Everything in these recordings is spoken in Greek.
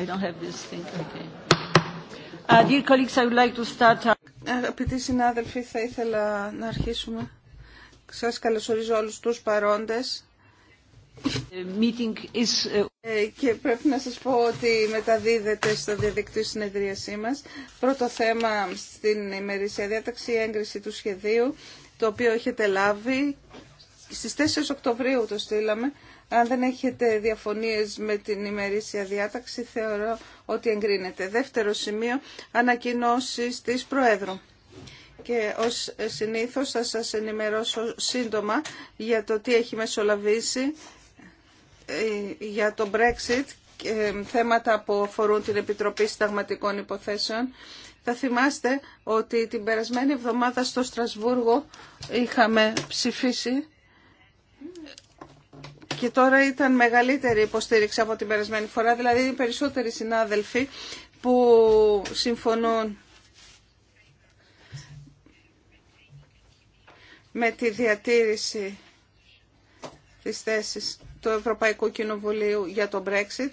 I don't have this thing. Okay. Uh, colleagues, I would like to start... Αγαπητοί συνάδελφοι, θα ήθελα να αρχίσουμε. Σας καλωσορίζω όλους τους παρόντες. Meeting is... Uh, ε, και πρέπει να σας πω ότι μεταδίδεται στο διαδικτύο συνεδρίασή μας. Πρώτο θέμα στην ημερήσια διάταξη, η έγκριση του σχεδίου, το οποίο έχετε λάβει. Στις 4 Οκτωβρίου το στείλαμε. Αν δεν έχετε διαφωνίες με την ημερήσια διάταξη, θεωρώ ότι εγκρίνεται. Δεύτερο σημείο, ανακοινώσεις της Προέδρου. Και ως συνήθως θα σας ενημερώσω σύντομα για το τι έχει μεσολαβήσει ε, για το Brexit και θέματα που αφορούν την Επιτροπή Συνταγματικών Υποθέσεων. Θα θυμάστε ότι την περασμένη εβδομάδα στο Στρασβούργο είχαμε ψηφίσει και τώρα ήταν μεγαλύτερη υποστήριξη από την περασμένη φορά, δηλαδή οι περισσότεροι συνάδελφοι που συμφωνούν με τη διατήρηση της θέσης του Ευρωπαϊκού Κοινοβουλίου για το Brexit.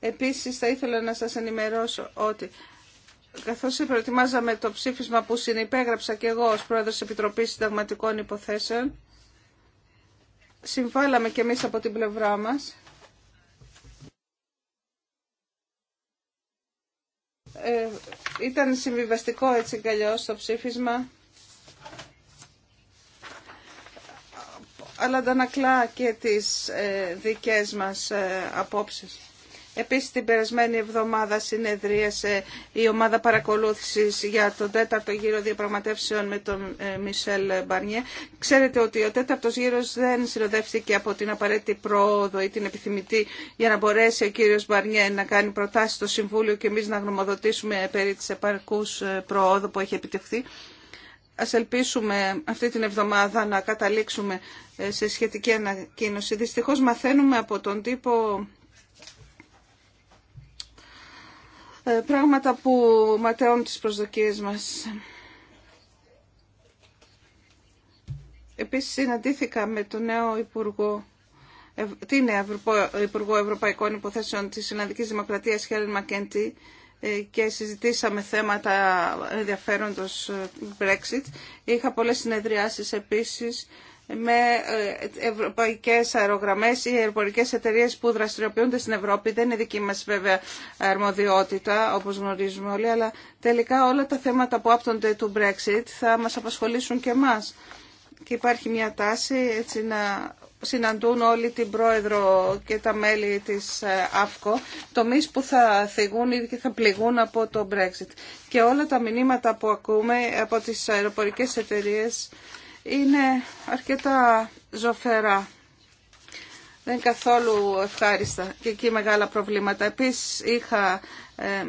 Επίσης θα ήθελα να σας ενημερώσω ότι καθώς προετοιμάζαμε το ψήφισμα που συνυπέγραψα και εγώ ως Πρόεδρος Επιτροπής Συνταγματικών Υποθέσεων, συμβάλαμε και εμείς από την πλευρά μας. Ε, ήταν συμβιβαστικό έτσι κι το ψήφισμα. Αλλά αντανακλά και τις ε, δικές μας ε, απόψεις. Επίσης την περασμένη εβδομάδα συνεδρίασε η ομάδα παρακολούθησης για τον τέταρτο γύρο διαπραγματεύσεων με τον ε, Μισελ Μπαρνιέ. Ξέρετε ότι ο τέταρτος γύρος δεν συνοδεύτηκε από την απαραίτητη πρόοδο ή την επιθυμητή για να μπορέσει ο κύριος Μπαρνιέ να κάνει προτάσεις στο Συμβούλιο και εμείς να γνωμοδοτήσουμε περί της επαρκούς ε, πρόοδου που έχει επιτευχθεί. Ας ελπίσουμε αυτή την εβδομάδα να καταλήξουμε ε, σε σχετική ανακοίνωση. Δυστυχώς μαθαίνουμε από τον τύπο Ε, πράγματα που ματαιώνουν τις προσδοκίες μας. Επίσης συναντήθηκα με τον νέο Υπουργό Υπουργό Ευρωπαϊκών Υποθέσεων της Συναντικής Δημοκρατίας Χέλεν Μακέντη ε, και συζητήσαμε θέματα ενδιαφέροντος ε, Brexit. Είχα πολλές συνεδριάσεις επίσης με ε, ευρωπαϊκές αερογραμμές ή αεροπορικές εταιρείες που δραστηριοποιούνται στην Ευρώπη. Δεν είναι δική μας βέβαια αρμοδιότητα, όπως γνωρίζουμε όλοι, αλλά τελικά όλα τα θέματα που άπτονται του Brexit θα μας απασχολήσουν και εμάς. Και υπάρχει μια τάση έτσι να συναντούν όλοι την πρόεδρο και τα μέλη της ε, ΑΦΚΟ, τομείς που θα θυγούν ή θα πληγούν από το Brexit. Και όλα τα μηνύματα που ακούμε από τις αεροπορικές εταιρείες είναι αρκετά ζωφερά. Δεν καθόλου ευχάριστα και εκεί μεγάλα προβλήματα. Επίσης είχα ε,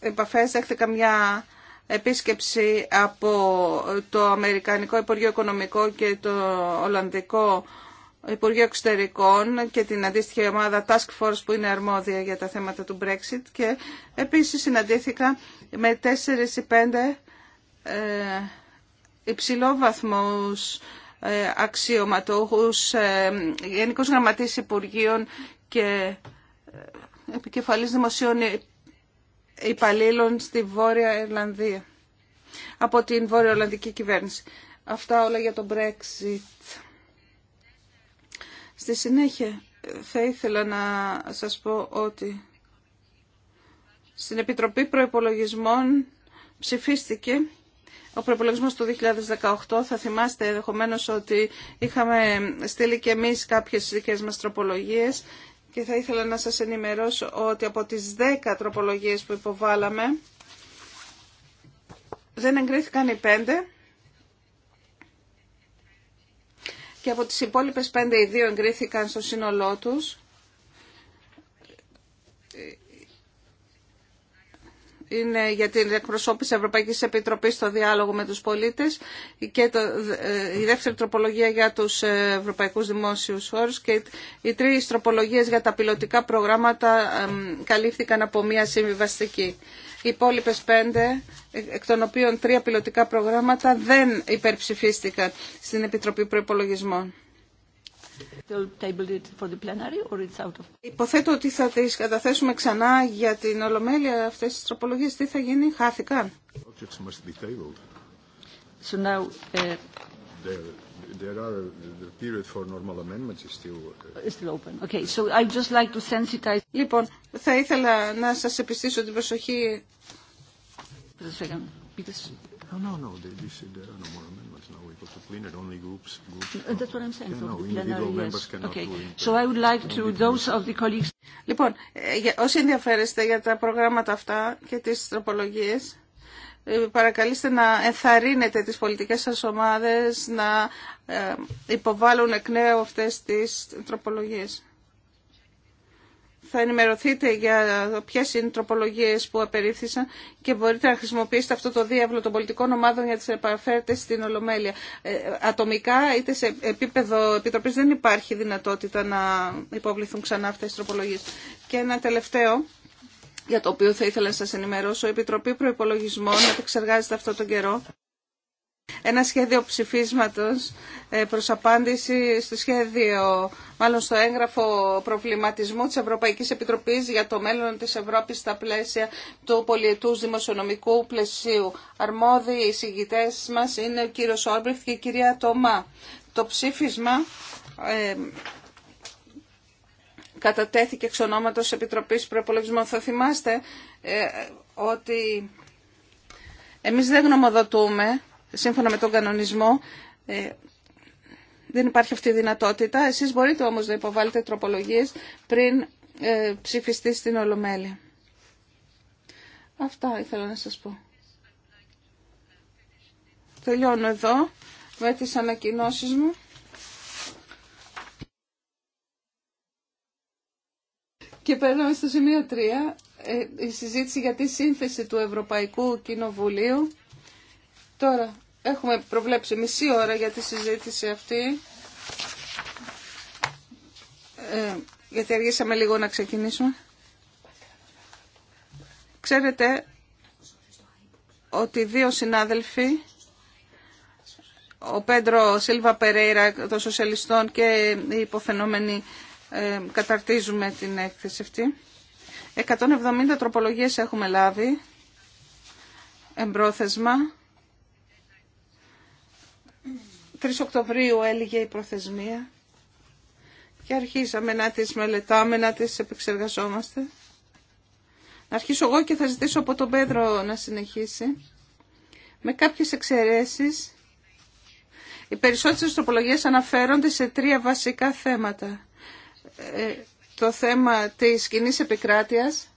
επαφές, δέχτηκα μια επίσκεψη από το Αμερικανικό Υπουργείο Οικονομικό και το Ολλανδικό Υπουργείο Εξωτερικών και την αντίστοιχη ομάδα Task Force που είναι αρμόδια για τα θέματα του Brexit και επίσης συναντήθηκα με τέσσερις ή πέντε... Ε, υψηλόβαθμους ε, αξιωματούχους, ε, γενικούς γραμματής Υπουργείων και ε, επικεφαλής δημοσίων υπαλλήλων στη Βόρεια Ιρλανδία από την Βόρεια Ολλανδική κυβέρνηση. Αυτά όλα για το Brexit. Στη συνέχεια θα ήθελα να σας πω ότι στην Επιτροπή Προϋπολογισμών ψηφίστηκε ο προπολογισμός του 2018 θα θυμάστε ενδεχομένω ότι είχαμε στείλει και εμείς κάποιες δικές μας τροπολογίες και θα ήθελα να σας ενημερώσω ότι από τις 10 τροπολογίες που υποβάλαμε δεν εγκρίθηκαν οι 5 και από τις υπόλοιπες 5 οι 2 εγκρίθηκαν στο σύνολό τους είναι για την εκπροσώπηση Ευρωπαϊκή Επιτροπή στο διάλογο με του πολίτε και ε, η δεύτερη τροπολογία για τους Ευρωπαϊκού Δημόσιου χώρου, και οι τρει τροπολογίε για τα πιλωτικά προγράμματα καλύφθηκαν από μία συμβιβαστική. Οι υπόλοιπε πέντε, εκ των οποίων τρία πιλωτικά προγράμματα, δεν υπερψηφίστηκαν στην Επιτροπή Προπολογισμών. Υποθέτω ότι θα τις καταθέσουμε ξανά για την Ολομέλεια αυτές τις τροπολογίες. Τι θα γίνει, χάθηκαν. So now, uh, there, there are, the period for normal amendments is still, uh, still open. Okay, so I just like to sensitize. Λοιπόν, θα ήθελα να σας επιστήσω την προσοχή. Just a second. Because... No, no, no. They, This are no more amendments. Now we go to plenary. Only groups. groups That's what I'm saying. No, individual members cannot okay. So I would like to those of the colleagues. Λοιπόν, όσοι ενδιαφέρεστε για τα προγράμματα αυτά και τις τροπολογίες, παρακαλείστε να ενθαρρύνετε τις πολιτικές σας ομάδες να υποβάλουν εκ νέου αυτές τις τροπολογίες θα ενημερωθείτε για ποιε είναι οι τροπολογίε που απερίφθησαν και μπορείτε να χρησιμοποιήσετε αυτό το διάβλο των πολιτικών ομάδων για τι επαφέρετε στην Ολομέλεια. Ε, ατομικά, είτε σε επίπεδο επιτροπή, δεν υπάρχει δυνατότητα να υποβληθούν ξανά αυτέ οι τροπολογίε. Και ένα τελευταίο για το οποίο θα ήθελα να σας ενημερώσω. Η Επιτροπή Προϋπολογισμών επεξεργάζεται αυτό τον καιρό ένα σχέδιο ψηφίσματος ε, προς απάντηση στο σχέδιο, μάλλον στο έγγραφο προβληματισμού της Ευρωπαϊκής Επιτροπής για το μέλλον της Ευρώπης στα πλαίσια του πολιετούς δημοσιονομικού πλαισίου. Αρμόδιοι εισηγητές μας είναι ο κύριος Όρμπριχτ και η κυρία Τομά. Το ψήφισμα ε, κατατέθηκε εξ ονόματος Επιτροπής Προπολογισμών. Θα θυμάστε ε, ότι εμείς δεν γνωμοδοτούμε σύμφωνα με τον κανονισμό ε, δεν υπάρχει αυτή η δυνατότητα. Εσείς μπορείτε όμως να υποβάλλετε τροπολογίες πριν ε, ψηφιστεί στην Ολομέλεια. Αυτά ήθελα να σας πω. Τελειώνω εδώ με τις ανακοινώσεις μου. Και περνάμε στο σημείο 3, ε, η συζήτηση για τη σύνθεση του Ευρωπαϊκού Κοινοβουλίου. Τώρα έχουμε προβλέψει μισή ώρα για τη συζήτηση αυτή. Ε, γιατί αργήσαμε λίγο να ξεκινήσουμε. Ξέρετε ότι δύο συνάδελφοι, ο Πέντρο Σίλβα Περέιρα των Σοσιαλιστών και οι υποφαινόμενοι ε, καταρτίζουμε την έκθεση αυτή. 170 τροπολογίες έχουμε λάβει εμπρόθεσμα 3 Οκτωβρίου έλεγε η προθεσμία και αρχίσαμε να τις μελετάμε, να τις επεξεργαζόμαστε. Να αρχίσω εγώ και θα ζητήσω από τον Πέδρο να συνεχίσει. Με κάποιες εξαιρέσεις, οι περισσότερες τροπολογίες αναφέρονται σε τρία βασικά θέματα. Ε, το θέμα της κοινή επικράτειας,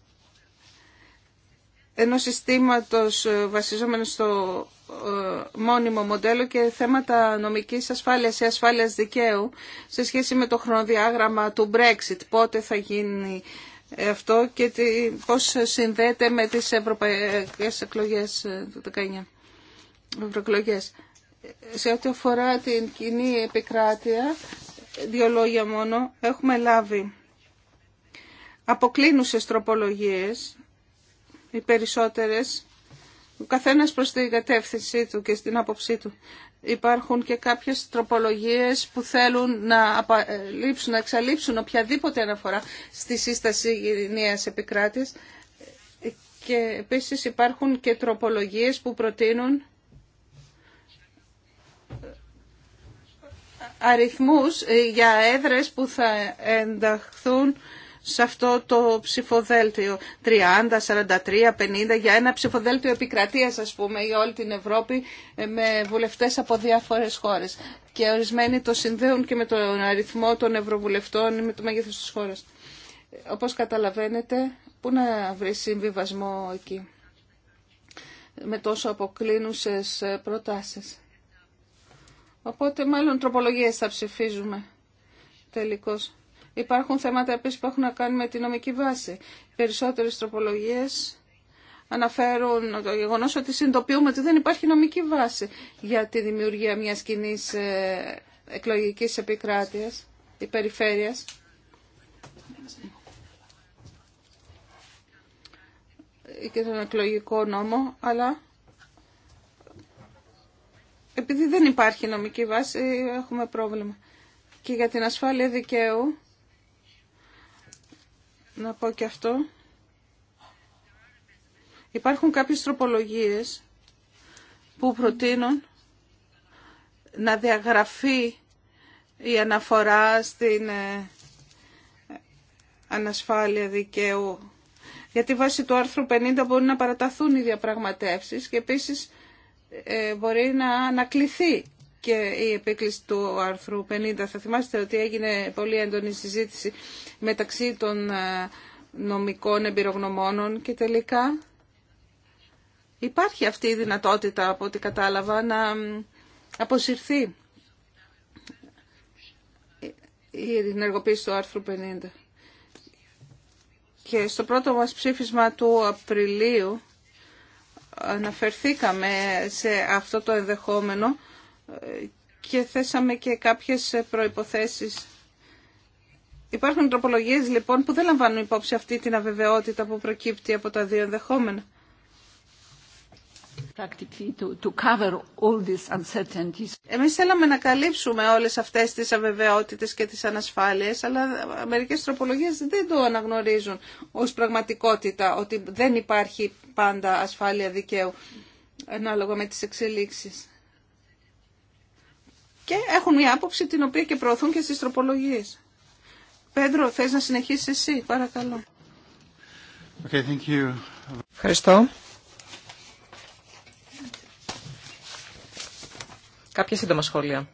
ενός συστήματος βασιζόμενο στο ε, μόνιμο μοντέλο και θέματα νομικής ασφάλειας ή ασφάλειας δικαίου σε σχέση με το χρονοδιάγραμμα του Brexit, πότε θα γίνει αυτό και πώς συνδέεται με τις ευρωπαϊκές εκλογές ε, του 19. Ευρωεκλογές. Σε ό,τι αφορά την κοινή επικράτεια, δύο λόγια μόνο, έχουμε λάβει αποκλίνουσες τροπολογίες, οι περισσότερες καθένας προς την κατεύθυνσή του και στην άποψή του. Υπάρχουν και κάποιες τροπολογίες που θέλουν να, απαλείψουν, να εξαλείψουν οποιαδήποτε αναφορά στη σύσταση γενιαίας επικράτης και επίσης υπάρχουν και τροπολογίες που προτείνουν αριθμούς για έδρες που θα ενταχθούν σε αυτό το ψηφοδέλτιο 30, 43, 50 για ένα ψηφοδέλτιο επικρατείας ας πούμε για όλη την Ευρώπη ε, με βουλευτές από διάφορες χώρες και ορισμένοι το συνδέουν και με τον αριθμό των ευρωβουλευτών ή με το μέγεθος της χώρας. Όπως καταλαβαίνετε, πού να βρει συμβιβασμό εκεί με τόσο αποκλίνουσες ε, προτάσεις. Οπότε μάλλον τροπολογίες θα ψηφίζουμε τελικώς. Υπάρχουν θέματα επίσης που έχουν να κάνουν με τη νομική βάση. Οι περισσότερες τροπολογίες αναφέρουν το γεγονό ότι συνειδητοποιούμε ότι δεν υπάρχει νομική βάση για τη δημιουργία μιας κοινή ε, εκλογικής επικράτειας ή περιφέρειας. και τον εκλογικό νόμο, αλλά επειδή δεν υπάρχει νομική βάση έχουμε πρόβλημα. Και για την ασφάλεια δικαίου να πω και αυτό. Υπάρχουν κάποιες τροπολογίες που προτείνουν να διαγραφεί η αναφορά στην ε, ανασφάλεια δικαίου. Γιατί βάσει του άρθρου 50 μπορεί να παραταθούν οι διαπραγματεύσεις και επίσης ε, μπορεί να ανακληθεί και η επίκληση του άρθρου 50. Θα θυμάστε ότι έγινε πολύ έντονη συζήτηση μεταξύ των ε, νομικών εμπειρογνωμόνων και τελικά υπάρχει αυτή η δυνατότητα από ό,τι κατάλαβα να αποσυρθεί η ενεργοποίηση του άρθρου 50. Και στο πρώτο μας ψήφισμα του Απριλίου αναφερθήκαμε σε αυτό το ενδεχόμενο και θέσαμε και κάποιες προϋποθέσεις. Υπάρχουν τροπολογίες λοιπόν που δεν λαμβάνουν υπόψη αυτή την αβεβαιότητα που προκύπτει από τα δύο ενδεχόμενα. Εμείς θέλαμε να καλύψουμε όλες αυτές τις αβεβαιότητες και τις ανασφάλειες, αλλά μερικές τροπολογίες δεν το αναγνωρίζουν ως πραγματικότητα ότι δεν υπάρχει πάντα ασφάλεια δικαίου ανάλογα με τις εξελίξεις και έχουν μια άποψη την οποία και προωθούν και στις τροπολογίες. Πέντρο, θες να συνεχίσεις εσύ, παρακαλώ. Okay, thank you. Ευχαριστώ. Κάποια σύντομα σχόλια.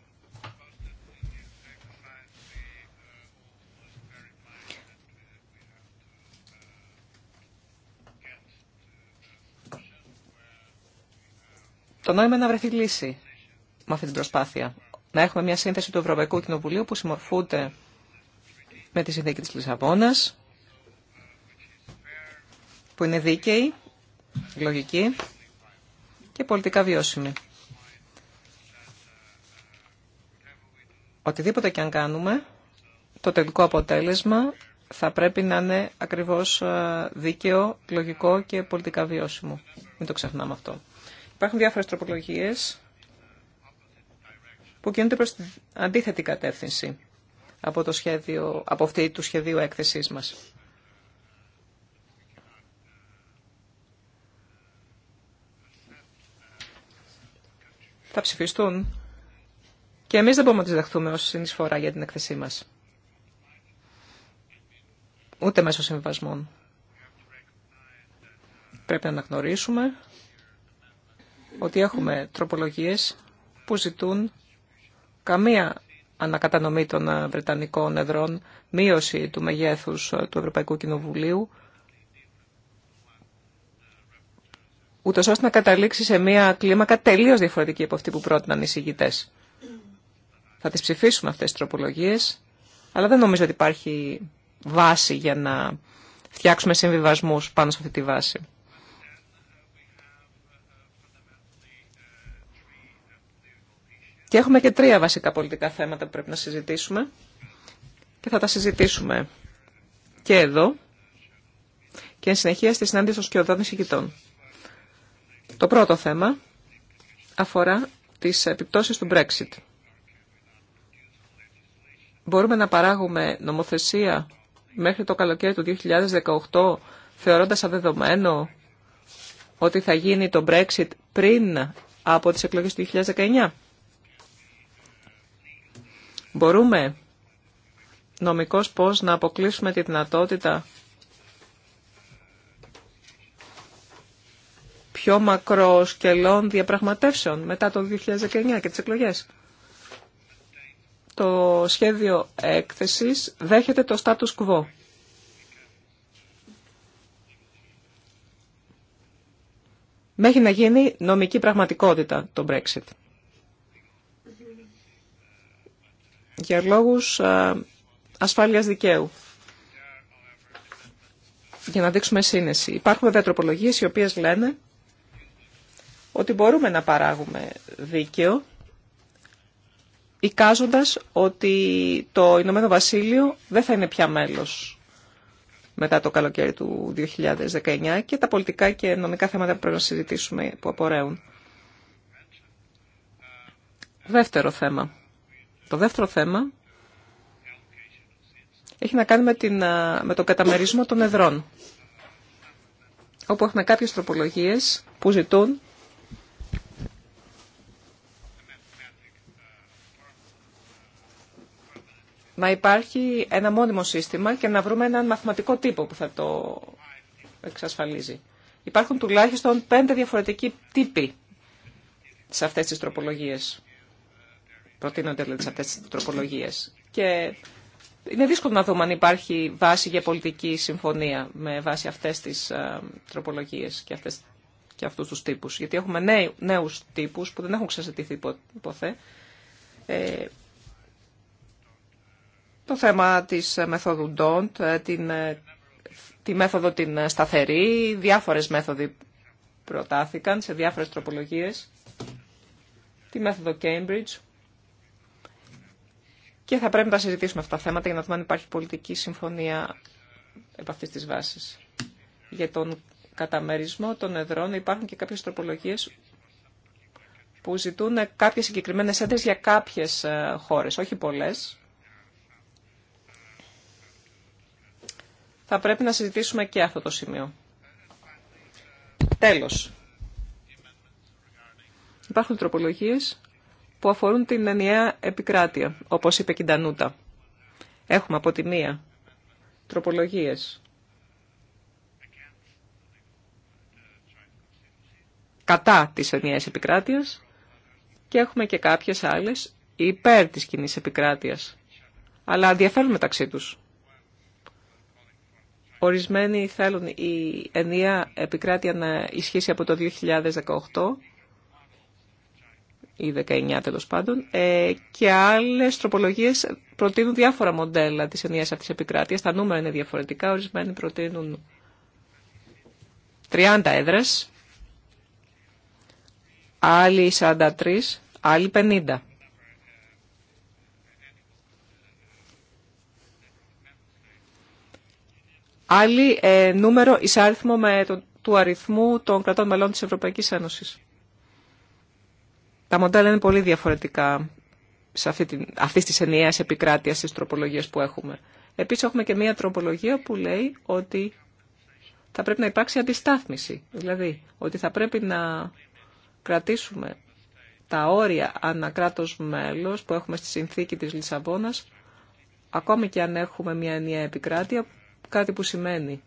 Το νόημα είναι να βρεθεί λύση με αυτή την προσπάθεια να έχουμε μια σύνθεση του Ευρωπαϊκού Κοινοβουλίου που συμμορφούνται με τη συνθήκη της Λισαβόνας, που είναι δίκαιη, λογική και πολιτικά βιώσιμη. Οτιδήποτε και αν κάνουμε, το τελικό αποτέλεσμα θα πρέπει να είναι ακριβώς ε, δίκαιο, λογικό και πολιτικά βιώσιμο. Μην το ξεχνάμε αυτό. Υπάρχουν διάφορες τροπολογίες που κινούνται προς την αντίθετη κατεύθυνση από, το σχέδιο, από αυτή του σχεδίου έκθεσής μας. Θα ψηφιστούν και εμείς δεν μπορούμε να τις δεχτούμε ως συνεισφορά για την έκθεσή μας. Ούτε μέσω συμβασμών. Πρέπει να αναγνωρίσουμε ότι έχουμε τροπολογίες που ζητούν καμία ανακατανομή των ε, Βρετανικών εδρών, μείωση του μεγέθους ε, του Ευρωπαϊκού Κοινοβουλίου, ούτω ώστε να καταλήξει σε μια κλίμακα τελείω διαφορετική από αυτή που πρότειναν οι εισηγητέ. Θα τι ψηφίσουμε αυτέ τι τροπολογίε, αλλά δεν νομίζω ότι υπάρχει βάση για να φτιάξουμε συμβιβασμού πάνω σε αυτή τη βάση. Και έχουμε και τρία βασικά πολιτικά θέματα που πρέπει να συζητήσουμε και θα τα συζητήσουμε και εδώ και εν συνεχεία στη συνάντηση των σκιωδών εισηγητών. Το πρώτο θέμα αφορά τις επιπτώσεις του Brexit. Μπορούμε να παράγουμε νομοθεσία μέχρι το καλοκαίρι του 2018 θεωρώντας αδεδομένο ότι θα γίνει το Brexit πριν από τις εκλογές του 2019. Μπορούμε νομικός πώς να αποκλείσουμε τη δυνατότητα πιο μακροσκελών διαπραγματεύσεων μετά το 2019 και τις εκλογές. Το σχέδιο έκθεσης δέχεται το status quo. Μέχρι να γίνει νομική πραγματικότητα το Brexit. για λόγους ασφάλειας δικαίου για να δείξουμε σύνεση. Υπάρχουν βέβαια τροπολογίες οι οποίες λένε ότι μπορούμε να παράγουμε δίκαιο εικάζοντας ότι το Ηνωμένο Βασίλειο δεν θα είναι πια μέλος μετά το καλοκαίρι του 2019 και τα πολιτικά και νομικά θέματα που πρέπει να συζητήσουμε που απορρέουν. Δεύτερο θέμα. Το δεύτερο θέμα έχει να κάνει με, την, με τον καταμερισμό των εδρών, όπου έχουμε κάποιες τροπολογίες που ζητούν να υπάρχει ένα μόνιμο σύστημα και να βρούμε έναν μαθηματικό τύπο που θα το εξασφαλίζει. Υπάρχουν τουλάχιστον πέντε διαφορετικοί τύποι σε αυτές τις τροπολογίες προτείνονται δηλαδή, αυτές τι τροπολογίες. Και είναι δύσκολο να δούμε αν υπάρχει βάση για πολιτική συμφωνία με βάση αυτές τις ε, τροπολογίες και, αυτές, και αυτούς τους τύπους. Γιατί έχουμε νέου, νέους τύπους που δεν έχουν ξεζητηθεί ποτέ. Ε, το θέμα της ε, μεθόδου DONT, την, τη μέθοδο την σταθερή, διάφορες μέθοδοι προτάθηκαν σε διάφορες τροπολογίες, τη μέθοδο Cambridge, και θα πρέπει να συζητήσουμε αυτά τα θέματα για να δούμε αν υπάρχει πολιτική συμφωνία επ' αυτή τη βάση. Για τον καταμερισμό των εδρών υπάρχουν και κάποιες τροπολογίες που ζητούν κάποιες συγκεκριμένες έντρες για κάποιες ε, χώρες, όχι πολλέ. Θα πρέπει να συζητήσουμε και αυτό το σημείο. Τέλος. Υπάρχουν τροπολογίες που αφορούν την ενιαία επικράτεια, όπως είπε και η Ντανούτα. Έχουμε από τη μία τροπολογίες κατά της ενιαίας επικράτειας και έχουμε και κάποιες άλλες υπέρ της κοινή επικράτειας. Αλλά διαφέρουν μεταξύ τους. Ορισμένοι θέλουν η ενιαία επικράτεια να ισχύσει από το 2018 ή 19 τέλος πάντων, ε, και άλλες τροπολογίε προτείνουν διάφορα μοντέλα της ενιαία αυτής επικράτειας. Τα νούμερα είναι διαφορετικά, ορισμένοι προτείνουν 30 έδρε, άλλοι 43, άλλοι 50. Άλλοι ε, νούμερο εισάριθμο με το, του αριθμού των κρατών μελών της Ευρωπαϊκής Ένωσης. Τα μοντέλα είναι πολύ διαφορετικά σε αυτή την, αυτής της ενιαίας επικράτειας της τροπολογίας που έχουμε. Επίσης έχουμε και μία τροπολογία που λέει ότι θα πρέπει να υπάρξει αντιστάθμιση. Δηλαδή ότι θα πρέπει να κρατήσουμε τα όρια ανακράτος μέλος που έχουμε στη συνθήκη της Λισαβόνας, ακόμη και αν έχουμε μια ενιαία επικράτεια, κάτι που σημαίνει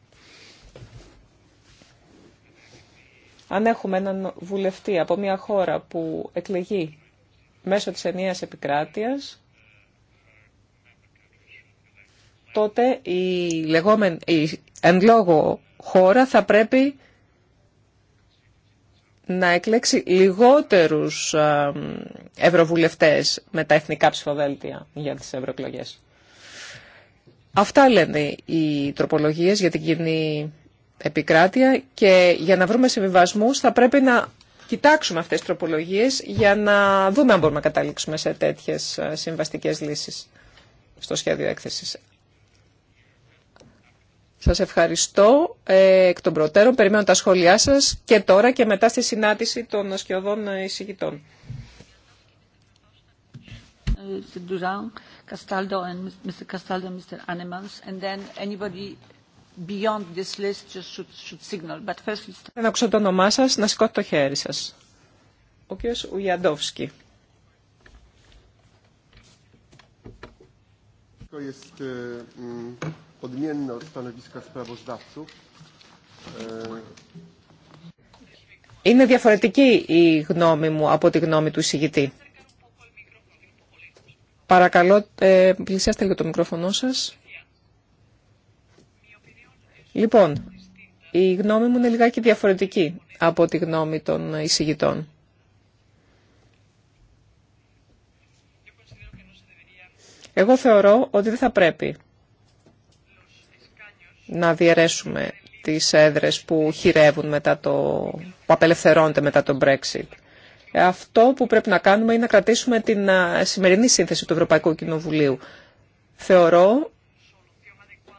Αν έχουμε έναν βουλευτή από μια χώρα που εκλεγεί μέσω της ενίας επικράτειας, τότε η, λεγόμενη, η εν λόγω χώρα θα πρέπει να εκλέξει λιγότερους ευρωβουλευτές με τα εθνικά ψηφοδέλτια για τις ευρωεκλογές. Αυτά λένε οι τροπολογίες για την κοινή επικράτεια και για να βρούμε συμβιβασμούς θα πρέπει να κοιτάξουμε αυτές τις τροπολογίες για να δούμε αν μπορούμε να καταλήξουμε σε τέτοιες ε, συμβαστικές λύσεις στο σχέδιο έκθεσης. Σας ευχαριστώ ε, εκ των προτέρων. Περιμένω τα σχόλιά σας και τώρα και μετά στη συνάντηση των σκιωδών ε, εισηγητών beyond το όνομά σα να το χέρι σα. Ο κ. E, mm, e, Είναι διαφορετική η γνώμη μου από τη γνώμη του εισηγητή. Παρακαλώ, ε, πλησιάστε λίγο το μικρόφωνο σας. Λοιπόν, η γνώμη μου είναι λιγάκι διαφορετική από τη γνώμη των εισηγητών. Εγώ θεωρώ ότι δεν θα πρέπει να διαιρέσουμε τις έδρες που χειρεύουν μετά το, που απελευθερώνται μετά το Brexit. Αυτό που πρέπει να κάνουμε είναι να κρατήσουμε την ε, σημερινή σύνθεση του Ευρωπαϊκού Κοινοβουλίου. Θεωρώ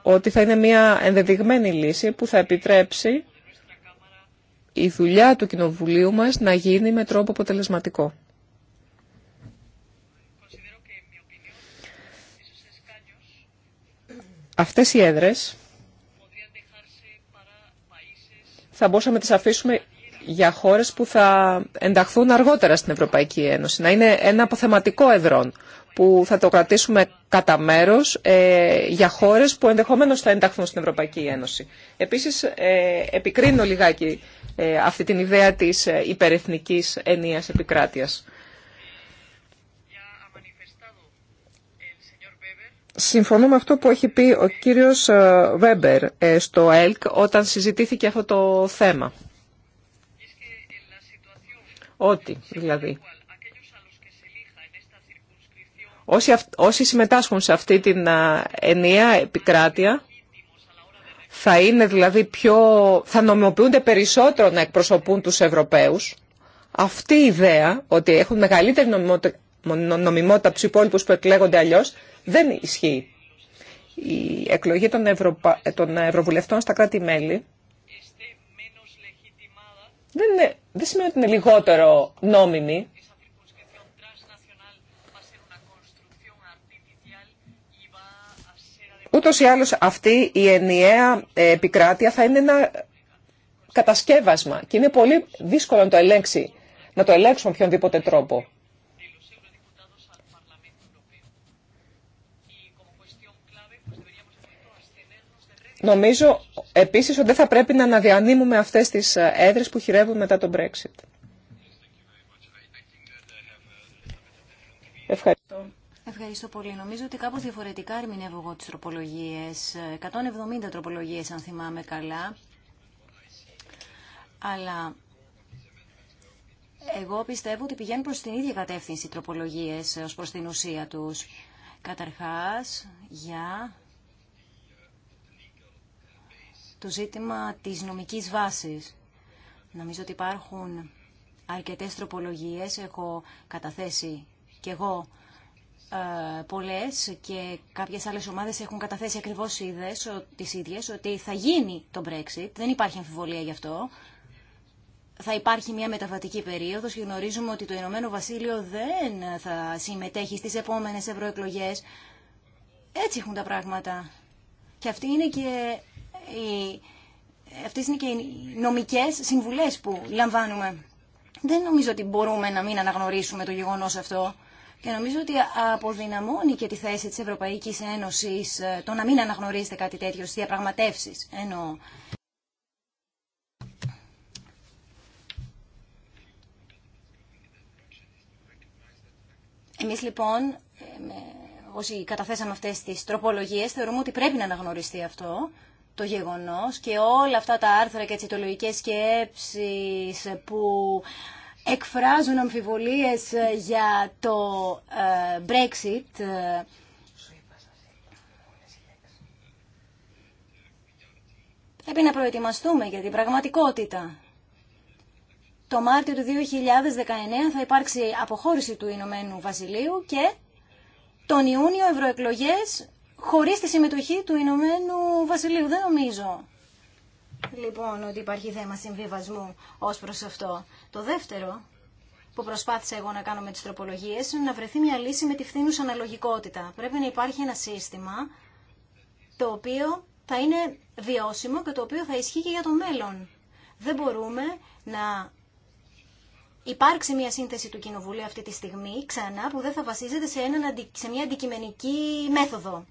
ότι θα είναι μια ενδεδειγμένη λύση που θα επιτρέψει η δουλειά του Κοινοβουλίου μας να γίνει με τρόπο αποτελεσματικό. Αυτές οι έδρες θα μπορούσαμε να τις αφήσουμε για χώρες που θα ενταχθούν αργότερα στην Ευρωπαϊκή Ένωση, να είναι ένα αποθεματικό εδρών, που θα το κρατήσουμε κατά μέρο ε, για χώρε που ενδεχομένω θα ενταχθούν στην Ευρωπαϊκή Ένωση. Επίση, ε, επικρίνω λιγάκι ε, αυτή την ιδέα τη ε, υπερεθνική ενία επικράτεια. Συμφωνώ με αυτό που έχει πει ο κύριος Βέμπερ στο ΕΛΚ όταν συζητήθηκε αυτό το θέμα. Ότι, δηλαδή, Όσοι, όσοι συμμετάσχουν σε αυτή την ενιαία επικράτεια θα είναι δηλαδή πιο, θα νομιμοποιούνται περισσότερο να εκπροσωπούν τους Ευρωπαίους. Αυτή η ιδέα ότι έχουν μεγαλύτερη νομιμότητα από του υπόλοιπου που εκλέγονται αλλιώ δεν ισχύει. Η εκλογή των, Ευρωβουλευτών στα κράτη-μέλη δεν, είναι... δεν σημαίνει ότι είναι λιγότερο νόμιμη. Ούτως ή άλλως αυτή η ενιαία ε, επικράτεια θα είναι ένα κατασκεύασμα και είναι πολύ δύσκολο να το, ελέγξει, να το ελέγξουμε με οποιονδήποτε τρόπο. Νομίζω επίσης ότι δεν θα πρέπει να αναδιανύμουμε αυτές τις ε, έδρες που χειρεύουν μετά τον Brexit. Ευχαριστώ πολύ. Νομίζω ότι κάπως διαφορετικά ερμηνεύω εγώ τις τροπολογίες. 170 τροπολογίες, αν θυμάμαι καλά. Αλλά εγώ πιστεύω ότι πηγαίνουν προς την ίδια κατεύθυνση οι τροπολογίες ως προς την ουσία τους. Καταρχάς, για το ζήτημα της νομικής βάσης. Νομίζω ότι υπάρχουν αρκετές τροπολογίες. Έχω καταθέσει και εγώ ε, πολλές και κάποιες άλλες ομάδες έχουν καταθέσει ακριβώς ιδέες, τις ίδιες ότι θα γίνει το Brexit, δεν υπάρχει αμφιβολία γι' αυτό. Θα υπάρχει μια μεταβατική περίοδος και γνωρίζουμε ότι το Ηνωμένο Βασίλειο δεν θα συμμετέχει στις επόμενες ευρωεκλογέ. Έτσι έχουν τα πράγματα. Και αυτή είναι και αυτές είναι και οι νομικές συμβουλές που λαμβάνουμε. Δεν νομίζω ότι μπορούμε να μην αναγνωρίσουμε το γεγονός αυτό. Και νομίζω ότι αποδυναμώνει και τη θέση της Ευρωπαϊκής Ένωσης ε, το να μην αναγνωρίζετε κάτι τέτοιο στις διαπραγματεύσεις. Εννοώ. Εμείς λοιπόν, ε, όσοι καταθέσαμε αυτές τις τροπολογίες, θεωρούμε ότι πρέπει να αναγνωριστεί αυτό το γεγονός και όλα αυτά τα άρθρα και τις ιτολογικές σκέψεις που εκφράζουν αμφιβολίες ε, για το ε, Brexit. Ε, πρέπει να προετοιμαστούμε για την πραγματικότητα. Το Μάρτιο του 2019 θα υπάρξει αποχώρηση του Ηνωμένου Βασιλείου και τον Ιούνιο ευρωεκλογές χωρίς τη συμμετοχή του Ηνωμένου Βασιλείου. Δεν νομίζω λοιπόν ότι υπάρχει θέμα συμβιβασμού ως προς αυτό. Το δεύτερο που προσπάθησα εγώ να κάνω με τις τροπολογίες είναι να βρεθεί μια λύση με τη φθήνουσα αναλογικότητα. Πρέπει να υπάρχει ένα σύστημα το οποίο θα είναι βιώσιμο και το οποίο θα ισχύει και για το μέλλον. Δεν μπορούμε να υπάρξει μια σύνθεση του Κοινοβουλίου αυτή τη στιγμή ξανά που δεν θα βασίζεται σε, σε μια αντικειμενική μέθοδο.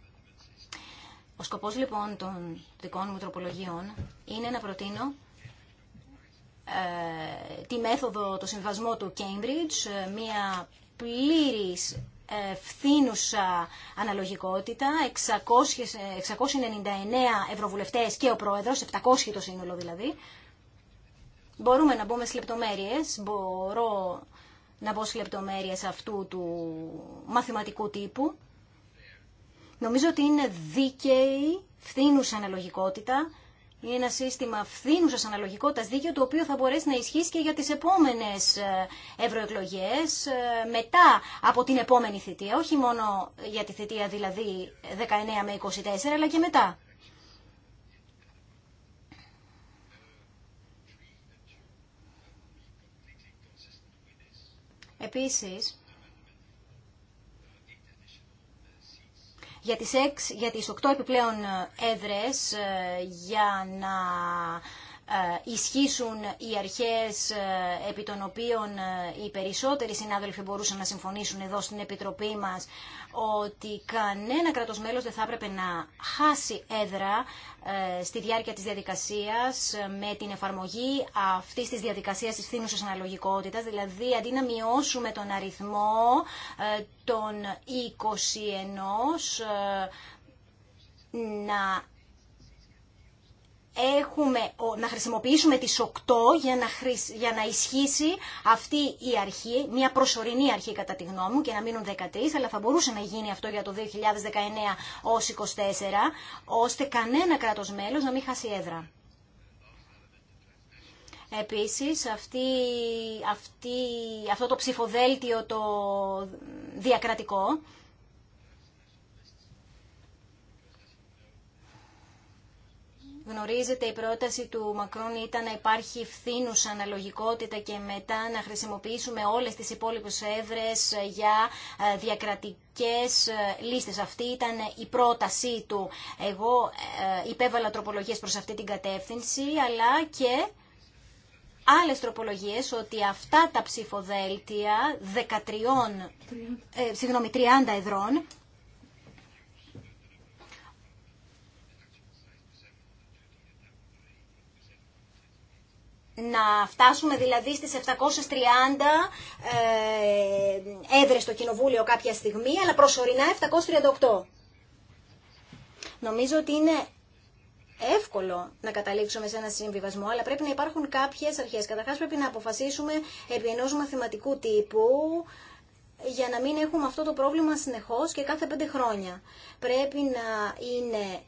Ο σκοπός λοιπόν των δικών μου τροπολογιών είναι να προτείνω ε, τη μέθοδο, το συμβασμό του Cambridge, ε, μια πλήρης φθήνουσα αναλογικότητα, 600, 699 ε, ευρωβουλευτές και ο πρόεδρος, 700 το σύνολο δηλαδή. Μπορούμε να μπούμε σε λεπτομέρειες, μπορώ να μπω σε λεπτομέρειες αυτού του μαθηματικού τύπου. Νομίζω ότι είναι δίκαιη, φθήνουσα αναλογικότητα. Είναι ένα σύστημα φθήνουσα αναλογικότητα δίκαιο, το οποίο θα μπορέσει να ισχύσει και για τι επόμενε ευρωεκλογέ, ε, μετά από την επόμενη θητεία, όχι μόνο για τη θητεία δηλαδή 19 με 24, αλλά και μετά. Επίσης, για τις, 6, για τις 8 επιπλέον ε, έδρες ε, για να ε, ισχύσουν οι αρχές ε, επί των οποίων ε, οι περισσότεροι συνάδελφοι μπορούσαν να συμφωνήσουν εδώ στην Επιτροπή μας ότι κανένα κρατος μέλος δεν θα έπρεπε να χάσει έδρα στη διάρκεια της διαδικασίας με την εφαρμογή αυτής της διαδικασίας της θύνουσας αναλογικότητας, δηλαδή αντί να μειώσουμε τον αριθμό των 21 να έχουμε, να χρησιμοποιήσουμε τις 8 για να, για να ισχύσει αυτή η αρχή, μια προσωρινή αρχή κατά τη γνώμη μου και να μείνουν 13, αλλά θα μπορούσε να γίνει αυτό για το 2019 ως 24, ώστε κανένα κράτος μέλος να μην χάσει έδρα. Επίσης, αυτή, αυτή, αυτό το ψηφοδέλτιο το διακρατικό, Γνωρίζετε, η πρόταση του Μακρόν ήταν να υπάρχει φθήνουσα αναλογικότητα και μετά να χρησιμοποιήσουμε όλες τις υπόλοιπες έδρες για ε, διακρατικές ε, λίστες. Αυτή ήταν η πρότασή του. Εγώ ε, υπέβαλα τροπολογίες προς αυτή την κατεύθυνση, αλλά και άλλες τροπολογίες ότι αυτά τα ψηφοδέλτια 13, ε, συγγνώμη, 30 εδρών να φτάσουμε δηλαδή στις 730 ε, έδρες στο Κοινοβούλιο κάποια στιγμή, αλλά προσωρινά 738. Νομίζω ότι είναι εύκολο να καταλήξουμε σε ένα συμβιβασμό, αλλά πρέπει να υπάρχουν κάποιες αρχές. Καταρχάς πρέπει να αποφασίσουμε επί ενός μαθηματικού τύπου, για να μην έχουμε αυτό το πρόβλημα συνεχώς και κάθε πέντε χρόνια. Πρέπει να είναι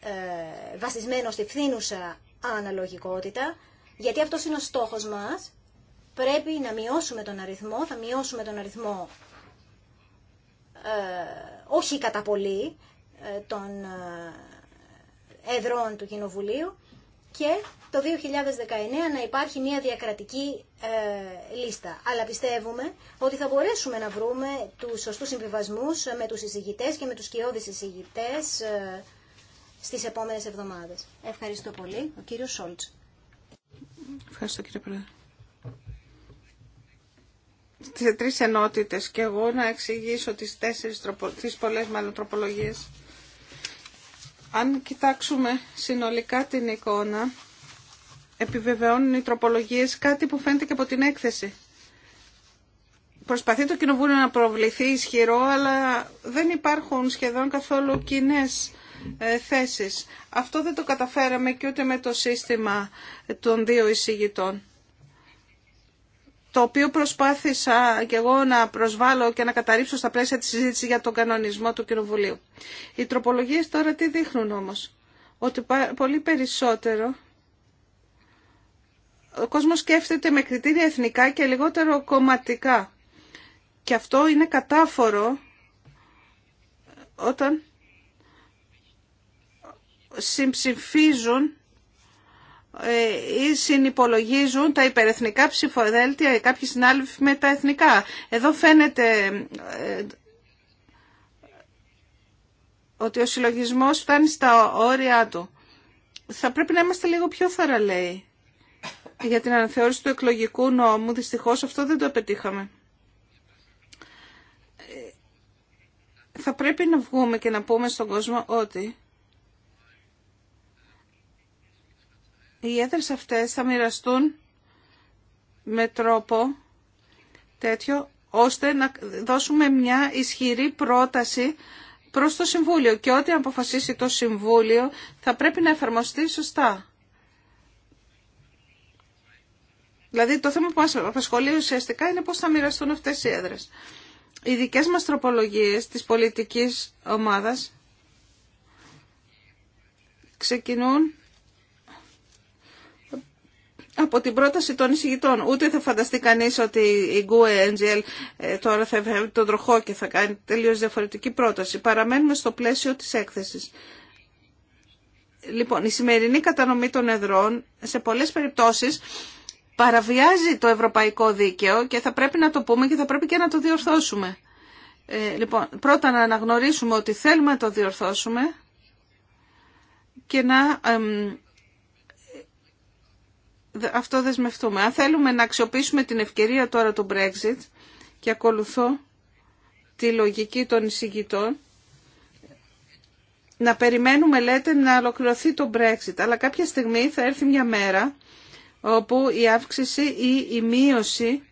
ε, βασισμένο στη φθήνουσα αναλογικότητα γιατί αυτό είναι ο στόχος μας. Πρέπει να μειώσουμε τον αριθμό, θα μειώσουμε τον αριθμό ε, όχι κατά πολύ ε, των ε, εδρών του Κοινοβουλίου και το 2019 να υπάρχει μια διακρατική ε, λίστα. Αλλά πιστεύουμε ότι θα μπορέσουμε να βρούμε τους σωστούς συμβιβασμούς με τους εισηγητές και με τους κοιόδης εισηγητές στις επόμενες εβδομάδες. Ευχαριστώ πολύ. Ο κύριος Σόλτς. Ευχαριστώ κύριε Πρόεδρε. Σε τρει ενότητε, και εγώ να εξηγήσω τι τέσσερις τις πολλές μάλλον τροπολογίες. Αν κοιτάξουμε συνολικά την εικόνα, επιβεβαιώνουν οι τροπολογίε κάτι που φαίνεται και από την έκθεση. Προσπαθεί το κοινοβούλιο να προβληθεί ισχυρό, αλλά δεν υπάρχουν σχεδόν καθόλου κοινέ ε, θέσεις. Αυτό δεν το καταφέραμε και ούτε με το σύστημα των δύο εισηγητών το οποίο προσπάθησα και εγώ να προσβάλλω και να καταρρύψω στα πλαίσια της συζήτηση για τον κανονισμό του Κοινοβουλίου. Οι τροπολογίες τώρα τι δείχνουν όμως. Ότι πολύ περισσότερο ο κόσμος σκέφτεται με κριτήρια εθνικά και λιγότερο κομματικά. Και αυτό είναι κατάφορο όταν συμψηφίζουν ε, ή συνυπολογίζουν τα υπερεθνικά ψηφοδέλτια ή κάποιοι συνάλληλοι με τα εθνικά. Εδώ φαίνεται ε, ότι ο συλλογισμός φτάνει στα όρια του. Θα πρέπει να είμαστε λίγο πιο θαραλέοι για την αναθεώρηση του εκλογικού νόμου. Δυστυχώς αυτό δεν το πετύχαμε. Ε, θα πρέπει να βγούμε και να πούμε στον κόσμο ότι Οι έδρες αυτές θα μοιραστούν με τρόπο τέτοιο ώστε να δώσουμε μια ισχυρή πρόταση προς το Συμβούλιο και ό,τι αποφασίσει το Συμβούλιο θα πρέπει να εφαρμοστεί σωστά. Δηλαδή το θέμα που μας απασχολεί ουσιαστικά είναι πώς θα μοιραστούν αυτές οι έδρες. Οι δικές μας τροπολογίες της πολιτικής ομάδας ξεκινούν από την πρόταση των εισηγητών. Ούτε θα φανταστεί κανείς ότι η Γκουε NGL ε, τώρα θα βγει τον τροχό και θα κάνει τελείως διαφορετική πρόταση. Παραμένουμε στο πλαίσιο της έκθεσης. Λοιπόν, η σημερινή κατανομή των εδρών σε πολλές περιπτώσεις παραβιάζει το ευρωπαϊκό δίκαιο και θα πρέπει να το πούμε και θα πρέπει και να το διορθώσουμε. Ε, λοιπόν, πρώτα να αναγνωρίσουμε ότι θέλουμε να το διορθώσουμε και να αυτό δεσμευτούμε. Αν θέλουμε να αξιοποιήσουμε την ευκαιρία τώρα του Brexit και ακολουθώ τη λογική των εισηγητών, να περιμένουμε λέτε να ολοκληρωθεί το Brexit, αλλά κάποια στιγμή θα έρθει μια μέρα όπου η αύξηση ή η μείωση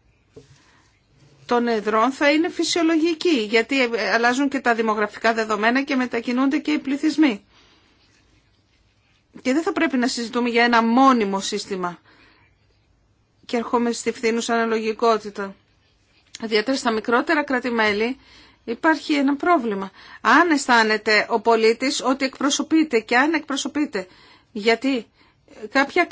των εδρών θα είναι φυσιολογική, γιατί ε, ε, αλλάζουν και τα δημογραφικά δεδομένα και μετακινούνται και οι πληθυσμοί. Και δεν θα πρέπει να συζητούμε για ένα μόνιμο σύστημα και ερχόμαι στη φθήνουσα αναλογικότητα. Ιδιαίτερα στα μικρότερα κρατημέλη υπάρχει ένα πρόβλημα. Αν αισθάνεται ο πολίτης ότι εκπροσωπείται και αν εκπροσωπείται. Γιατί κάποια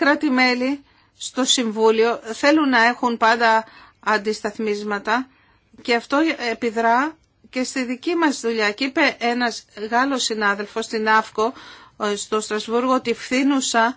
στο Συμβούλιο θέλουν να έχουν πάντα αντισταθμίσματα και αυτό επιδρά και στη δική μας δουλειά. Και είπε ένας Γάλλος συνάδελφος στην ΑΦΚΟ στο Στρασβούργο ότι φθήνουσα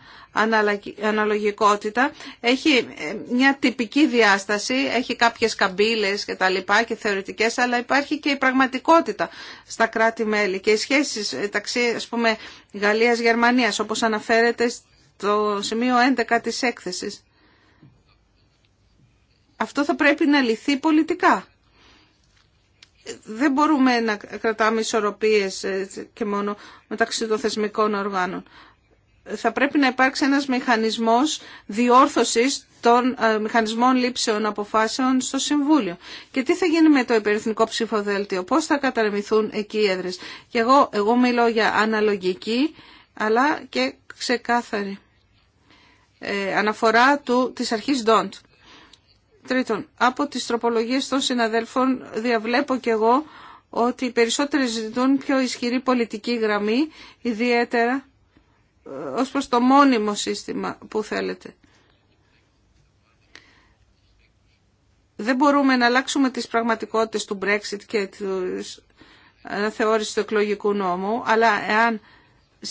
αναλογικότητα έχει ε, μια τυπική διάσταση, έχει κάποιες καμπύλες και τα λοιπά και θεωρητικές, αλλά υπάρχει και η πραγματικότητα στα κράτη-μέλη και οι σχέσεις ε, μεταξύ ας πούμε Γαλλίας-Γερμανίας όπως αναφέρεται στο σημείο 11 της έκθεσης. Αυτό θα πρέπει να λυθεί πολιτικά δεν μπορούμε να κρατάμε ισορροπίες ε, και μόνο μεταξύ των θεσμικών οργάνων. Θα πρέπει να υπάρξει ένας μηχανισμός διόρθωσης των ε, μηχανισμών λήψεων αποφάσεων στο Συμβούλιο. Και τι θα γίνει με το υπερεθνικό ψηφοδέλτιο, πώς θα καταρμηθούν εκεί οι έδρες. Και εγώ, εγώ μιλώ για αναλογική αλλά και ξεκάθαρη ε, αναφορά του, της αρχής don't. Τρίτον, από τις τροπολογίες των συναδέλφων διαβλέπω και εγώ ότι οι περισσότεροι ζητούν πιο ισχυρή πολιτική γραμμή, ιδιαίτερα ε, ως προς το μόνιμο σύστημα που θέλετε. Δεν μπορούμε να αλλάξουμε τις πραγματικότητες του Brexit και της αναθεώρησης του εκλογικού νόμου, αλλά εάν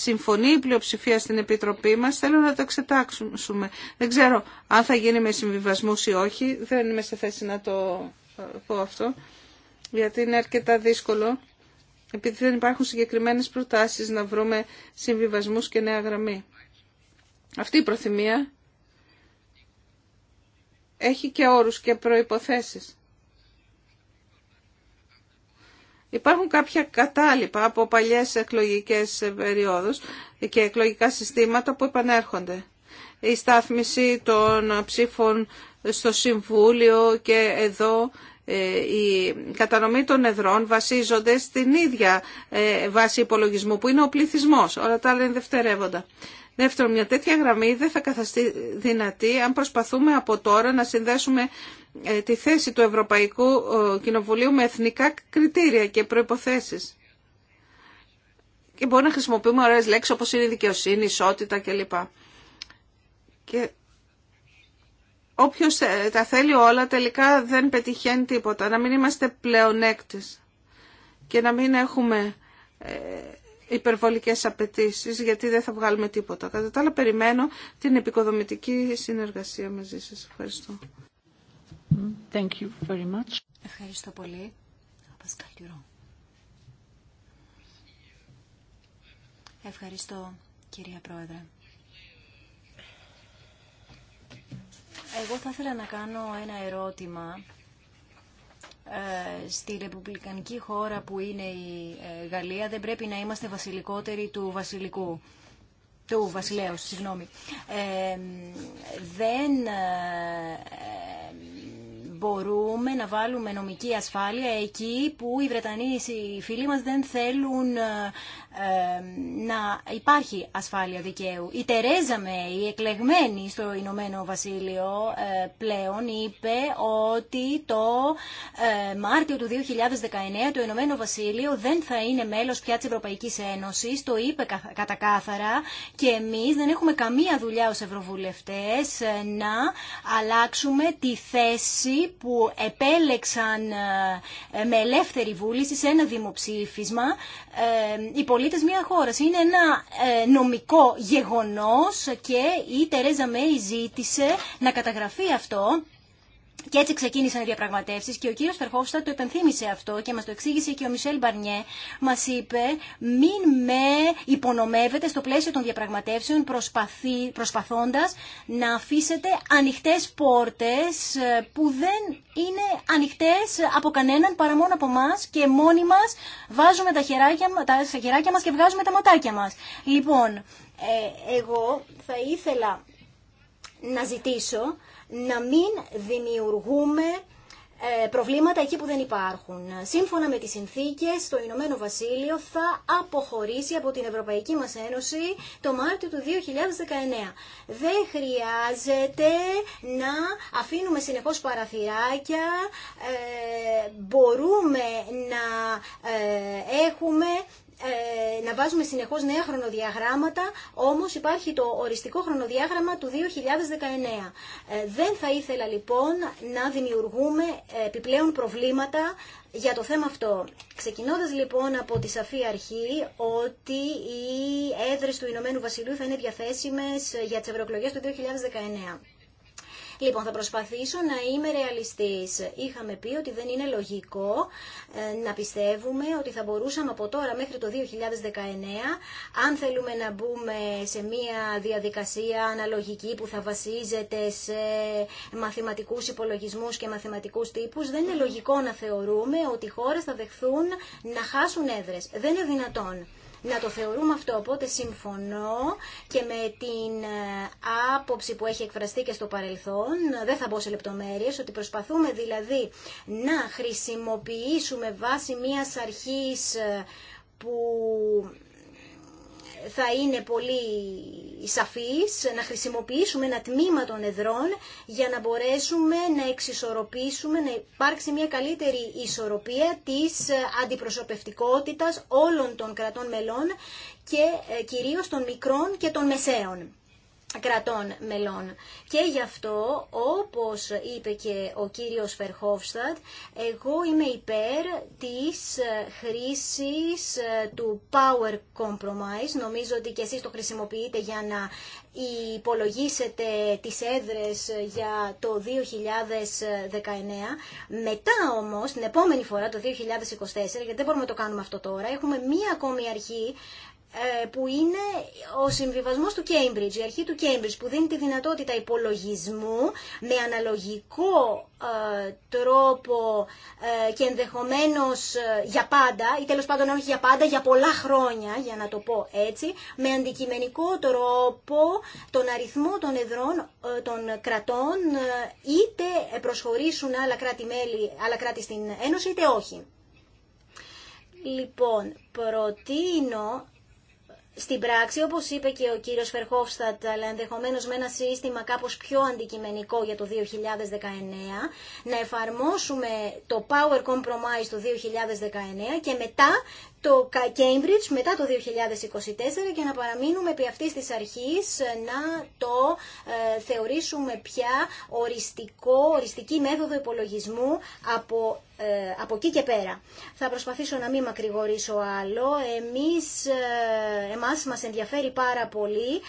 συμφωνεί η πλειοψηφία στην Επιτροπή μας, θέλω να το εξετάξουμε. Δεν ξέρω αν θα γίνει με συμβιβασμούς ή όχι, δεν είμαι σε θέση να το ε, πω αυτό, γιατί είναι αρκετά δύσκολο, επειδή δεν υπάρχουν συγκεκριμένες προτάσεις να βρούμε συμβιβασμούς και νέα γραμμή. Αυτή η προθυμία έχει και όρους και προϋποθέσεις. Υπάρχουν κάποια κατάλοιπα από παλιές εκλογικές περιόδους και εκλογικά συστήματα που επανέρχονται. Η στάθμιση των ψήφων στο Συμβούλιο και εδώ ε, η κατανομή των εδρών βασίζονται στην ίδια ε, βάση υπολογισμού που είναι ο πληθυσμός. Όλα τα άλλα είναι δευτερεύοντα. Δεύτερον, μια τέτοια γραμμή δεν θα καθαστεί δυνατή αν προσπαθούμε από τώρα να συνδέσουμε ε, τη θέση του Ευρωπαϊκού ε, Κοινοβουλίου με εθνικά κριτήρια και προϋποθέσεις. Και μπορεί να χρησιμοποιούμε ωραίες λέξεις όπως είναι η δικαιοσύνη, η ισότητα κλπ. Και όποιος τα θέλει όλα τελικά δεν πετυχαίνει τίποτα. Να μην είμαστε πλεονέκτες και να μην έχουμε ε, υπερβολικές απαιτήσει γιατί δεν θα βγάλουμε τίποτα. Κατά τα άλλα περιμένω την επικοδομητική συνεργασία μαζί σας. Ευχαριστώ. very much. Ευχαριστώ πολύ. Ευχαριστώ κυρία Πρόεδρε. Εγώ θα ήθελα να κάνω ένα ερώτημα ε, στη ρεπουμπλικανική χώρα που είναι η ε, Γαλλία δεν πρέπει να είμαστε βασιλικότεροι του βασιλικού του βασιλέως, συγγνώμη. Ε, δεν μπορούμε να βάλουμε νομική ασφάλεια εκεί που οι Βρετανοί οι φίλοι μας δεν θέλουν να υπάρχει ασφάλεια δικαίου. Η Τερέζα Μέη, η εκλεγμένη στο Ηνωμένο Βασίλειο ε, πλέον, είπε ότι το ε, Μάρτιο του 2019 το Ηνωμένο Βασίλειο δεν θα είναι μέλος πια της Ευρωπαϊκής Ένωσης. Το είπε κατακάθαρα και εμείς δεν έχουμε καμία δουλειά ως ευρωβουλευτές ε, να αλλάξουμε τη θέση που επέλεξαν με ελεύθερη βούληση σε ένα δημοψήφισμα πολίτες μια χώρας. Είναι ένα ε, νομικό γεγονός και η Τερέζα Μέη ζήτησε να καταγραφεί αυτό και έτσι ξεκίνησαν οι διαπραγματεύσει και ο κύριο Φερχόφστα το επενθύμησε αυτό και μα το εξήγησε και ο Μισελ Μπαρνιέ. Μα είπε, μην με υπονομεύετε στο πλαίσιο των διαπραγματεύσεων προσπαθώντα να αφήσετε ανοιχτέ πόρτε ε, που δεν είναι ανοιχτέ από κανέναν παρά μόνο από εμά και μόνοι μα βάζουμε τα χεράκια, τα μα και βγάζουμε τα ματάκια μα. Λοιπόν, ε, εγώ θα ήθελα να ζητήσω να μην δημιουργούμε ε, προβλήματα εκεί που δεν υπάρχουν. Σύμφωνα με τις συνθήκες, το Ηνωμένο Βασίλειο θα αποχωρήσει από την Ευρωπαϊκή μας Ένωση το Μάρτιο του 2019. Δεν χρειάζεται να αφήνουμε συνεχώς παραθυράκια, ε, μπορούμε να ε, έχουμε ε, να βάζουμε συνεχώς νέα χρονοδιαγράμματα, όμως υπάρχει το οριστικό χρονοδιάγραμμα του 2019. Ε, δεν θα ήθελα λοιπόν να δημιουργούμε ε, επιπλέον προβλήματα για το θέμα αυτό. Ξεκινώντας λοιπόν από τη σαφή αρχή ότι οι έδρες του Ηνωμένου Βασιλείου θα είναι διαθέσιμες για τις ευρωεκλογές του 2019. Λοιπόν, θα προσπαθήσω να είμαι ρεαλιστής. Είχαμε πει ότι δεν είναι λογικό ε, να πιστεύουμε ότι θα μπορούσαμε από τώρα μέχρι το 2019, αν θέλουμε να μπούμε σε μια διαδικασία αναλογική που θα βασίζεται σε μαθηματικούς υπολογισμούς και μαθηματικούς τύπους, δεν είναι λογικό να θεωρούμε ότι οι χώρες θα δεχθούν να χάσουν έδρες. Δεν είναι δυνατόν να το θεωρούμε αυτό. Οπότε συμφωνώ και με την ε, άποψη που έχει εκφραστεί και στο παρελθόν, δεν θα μπω σε λεπτομέρειες, ότι προσπαθούμε δηλαδή να χρησιμοποιήσουμε βάση μιας αρχής ε, που θα είναι πολύ σαφής να χρησιμοποιήσουμε ένα τμήμα των εδρών για να μπορέσουμε να εξισορροπήσουμε, να υπάρξει μια καλύτερη ισορροπία της αντιπροσωπευτικότητας όλων των κρατών μελών και ε, κυρίως των μικρών και των μεσαίων κρατών μελών. Και γι' αυτό, όπως είπε και ο κύριος Φερχόφστατ, εγώ είμαι υπέρ της χρήσης ε, του power compromise. Νομίζω ότι και εσείς το χρησιμοποιείτε για να υπολογίσετε τις έδρες για το 2019. Μετά όμως, την επόμενη φορά, το 2024, γιατί δεν μπορούμε να το κάνουμε αυτό τώρα, έχουμε μία ακόμη αρχή ε, που είναι ο συμβιβασμός του Cambridge, η αρχή του Cambridge που δίνει τη δυνατότητα υπολογισμού με αναλογικό ε, τρόπο ε, και ενδεχομένως για πάντα ή τέλος πάντων όχι για πάντα, για πολλά χρόνια για να το πω έτσι, με αντικειμενικό τρόπο τον αριθμό των εδρών των κρατών είτε προσχωρήσουν άλλα κράτη-μέλη, άλλα κράτη στην Ένωση είτε όχι. Λοιπόν, προτείνω στην πράξη, όπως είπε και ο κύριο Φερχόφστατ, αλλά ενδεχομένω με ένα σύστημα κάπως πιο αντικειμενικό για το 2019, να εφαρμόσουμε το Power Compromise το 2019 και μετά το Cambridge μετά το 2024 για να παραμείνουμε επί αυτής της αρχής ε, να το ε, θεωρήσουμε πια οριστικό, οριστική μέθοδο υπολογισμού από, ε, από εκεί και πέρα. Θα προσπαθήσω να μην μακρηγορήσω άλλο. Εμείς, ε, εμάς μας ενδιαφέρει πάρα πολύ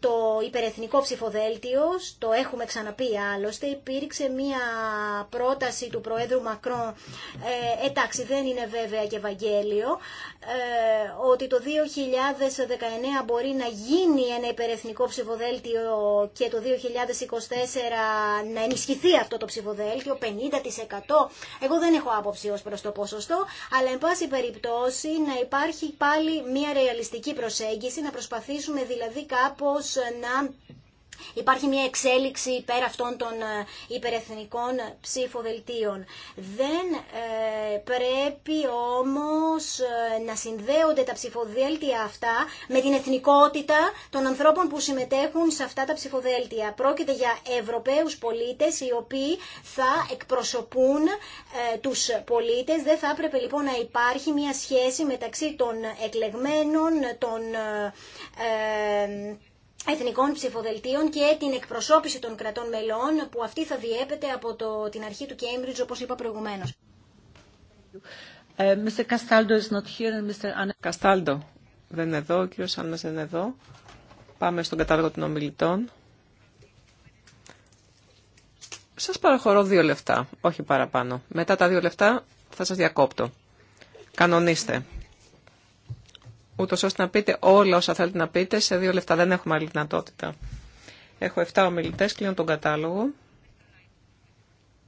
το υπερεθνικό ψηφοδέλτιο, το έχουμε ξαναπεί άλλωστε, υπήρξε μία πρόταση του Προέδρου Μακρόν, εντάξει δεν είναι βέβαια και Ευαγγέλιο, ε, ότι το 2019 μπορεί να γίνει ένα υπερεθνικό ψηφοδέλτιο και το 2024 να ενισχυθεί αυτό το ψηφοδέλτιο, 50%. Εγώ δεν έχω άποψη ως προς το ποσοστό, αλλά εν πάση περιπτώσει να υπάρχει πάλι μια ρεαλιστική προσέγγιση, να προσπαθήσουμε δηλαδή κάπως να υπάρχει μια εξέλιξη πέρα αυτών των ε, υπερεθνικών ψηφοδελτίων. Δεν ε, πρέπει όμως ε, να συνδέονται τα ψηφοδέλτια αυτά με την εθνικότητα των ανθρώπων που συμμετέχουν σε αυτά τα ψηφοδέλτια. Πρόκειται για Ευρωπαίους πολίτες οι οποίοι θα εκπροσωπούν ε, τους πολίτες. Δεν θα έπρεπε λοιπόν να υπάρχει μια σχέση μεταξύ των εκλεγμένων, των εθνικών ψηφοδελτίων και την εκπροσώπηση των κρατών μελών που αυτή θα διέπεται από το, την αρχή του Κέμπριτζ όπως είπα προηγουμένως. Καστάλντο ε, δεν είναι εδώ, ο κύριο Άννας δεν είναι εδώ. Πάμε στον κατάλογο των ομιλητών. Σας παραχωρώ δύο λεφτά, όχι παραπάνω. Μετά τα δύο λεφτά θα σας διακόπτω. Κανονίστε ούτω ώστε να πείτε όλα όσα θέλετε να πείτε σε δύο λεπτά. Δεν έχουμε άλλη δυνατότητα. Έχω 7 ομιλητέ, κλείνω τον κατάλογο.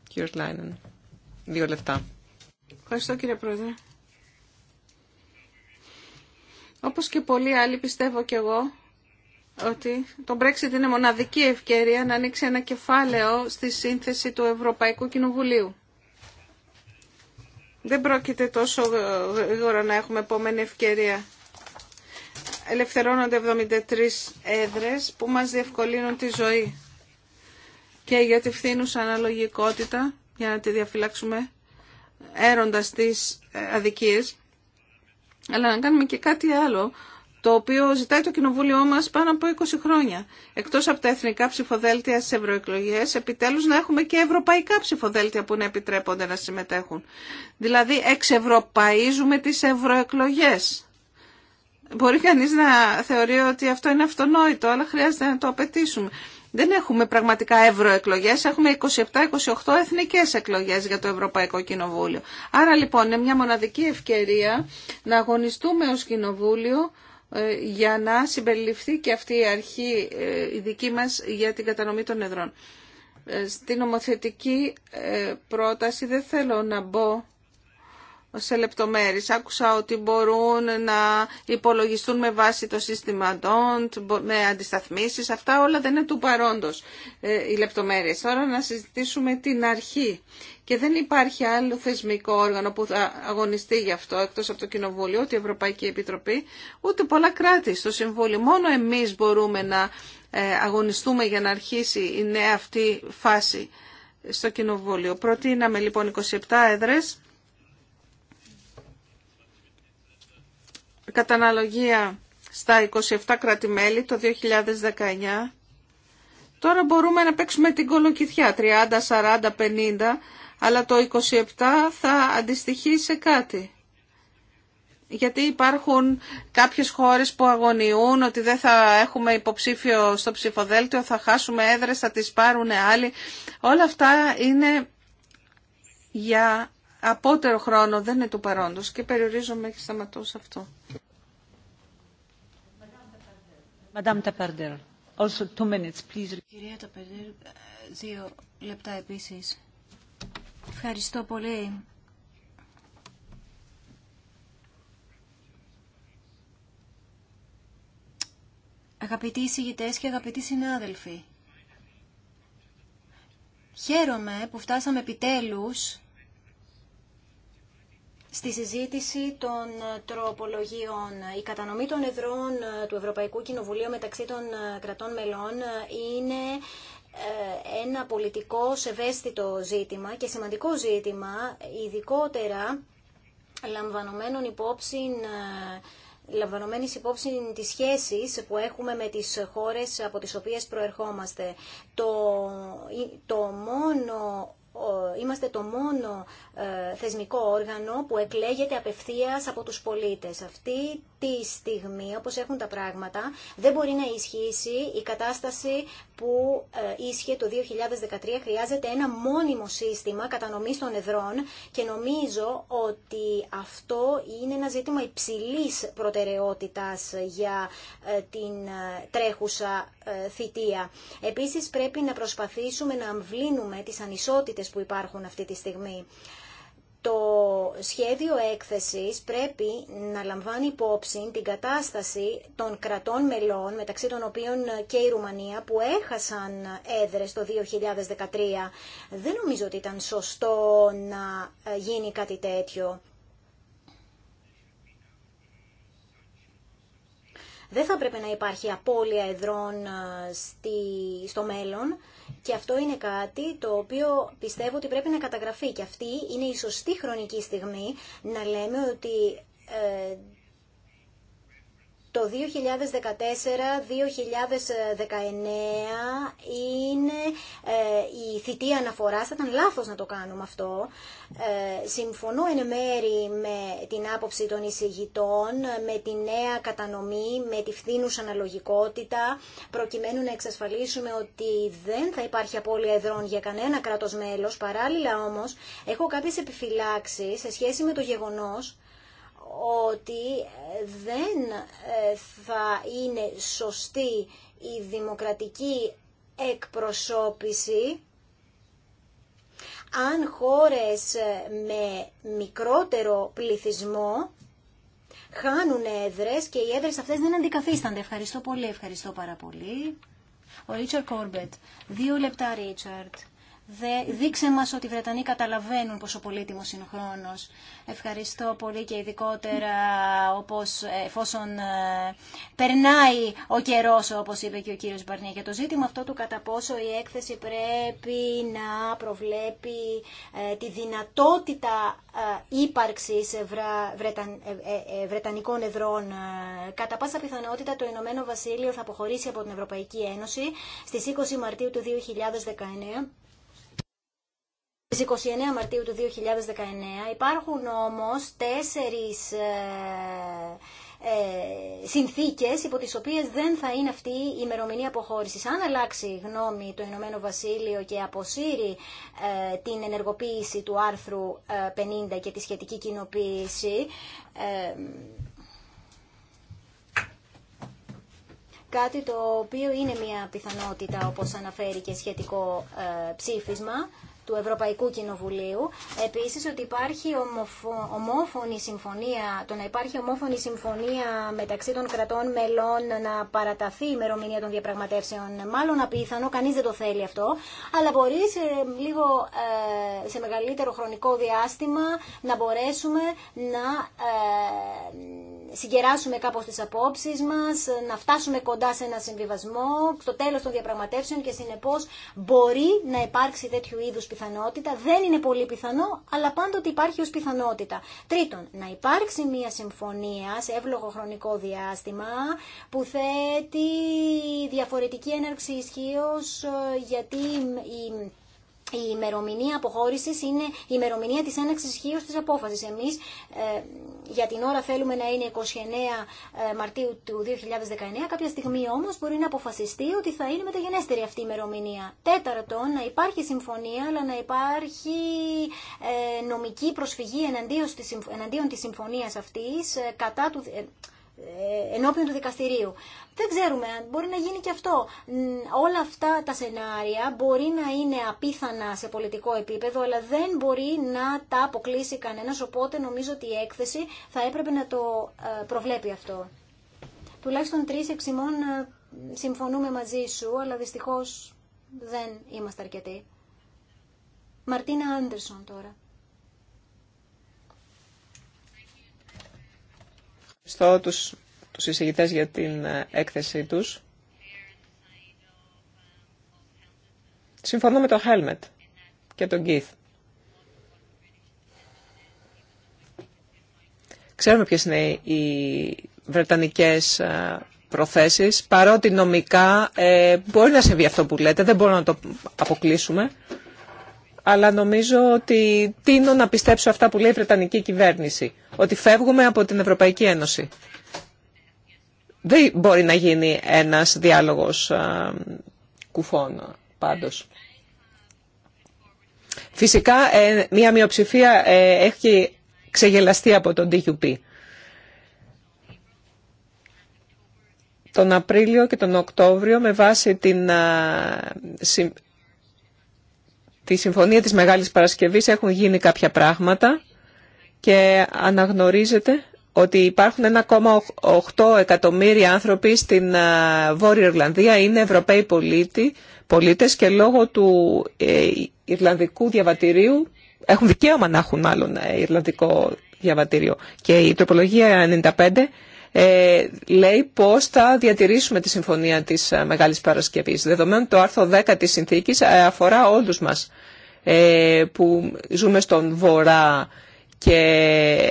Κύριο Λάινεν, δύο λεπτά. Ευχαριστώ κύριε Πρόεδρε. Όπως και πολλοί άλλοι πιστεύω και εγώ ότι το Brexit είναι μοναδική ευκαιρία να ανοίξει ένα κεφάλαιο στη σύνθεση του Ευρωπαϊκού Κοινοβουλίου. Δεν πρόκειται τόσο γρήγορα να έχουμε επόμενη ευκαιρία ελευθερώνονται 73 έδρες που μας διευκολύνουν τη ζωή και για τη φθήνουσα αναλογικότητα, για να τη διαφυλάξουμε έροντας τις ε, αδικίες, αλλά να κάνουμε και κάτι άλλο, το οποίο ζητάει το Κοινοβούλιο μας πάνω από 20 χρόνια. Εκτός από τα εθνικά ψηφοδέλτια στις ευρωεκλογέ, επιτέλους να έχουμε και ευρωπαϊκά ψηφοδέλτια που να επιτρέπονται να συμμετέχουν. Δηλαδή εξευρωπαίζουμε τις ευρωεκλογέ Μπορεί κανείς να θεωρεί ότι αυτό είναι αυτονόητο, αλλά χρειάζεται να το απαιτήσουμε. Δεν έχουμε πραγματικά ευρωεκλογέ, έχουμε 27-28 εθνικέ εκλογέ για το Ευρωπαϊκό Κοινοβούλιο. Άρα λοιπόν είναι μια μοναδική ευκαιρία να αγωνιστούμε ω Κοινοβούλιο ε, για να συμπεριληφθεί και αυτή η αρχή ε, η δική μα για την κατανομή των εδρών. Ε, στην νομοθετική πρόταση δεν θέλω να μπω σε λεπτομέρειες. Άκουσα ότι μπορούν να υπολογιστούν με βάση το σύστημα DONT, με αντισταθμίσεις. Αυτά όλα δεν είναι του παρόντος ε, οι λεπτομέρειες. Τώρα να συζητήσουμε την αρχή. Και δεν υπάρχει άλλο θεσμικό όργανο που θα αγωνιστεί γι' αυτό, εκτός από το Κοινοβούλιο, ούτε η Ευρωπαϊκή Επιτροπή, ούτε πολλά κράτη στο Συμβούλιο. Μόνο εμείς μπορούμε να ε, αγωνιστούμε για να αρχίσει η νέα αυτή φάση στο Κοινοβούλιο. Προτείναμε λοιπόν 27 έδρες αναλογία στα 27 κράτη-μέλη το 2019. Τώρα μπορούμε να παίξουμε την κολοκυθιά 30, 40, 50, αλλά το 27 θα αντιστοιχεί σε κάτι. Γιατί υπάρχουν κάποιες χώρες που αγωνιούν ότι δεν θα έχουμε υποψήφιο στο ψηφοδέλτιο, θα χάσουμε έδρες, θα τις πάρουν άλλοι. Όλα αυτά είναι για απότερο χρόνο, δεν είναι του παρόντος και περιορίζομαι και σταματώ σε αυτό. Κυρία Ταπερντέρ, δύο λεπτά επίσης. Ευχαριστώ πολύ. Αγαπητοί εισηγητές και αγαπητοί συνάδελφοι, χαίρομαι που φτάσαμε επιτέλους στη συζήτηση των τροπολογιών. Η κατανομή των εδρών ε, του Ευρωπαϊκού Κοινοβουλίου μεταξύ των ε, κρατών μελών ε, είναι ένα πολιτικό ευαίσθητο ζήτημα και σημαντικό ζήτημα, ειδικότερα λαμβανομένων υπόψη λαμβανωμένη υπόψη τις σχέσεις που έχουμε με τις χώρες από τις οποίες προερχόμαστε. Το, το μόνο είμαστε το μόνο ε, θεσμικό όργανο που εκλέγεται απευθείας από τους πολίτες. Αυτή τη στιγμή, όπως έχουν τα πράγματα, δεν μπορεί να ισχύσει η κατάσταση που ε, ίσχυε το 2013. Χρειάζεται ένα μόνιμο σύστημα κατανομής των εδρών και νομίζω ότι αυτό είναι ένα ζήτημα υψηλής προτεραιότητας για ε, την ε, τρέχουσα θητεία. Επίσης πρέπει να προσπαθήσουμε να αμβλύνουμε τις ανισότητες που υπάρχουν αυτή τη στιγμή το σχέδιο έκθεσης πρέπει να λαμβάνει υπόψη την κατάσταση των κρατών μελών, μεταξύ των οποίων και η Ρουμανία, που έχασαν έδρες το 2013. Δεν νομίζω ότι ήταν σωστό να γίνει κάτι τέτοιο. Δεν θα πρέπει να υπάρχει απώλεια εδρών ε, στο μέλλον και αυτό είναι κάτι το οποίο πιστεύω ότι πρέπει να καταγραφεί. Και αυτή είναι η σωστή χρονική στιγμή να λέμε ότι ε, το 2014-2019 είναι ε, η θητεία αναφοράς, θα ήταν λάθος να το κάνουμε αυτό. Ε, συμφωνώ εν μέρη με την άποψη των εισηγητών, με τη νέα κατανομή, με τη φθήνουσα αναλογικότητα, προκειμένου να εξασφαλίσουμε ότι δεν θα υπάρχει απώλεια εδρών για κανένα κράτος μέλος. Παράλληλα όμως, έχω κάποιες επιφυλάξεις σε σχέση με το γεγονός ότι δεν ε, θα είναι σωστή η δημοκρατική εκπροσώπηση αν χώρες ε, με μικρότερο πληθυσμό χάνουν έδρες και οι έδρες αυτές δεν αντικαθίστανται. Ευχαριστώ πολύ, ευχαριστώ πάρα πολύ. Ο Ρίτσαρ Κόρμπετ. Δύο λεπτά, Ρίτσαρτ. Δείξε μας ότι οι Βρετανοί καταλαβαίνουν πόσο πολύτιμος είναι ο χρόνος. Ευχαριστώ πολύ και ειδικότερα όπως, εφόσον ε, περνάει ο καιρός, όπως είπε και ο κύριος Μπαρνί. για το ζήτημα αυτό του κατά πόσο η έκθεση πρέπει να προβλέπει ε, τη δυνατότητα ε, ύπαρξης ε, ε, ε, βρετανικών εδρών. Κατά πάσα πιθανότητα το Ηνωμένο Βασίλειο θα αποχωρήσει από την Ευρωπαϊκή Ένωση στις 20 Μαρτίου του 2019 Στι 29 Μαρτίου του 2019 υπάρχουν όμως τέσσερις ε, ε, συνθήκες υπό τις οποίες δεν θα είναι αυτή η ημερομηνία αποχώρησης. Αν αλλάξει γνώμη το Ηνωμένο Βασίλειο και αποσύρει ε, την ενεργοποίηση του άρθρου 50 ε, και τη σχετική κοινοποίηση, κάτι το οποίο είναι μια πιθανότητα όπως αναφέρει και σχετικό ψήφισμα, του Ευρωπαϊκού Κοινοβουλίου. Επίσης ότι υπάρχει ομόφωνη συμφωνία, το να υπάρχει ομόφωνη συμφωνία μεταξύ των κρατών μελών να παραταθεί η ημερομηνία των διαπραγματεύσεων. Μάλλον απίθανο, κανείς δεν το θέλει αυτό, αλλά μπορεί σε, λίγο, ε, σε μεγαλύτερο χρονικό διάστημα να μπορέσουμε να ε, συγκεράσουμε κάπως τις απόψεις μας, να φτάσουμε κοντά σε ένα συμβιβασμό, στο τέλος των διαπραγματεύσεων και συνεπώς μπορεί να υπάρξει τέτοιου είδους πιθανότητα, δεν είναι πολύ πιθανό, αλλά πάντοτε υπάρχει ως πιθανότητα. Τρίτον, να υπάρξει μια συμφωνία σε εύλογο χρονικό διάστημα που θέτει διαφορετική έναρξη ισχύω ε, γιατί η η ημερομηνία αποχώρησης είναι η ημερομηνία της έναξης ισχύω της απόφασης. Εμείς ε, για την ώρα θέλουμε να είναι 29 ε, Μαρτίου του 2019, κάποια στιγμή όμως μπορεί να αποφασιστεί ότι θα είναι μεταγενέστερη αυτή η ημερομηνία. Τέταρτον, να υπάρχει συμφωνία, αλλά να υπάρχει ε, νομική προσφυγή εναντίον της συμφωνίας αυτής, κατά του, ε, ενώπιον του δικαστηρίου. Δεν ξέρουμε αν μπορεί να γίνει και αυτό. Όλα αυτά τα σενάρια μπορεί να είναι απίθανα σε πολιτικό επίπεδο, αλλά δεν μπορεί να τα αποκλείσει κανένας, οπότε νομίζω ότι η έκθεση θα έπρεπε να το ε, προβλέπει αυτό. Τουλάχιστον τρεις εξημών ε, συμφωνούμε μαζί σου, αλλά δυστυχώς δεν είμαστε αρκετοί. Μαρτίνα Άντερσον τώρα. Ευχαριστώ τους, τους εισηγητές για την ε, έκθεσή τους. Συμφωνώ με το Χέλμετ και τον Κίθ. Ξέρουμε ποιες είναι οι βρετανικές ε, προθέσεις, παρότι νομικά ε, μπορεί να συμβεί αυτό που λέτε, δεν μπορούμε να το αποκλείσουμε αλλά νομίζω ότι τίνω να πιστέψω αυτά που λέει η Βρετανική κυβέρνηση, ότι φεύγουμε από την Ευρωπαϊκή Ένωση. Δεν μπορεί να γίνει ένας διάλογος α, κουφών πάντως. Φυσικά, ε, μία μειοψηφία ε, έχει ξεγελαστεί από τον DUP. Τον Απρίλιο και τον Οκτώβριο, με βάση την τη Συμφωνία της Μεγάλης Παρασκευής έχουν γίνει κάποια πράγματα και αναγνωρίζεται ότι υπάρχουν 1,8 εκατομμύρια άνθρωποι στην ε, Βόρεια Ιρλανδία, είναι Ευρωπαίοι πολίτη, πολίτες και λόγω του ε, Ιρλανδικού διαβατηρίου έχουν δικαίωμα να έχουν μάλλον ε, Ιρλανδικό διαβατήριο. Και η τροπολογία 95 ε, λέει πώς θα διατηρήσουμε τη συμφωνία της ε, Μεγάλης Παρασκευής. Δεδομένου το άρθρο 10 της συνθήκης ε, αφορά όλους μας που ζούμε στον Βορρά και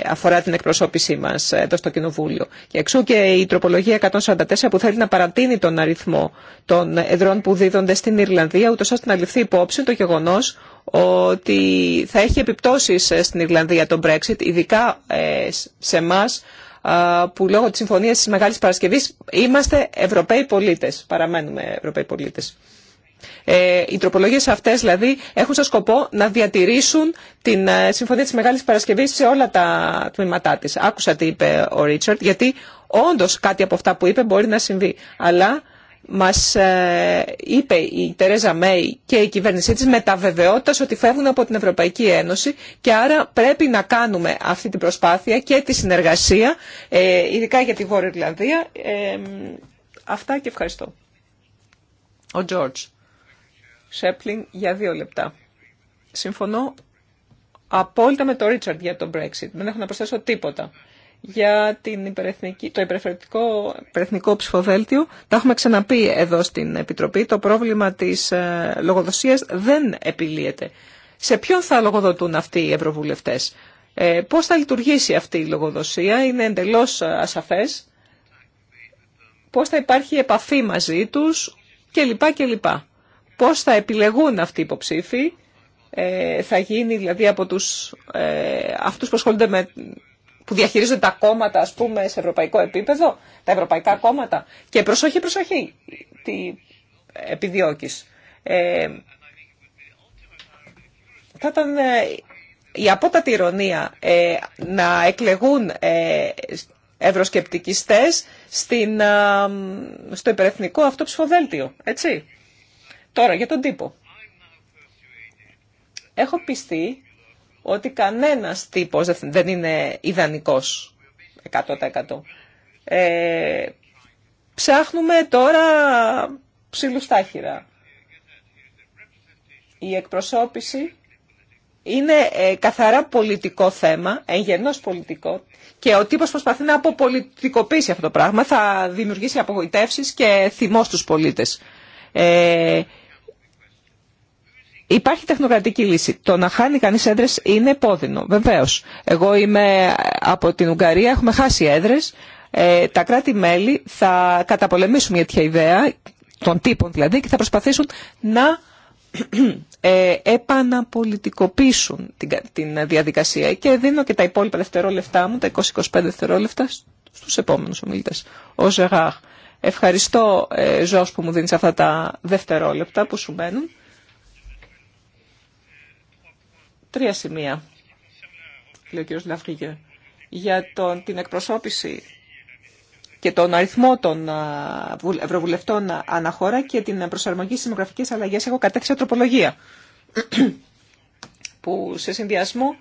αφορά την εκπροσώπησή μας εδώ στο Κοινοβούλιο. Και εξού και η τροπολογία 144 που θέλει να παρατείνει τον αριθμό των εδρών που δίδονται στην Ιρλανδία, ούτως ώστε να ληφθεί υπόψη το γεγονός ότι θα έχει επιπτώσεις στην Ιρλανδία τον Brexit, ειδικά σε εμά που λόγω της συμφωνίας της Μεγάλης Παρασκευής είμαστε Ευρωπαίοι πολίτες, παραμένουμε Ευρωπαίοι πολίτες. Ε, οι τροπολογίες αυτές δηλαδή έχουν σαν σκοπό να διατηρήσουν την ε, συμφωνία της Μεγάλης Παρασκευής σε όλα τα τμήματά της. Άκουσα τι είπε ο Ρίτσαρτ, γιατί όντως κάτι από αυτά που είπε μπορεί να συμβεί. Αλλά μας ε, είπε η Τερέζα Μέη και η κυβέρνησή της με τα ότι φεύγουν από την Ευρωπαϊκή Ένωση και άρα πρέπει να κάνουμε αυτή την προσπάθεια και τη συνεργασία, ε, ειδικά για τη Βόρεια Ιρλανδία. Ε, αυτά και ευχαριστώ. Ο Τζόρτζ Σέπλιν για δύο λεπτά. Συμφωνώ απόλυτα με τον Ρίτσαρντ για το Brexit. Δεν έχω να προσθέσω τίποτα για την υπερεθνική, το υπερεθνικό, υπερεθνικό ψηφοδέλτιο. Τα έχουμε ξαναπεί εδώ στην Επιτροπή. Το πρόβλημα της ε, λογοδοσίας δεν επιλύεται. Σε ποιον θα λογοδοτούν αυτοί οι ευρωβουλευτές. Ε, πώς θα λειτουργήσει αυτή η λογοδοσία είναι εντελώς ε, ασαφές. Πώς θα υπάρχει επαφή μαζί τους κλπ. κλπ. Πώς θα επιλεγούν αυτοί οι υποψήφοι. Ε, θα γίνει δηλαδή από τους, αυτούς που ασχολούνται με που διαχειρίζονται τα κόμματα, ας πούμε, σε ευρωπαϊκό επίπεδο, τα ευρωπαϊκά κόμματα. Και προσοχή, προσοχή, τι επιδιώκεις. Ε, θα ήταν ε, η απότατη ηρωνία ε, να εκλεγούν ε, ευρωσκεπτικιστές στην, ε, στο υπερεθνικό αυτό ψηφοδέλτιο, έτσι. Τώρα, για τον τύπο. Έχω πιστεί ότι κανένας τύπος δεν είναι ιδανικός 100%. Ε, ψάχνουμε τώρα ψιλουστάχυρα. Η εκπροσώπηση είναι ε, καθαρά πολιτικό θέμα, εγγενώς πολιτικό και ο τύπος προσπαθεί να αποπολιτικοποιήσει αυτό το πράγμα, θα δημιουργήσει απογοητεύσεις και θυμό στους πολίτες. Ε, Υπάρχει τεχνοκρατική λύση. Το να χάνει κανεί έδρε είναι επώδυνο, βεβαίω. Εγώ είμαι από την Ουγγαρία, έχουμε χάσει έδρε. Ε, τα κράτη-μέλη θα καταπολεμήσουν μια τέτοια ιδέα, των τύπων δηλαδή, και θα προσπαθήσουν να ε, επαναπολιτικοποιήσουν την, την διαδικασία. Και δίνω και τα υπόλοιπα δευτερόλεπτά μου, τα 20-25 δευτερόλεπτα, στους επόμενους ομιλητές. Ο Ζεγάχ, ευχαριστώ, ε, που μου δίνεις αυτά τα δευτερόλεπτα που σου Τρία σημεία, λέει ο Λαφρίγε, για τον, την εκπροσώπηση και τον αριθμό των ευρωβουλευτών αναχώρα και την προσαρμογή στις δημογραφικές αλλαγές. Έχω κατέξει τροπολογία που σε συνδυασμό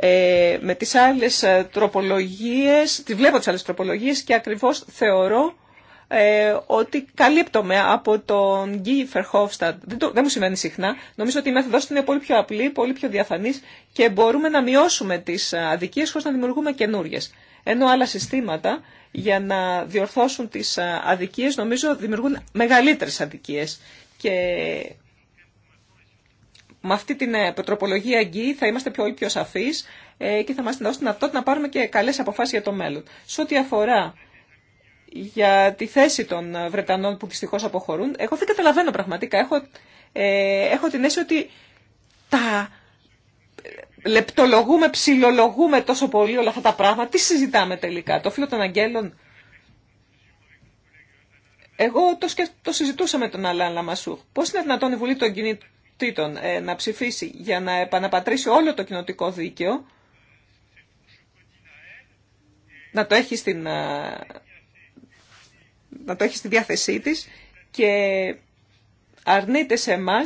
ε, με τις άλλες ε, τροπολογίες, τη βλέπω τις άλλες τροπολογίες και ακριβώς θεωρώ ε, ότι καλύπτομαι από τον Γκί Φερχόφστατ. Δεν, δεν μου σημαίνει συχνά. Νομίζω ότι η μέθοδο είναι πολύ πιο απλή, πολύ πιο διαφανή και μπορούμε να μειώσουμε τι αδικίε χωρί να δημιουργούμε καινούριε. Ενώ άλλα συστήματα για να διορθώσουν τι αδικίε νομίζω δημιουργούν μεγαλύτερε αδικίε. Και με αυτή την ε, τροπολογία Γκί θα είμαστε πιο, πιο σαφεί ε, και θα μα δώσει δυνατότητα να πάρουμε και καλέ αποφάσει για το μέλλον. Σε ό,τι αφορά για τη θέση των Βρετανών που δυστυχώ αποχωρούν. Εγώ δεν καταλαβαίνω πραγματικά. Έχω, ε, έχω την αίσθηση ότι τα λεπτολογούμε, ψηλολογούμε τόσο πολύ όλα αυτά τα πράγματα. Τι συζητάμε τελικά, το φίλο των αγγέλων. Εγώ το, το συζητούσα με τον Αλάν Λαμασού. Πώς είναι δυνατόν η Βουλή των Κινητήτων ε, να ψηφίσει για να επαναπατρίσει όλο το κοινοτικό δίκαιο, να το έχει στην, ε, να το έχει στη διάθεσή της και αρνείται σε εμά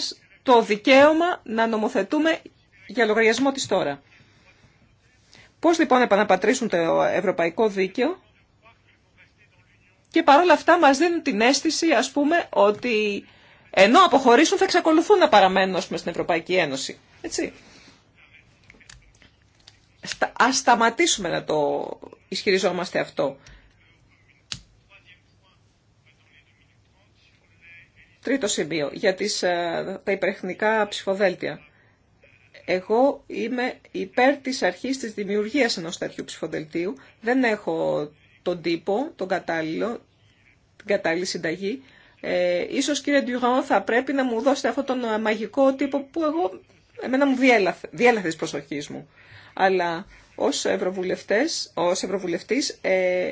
το δικαίωμα να νομοθετούμε για λογαριασμό της τώρα. Πώς λοιπόν επαναπατρίσουν το ευρωπαϊκό δίκαιο και παρόλα αυτά μας δίνουν την αίσθηση ας πούμε ότι ενώ αποχωρήσουν θα εξακολουθούν να παραμένουν πούμε, στην Ευρωπαϊκή Ένωση. Έτσι. Ας σταματήσουμε να το ισχυριζόμαστε αυτό. Τρίτο σημείο, για τις, ε, τα υπερεχνικά ψηφοδέλτια. Εγώ είμαι υπέρ της αρχής της δημιουργίας ενός τέτοιου ψηφοδελτίου. Δεν έχω τον τύπο, τον κατάλληλο, την κατάλληλη συνταγή. Ε, ίσως κύριε θα πρέπει να μου δώσετε αυτόν τον ε, μαγικό τύπο που εγώ, εμένα μου διέλαθε, διέλαθε της προσοχής μου. Αλλά ως, ευρωβουλευτές, ως ευρωβουλευτής ε,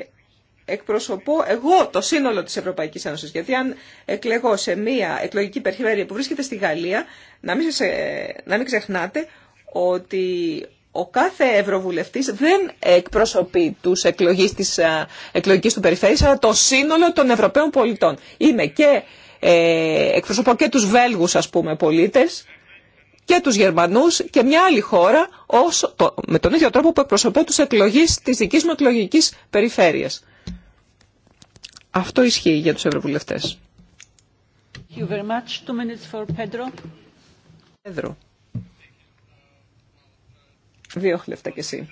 εκπροσωπώ εγώ το σύνολο της Ευρωπαϊκής Ένωσης. Γιατί αν εκλεγώ σε μία εκλογική περιφέρεια που βρίσκεται στη Γαλλία, να μην, ε, να μην ξεχνάτε ότι ο κάθε ευρωβουλευτής δεν εκπροσωπεί τους εκλογείς της ε, εκλογικής του περιφέρειας, αλλά το σύνολο των Ευρωπαίων πολιτών. Είμαι και, ε, εκπροσωπώ και τους Βέλγους, ας πούμε, πολίτες, και τους Γερμανούς και μια άλλη χώρα ως, με τον ίδιο τρόπο που εκπροσωπώ τους εκλογείς της δικής μου εκλογικής περιφέρειας. Αυτό ισχύει για τους ευρωβουλευτές. Δύο χλεφτά κι εσύ.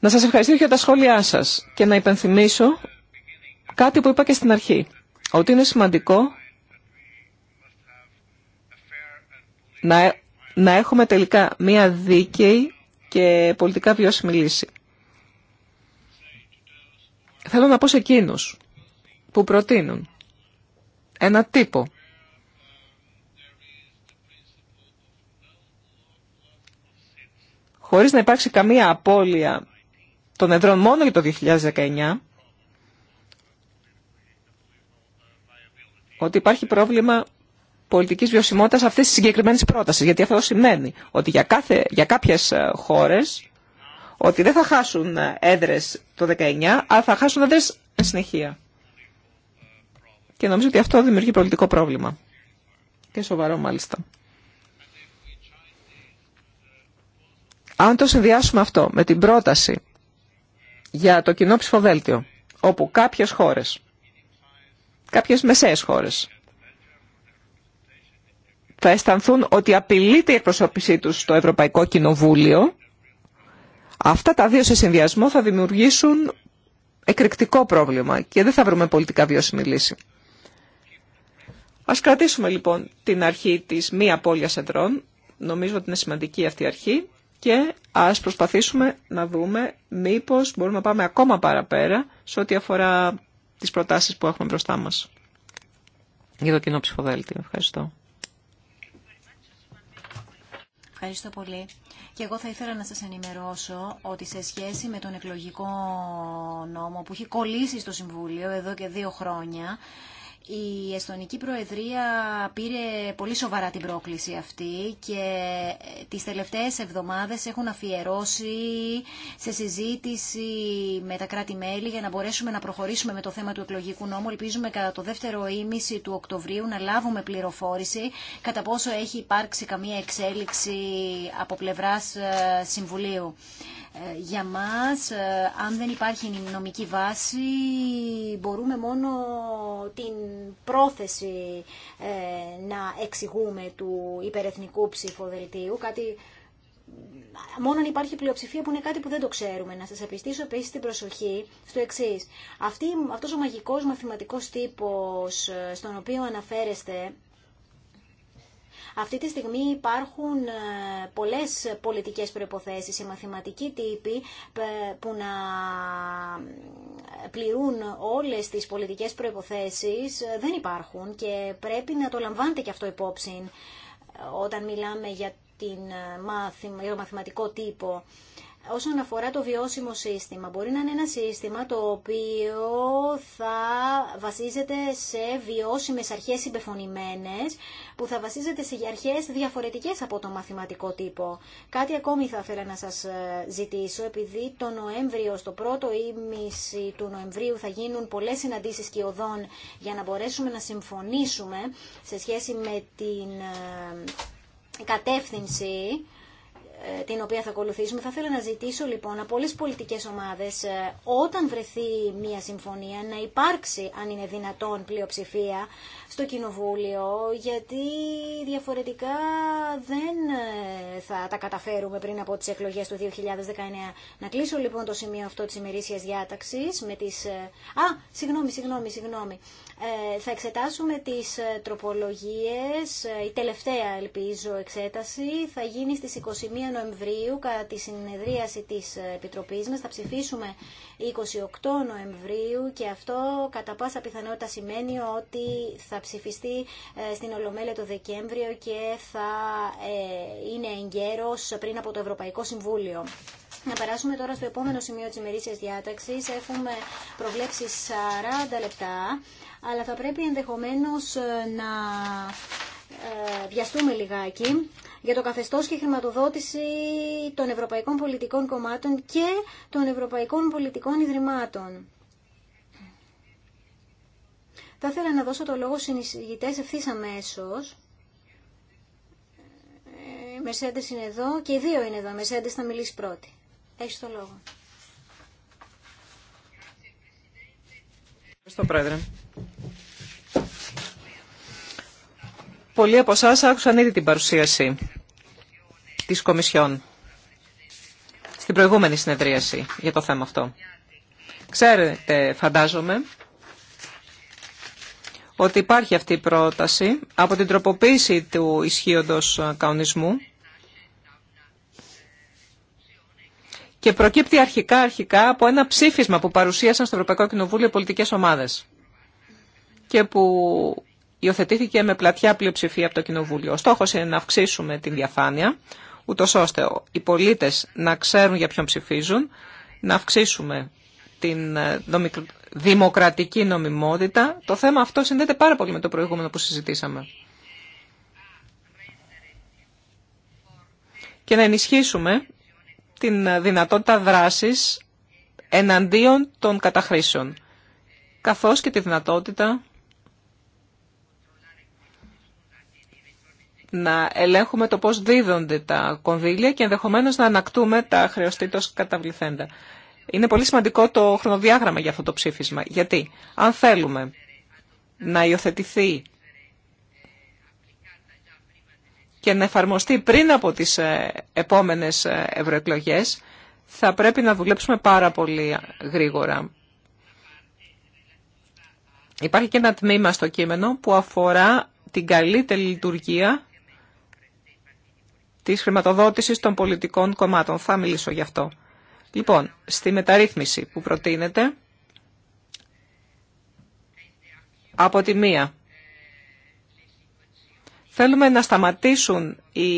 Να σας ευχαριστήσω για τα σχόλιά σας και να υπενθυμίσω κάτι που είπα και στην αρχή. Ότι είναι σημαντικό να έχουμε τελικά μία δίκαιη και πολιτικά βιώσιμη λύση. Θέλω να πω σε εκείνους που προτείνουν ένα τύπο χωρίς να υπάρξει καμία απώλεια των εδρών μόνο για το 2019, ότι υπάρχει πρόβλημα πολιτικής βιωσιμότητας αυτής της συγκεκριμένης πρότασης, γιατί αυτό σημαίνει ότι για, κάθε, για κάποιες ε, χώρες ότι δεν θα χάσουν έδρες το 19, αλλά θα χάσουν έδρες με συνεχεία. Και νομίζω ότι αυτό δημιουργεί πολιτικό πρόβλημα. Και σοβαρό μάλιστα. Αν το συνδυάσουμε αυτό με την πρόταση για το κοινό ψηφοδέλτιο, όπου κάποιες χώρες, κάποιες μεσαίες χώρες, θα αισθανθούν ότι απειλείται η εκπροσώπησή τους στο Ευρωπαϊκό Κοινοβούλιο Αυτά τα δύο σε συνδυασμό θα δημιουργήσουν εκρηκτικό πρόβλημα και δεν θα βρούμε πολιτικά βιώσιμη λύση. Ας κρατήσουμε λοιπόν την αρχή της μη απώλειας εντρών. Νομίζω ότι είναι σημαντική αυτή η αρχή και ας προσπαθήσουμε να δούμε μήπως μπορούμε να πάμε ακόμα παραπέρα σε ό,τι αφορά τις προτάσεις που έχουμε μπροστά μας. Για το κοινό ψηφοδέλτιο. Ευχαριστώ. Ευχαριστώ πολύ. Και εγώ θα ήθελα να σας ενημερώσω ότι σε σχέση με τον εκλογικό νόμο που έχει κολλήσει στο Συμβούλιο εδώ και δύο χρόνια, η Εστονική Προεδρία πήρε πολύ σοβαρά την πρόκληση αυτή και ε, τις τελευταίες εβδομάδες έχουν αφιερώσει σε συζήτηση με τα κράτη-μέλη για να μπορέσουμε να προχωρήσουμε με το θέμα του εκλογικού νόμου. Ελπίζουμε κατά το δεύτερο ήμιση του Οκτωβρίου να λάβουμε πληροφόρηση κατά πόσο έχει υπάρξει καμία εξέλιξη από πλευράς ε, Συμβουλίου. Ε, για μας, ε, αν δεν υπάρχει νομική βάση, μπορούμε μόνο την πρόθεση ε, να εξηγούμε του υπερεθνικού ψηφοδελτίου, κάτι Μόνο αν υπάρχει πλειοψηφία που είναι κάτι που δεν το ξέρουμε. Να σας επιστήσω επίσης την προσοχή στο εξής. Αυτή, αυτός ο μαγικός μαθηματικός τύπος στον οποίο αναφέρεστε αυτή τη στιγμή υπάρχουν ε, πολλές πολιτικές προϋποθέσεις, οι μαθηματικοί τύποι που να ε, πληρούν όλες τις πολιτικές προϋποθέσεις ε, δεν υπάρχουν και πρέπει να το λαμβάνετε και αυτό υπόψη όταν μιλάμε για, την, για το μαθηματικό τύπο όσον αφορά το βιώσιμο σύστημα. Μπορεί να είναι ένα σύστημα το οποίο θα βασίζεται σε βιώσιμες αρχές συμπεφωνημένες που θα βασίζεται σε αρχές διαφορετικές από το μαθηματικό τύπο. Κάτι ακόμη θα ήθελα να σας ε, ζητήσω επειδή το Νοέμβριο στο πρώτο ήμιση του Νοεμβρίου θα γίνουν πολλές συναντήσεις οδών για να μπορέσουμε να συμφωνήσουμε σε σχέση με την ε, κατεύθυνση την οποία θα ακολουθήσουμε. Θα ήθελα να ζητήσω λοιπόν από όλες τις πολιτικές ομάδες ε, όταν βρεθεί μια συμφωνία να υπάρξει αν είναι δυνατόν πλειοψηφία στο Κοινοβούλιο γιατί διαφορετικά δεν ε, θα τα καταφέρουμε πριν από τις εκλογές του 2019. Να κλείσω λοιπόν το σημείο αυτό της ημερήσιας διάταξης με τις... Ε, Α, συγγνώμη, συγγνώμη, συγγνώμη. θα εξετάσουμε τις τροπολογίες, η τελευταία ελπίζω εξέταση θα γίνει στις 21 Νοεμβρίου κατά τη συνεδρίαση της Επιτροπής μας. Θα ψηφίσουμε 28 Νοεμβρίου και αυτό κατά πάσα πιθανότητα σημαίνει ότι θα ψηφιστεί ε, στην Ολομέλεια το Δεκέμβριο και θα ε, είναι εγκαίρος πριν από το Ευρωπαϊκό Συμβούλιο. Να περάσουμε τώρα στο επόμενο σημείο της ημερήσιας διάταξης. Έχουμε προβλέψει 40 λεπτά, αλλά θα πρέπει ενδεχομένως ε, να βιαστούμε λιγάκι για το καθεστώς και χρηματοδότηση των ευρωπαϊκών πολιτικών κομμάτων και των ευρωπαϊκών πολιτικών ιδρυμάτων. Θα ήθελα να δώσω το λόγο συνεισηγητές ευθύς αμέσως. Ε, Μεσέντες είναι εδώ και οι δύο είναι εδώ. Μεσέντες θα μιλήσει πρώτη. Έχεις το λόγο. Ευχαριστώ, Πρόεδρε. Πολλοί από εσά άκουσαν ήδη την παρουσίαση τη Κομισιόν στην προηγούμενη συνεδρίαση για το θέμα αυτό. Ξέρετε, φαντάζομαι, ότι υπάρχει αυτή η πρόταση από την τροποποίηση του ισχύοντος καονισμού και προκύπτει αρχικά αρχικά από ένα ψήφισμα που παρουσίασαν στο Ευρωπαϊκό Κοινοβούλιο πολιτικές ομάδες και που υιοθετήθηκε με πλατιά πλειοψηφία από το Κοινοβούλιο. Ο στόχος είναι να αυξήσουμε την διαφάνεια, ούτω ώστε οι πολίτες να ξέρουν για ποιον ψηφίζουν, να αυξήσουμε την ε, δημοκρατική νομιμότητα. Το θέμα αυτό συνδέεται πάρα πολύ με το προηγούμενο που συζητήσαμε. Και να ενισχύσουμε την ε, δυνατότητα δράσης εναντίον των καταχρήσεων, καθώς και τη δυνατότητα να ελέγχουμε το πώς δίδονται τα κονδύλια και ενδεχομένως να ανακτούμε τα χρεωστήτως καταβληθέντα. Είναι πολύ σημαντικό το χρονοδιάγραμμα για αυτό το ψήφισμα. Γιατί αν θέλουμε να υιοθετηθεί και να εφαρμοστεί πριν από τις ε, επόμενες ε, ευρωεκλογέ, θα πρέπει να δουλέψουμε πάρα πολύ γρήγορα. Υπάρχει και ένα τμήμα στο κείμενο που αφορά την καλύτερη λειτουργία της χρηματοδότησης των πολιτικών κομμάτων. Θα μιλήσω γι' αυτό. Λοιπόν, στη μεταρρύθμιση που προτείνεται, από τη μία, θέλουμε να σταματήσουν οι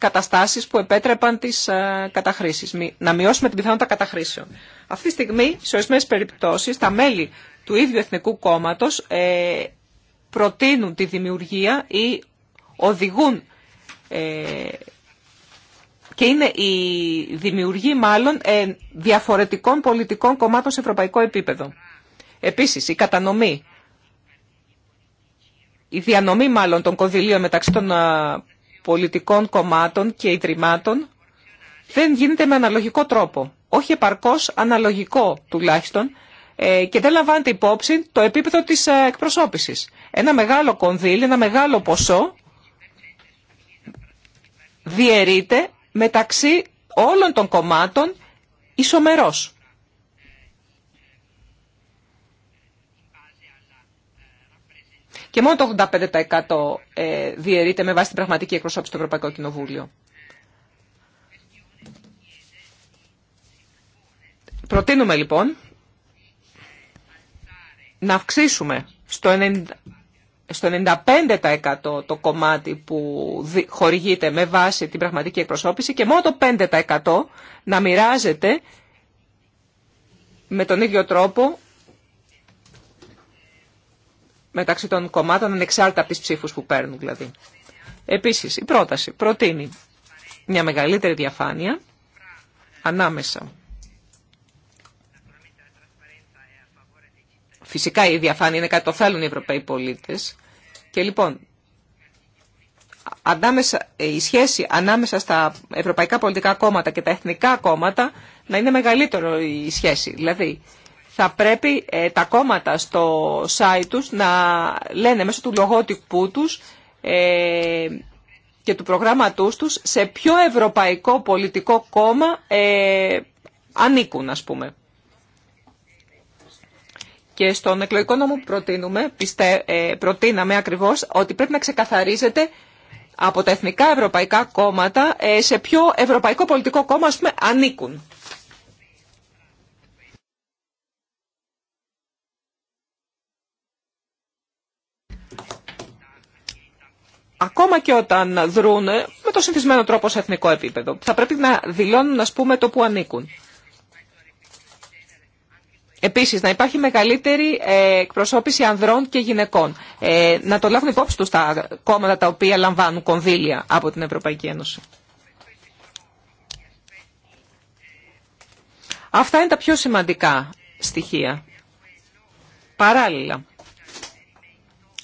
καταστάσεις που επέτρεπαν τις ε, καταχρήσεις, να μειώσουμε την πιθανότητα καταχρήσεων. Αυτή τη στιγμή, σε ορισμένε περιπτώσεις, τα μέλη του ίδιου Εθνικού Κόμματος ε, προτείνουν τη δημιουργία ή οδηγούν ε, και είναι η δημιουργή μάλλον ε, διαφορετικών πολιτικών κομμάτων σε ευρωπαϊκό επίπεδο. Επίσης, η κατανομή, η διανομή μάλλον των κονδυλίων μεταξύ των πολιτικών κομμάτων και ιδρυμάτων δεν γίνεται με αναλογικό τρόπο. Όχι επαρκώς αναλογικό τουλάχιστον ε, και δεν λαμβάνεται υπόψη το επίπεδο της εκπροσώπησης. Ένα μεγάλο κονδύλι, ένα μεγάλο ποσό διαιρείται μεταξύ όλων των κομμάτων ισομερός. Και μόνο το 85% ε, διαιρείται με βάση την πραγματική εκπροσώπηση στο Ευρωπαϊκό Κοινοβούλιο. Προτείνουμε λοιπόν να αυξήσουμε στο στο 95% το κομμάτι που χορηγείται με βάση την πραγματική εκπροσώπηση και μόνο το 5% να μοιράζεται με τον ίδιο τρόπο μεταξύ των κομμάτων ανεξάρτητα από τις ψήφους που παίρνουν δηλαδή. Επίσης η πρόταση προτείνει μια μεγαλύτερη διαφάνεια ανάμεσα Φυσικά η διαφάνεια είναι κάτι το θέλουν οι Ευρωπαίοι πολίτε. Και λοιπόν, ε, η σχέση ανάμεσα στα ευρωπαϊκά πολιτικά κόμματα και τα εθνικά κόμματα να είναι μεγαλύτερο η σχέση. Δηλαδή, θα πρέπει ε, τα κόμματα στο site τους να λένε μέσω του λογότυπου τους ε, και του προγράμματούς τους σε ποιο ευρωπαϊκό πολιτικό κόμμα ε, ανήκουν, ας πούμε. Και στον εκλογικό νόμο που προτείνουμε, ε, προτείναμε ακριβώς ότι πρέπει να ξεκαθαρίζεται από τα εθνικά ευρωπαϊκά κόμματα ε, σε ποιο ευρωπαϊκό πολιτικό κόμμα ας πούμε, ανήκουν. Ακόμα και όταν δρούν με το συνηθισμένο τρόπο σε εθνικό επίπεδο. Θα πρέπει να δηλώνουν, ας πούμε, το που ανήκουν. Επίσης, να υπάρχει μεγαλύτερη ε, εκπροσώπηση ανδρών και γυναικών. Ε, να το λάβουν υπόψη τους τα κόμματα τα οποία λαμβάνουν κονδύλια από την Ευρωπαϊκή Ένωση. Αυτά είναι τα πιο σημαντικά στοιχεία. Παράλληλα,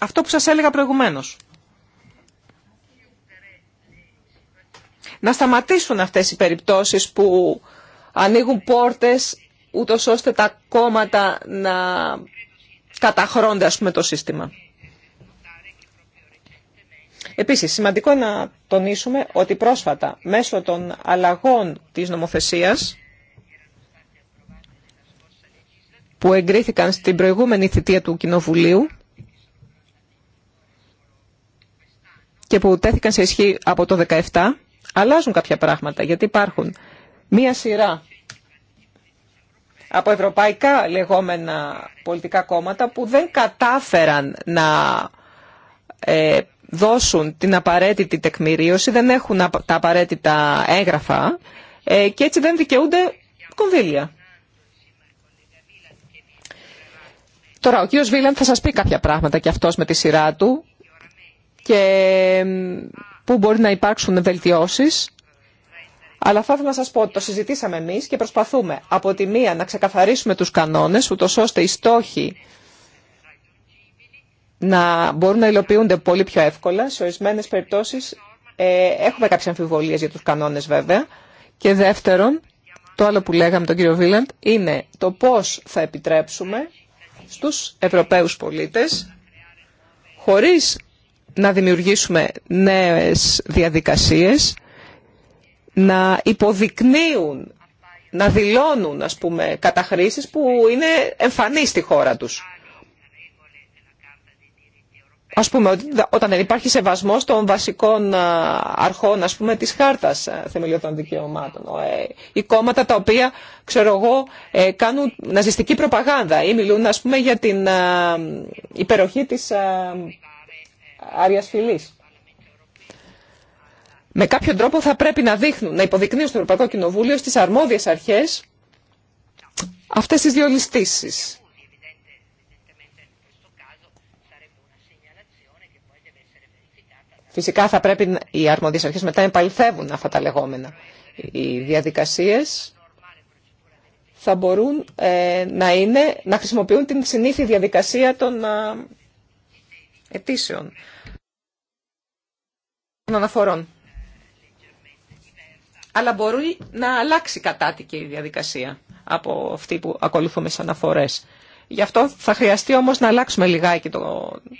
αυτό που σας έλεγα προηγουμένως. Να σταματήσουν αυτές οι περιπτώσεις που ανοίγουν πόρτες ούτως ώστε τα κόμματα να καταχρώνται το σύστημα. Επίσης, σημαντικό να τονίσουμε ότι πρόσφατα, μέσω των αλλαγών της νομοθεσίας που εγκρίθηκαν στην προηγούμενη θητεία του Κοινοβουλίου και που τέθηκαν σε ισχύ από το 2017, αλλάζουν κάποια πράγματα, γιατί υπάρχουν μία σειρά από ευρωπαϊκά λεγόμενα πολιτικά κόμματα που δεν κατάφεραν να ε, δώσουν την απαραίτητη τεκμηρίωση, δεν έχουν τα απαραίτητα έγγραφα ε, και έτσι δεν δικαιούνται κονδύλια. Τώρα, ο κύριος Βίλαν θα σας πει κάποια πράγματα και αυτός με τη σειρά του και πού μπορεί να υπάρξουν βελτιώσεις αλλά θα ήθελα να σας πω ότι το συζητήσαμε εμεί και προσπαθούμε από τη μία να ξεκαθαρίσουμε τους κανόνες, ούτω ώστε οι στόχοι να μπορούν να υλοποιούνται πολύ πιο εύκολα. Σε ορισμένε περιπτώσει, ε, έχουμε κάποιε αμφιβολίες για τους κανόνες βέβαια. Και δεύτερον, το άλλο που λέγαμε τον κύριο Βίλαντ, είναι το πώς θα επιτρέψουμε στου Ευρωπαίους πολίτε χωρίς να δημιουργήσουμε νέες διαδικασίε να υποδεικνύουν, να δηλώνουν, ας πούμε, καταχρήσεις που είναι εμφανείς στη χώρα τους. Ας πούμε, όταν δεν υπάρχει σεβασμός των βασικών αρχών, ας πούμε, της χάρτας ε, θεμελιωτών δικαιωμάτων. Οι ε, κόμματα τα οποία, ξέρω εγώ, ε, κάνουν ναζιστική προπαγάνδα ή μιλούν, ας πούμε, για την υπεροχή της άριας με κάποιο τρόπο θα πρέπει να δείχνουν, να υποδεικνύουν στο Ευρωπαϊκό Κοινοβούλιο στις αρμόδιες αρχές αυτές τις δύο ληστήσεις. Φυσικά θα πρέπει οι αρμόδιες αρχές μετά να επαληθεύουν αυτά τα λεγόμενα. Οι διαδικασίες θα μπορούν ε, να, χρησιμοποιούν την συνήθη διαδικασία των ε, αιτήσεων, των αναφορών αλλά μπορεί να αλλάξει κατάτικη η διαδικασία από αυτή που ακολουθούμε στις αναφορέ. Γι' αυτό θα χρειαστεί όμως να αλλάξουμε λιγάκι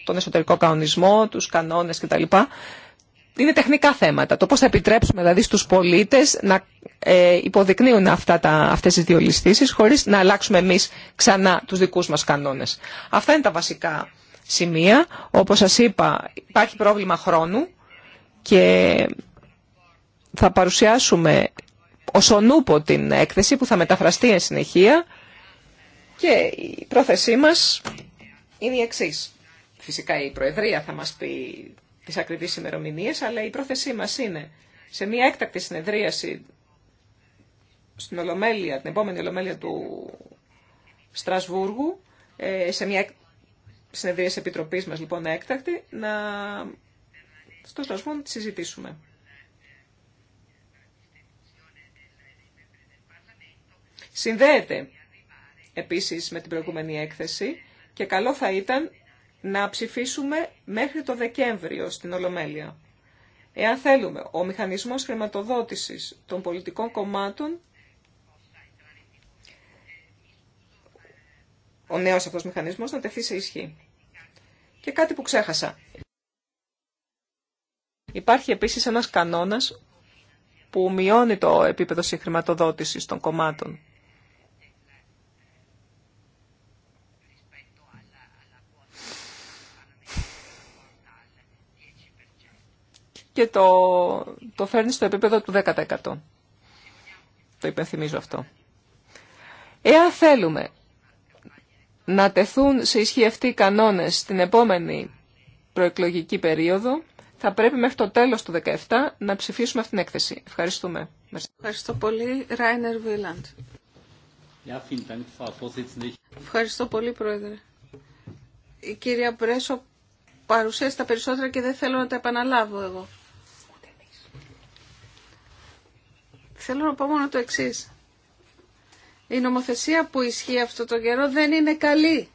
τον εσωτερικό κανονισμό, τους κανόνες κτλ. Είναι τεχνικά θέματα. Το πώς θα επιτρέψουμε δηλαδή στους πολίτες να ε, υποδεικνύουν αυτά τα, αυτές τις δύο ληστήσεις χωρίς να αλλάξουμε εμείς ξανά τους δικούς μας κανόνες. Αυτά είναι τα βασικά σημεία. Όπως σας είπα υπάρχει πρόβλημα χρόνου και θα παρουσιάσουμε ως ονούπο την έκθεση που θα μεταφραστεί εν συνεχεία και η πρόθεσή μας είναι η εξής. Φυσικά η Προεδρία θα μας πει τις ακριβείς ημερομηνίε, αλλά η πρόθεσή μας είναι σε μια έκτακτη συνεδρίαση στην Ολομέλεια, την επόμενη Ολομέλεια του Στρασβούργου, ε, σε μια συνεδρίαση επιτροπής μας λοιπόν έκτακτη, να στο Στρασβούργο τη συζητήσουμε. Συνδέεται επίσης με την προηγούμενη έκθεση και καλό θα ήταν να ψηφίσουμε μέχρι το Δεκέμβριο στην Ολομέλεια. Εάν θέλουμε, ο μηχανισμός χρηματοδότησης των πολιτικών κομμάτων, ο νέος αυτός μηχανισμός να τεθεί σε ισχύ. Και κάτι που ξέχασα. Υπάρχει επίσης ένας κανόνας που μειώνει το επίπεδο συγχρηματοδότησης των κομμάτων. και το, το φέρνει στο επίπεδο του 10%. Το υπενθυμίζω αυτό. Εάν θέλουμε να τεθούν σε ισχύ αυτοί οι κανόνες στην επόμενη προεκλογική περίοδο, θα πρέπει μέχρι το τέλος του 2017 να ψηφίσουμε αυτήν την έκθεση. Ευχαριστούμε. Ευχαριστώ πολύ, Ράινερ Βίλαντ. Ευχαριστώ πολύ, Πρόεδρε. Η κυρία Πρέσο παρουσίασε τα περισσότερα και δεν θέλω να τα επαναλάβω εγώ. Θέλω να πω μόνο το εξή. Η νομοθεσία που ισχύει αυτό το καιρό δεν είναι καλή.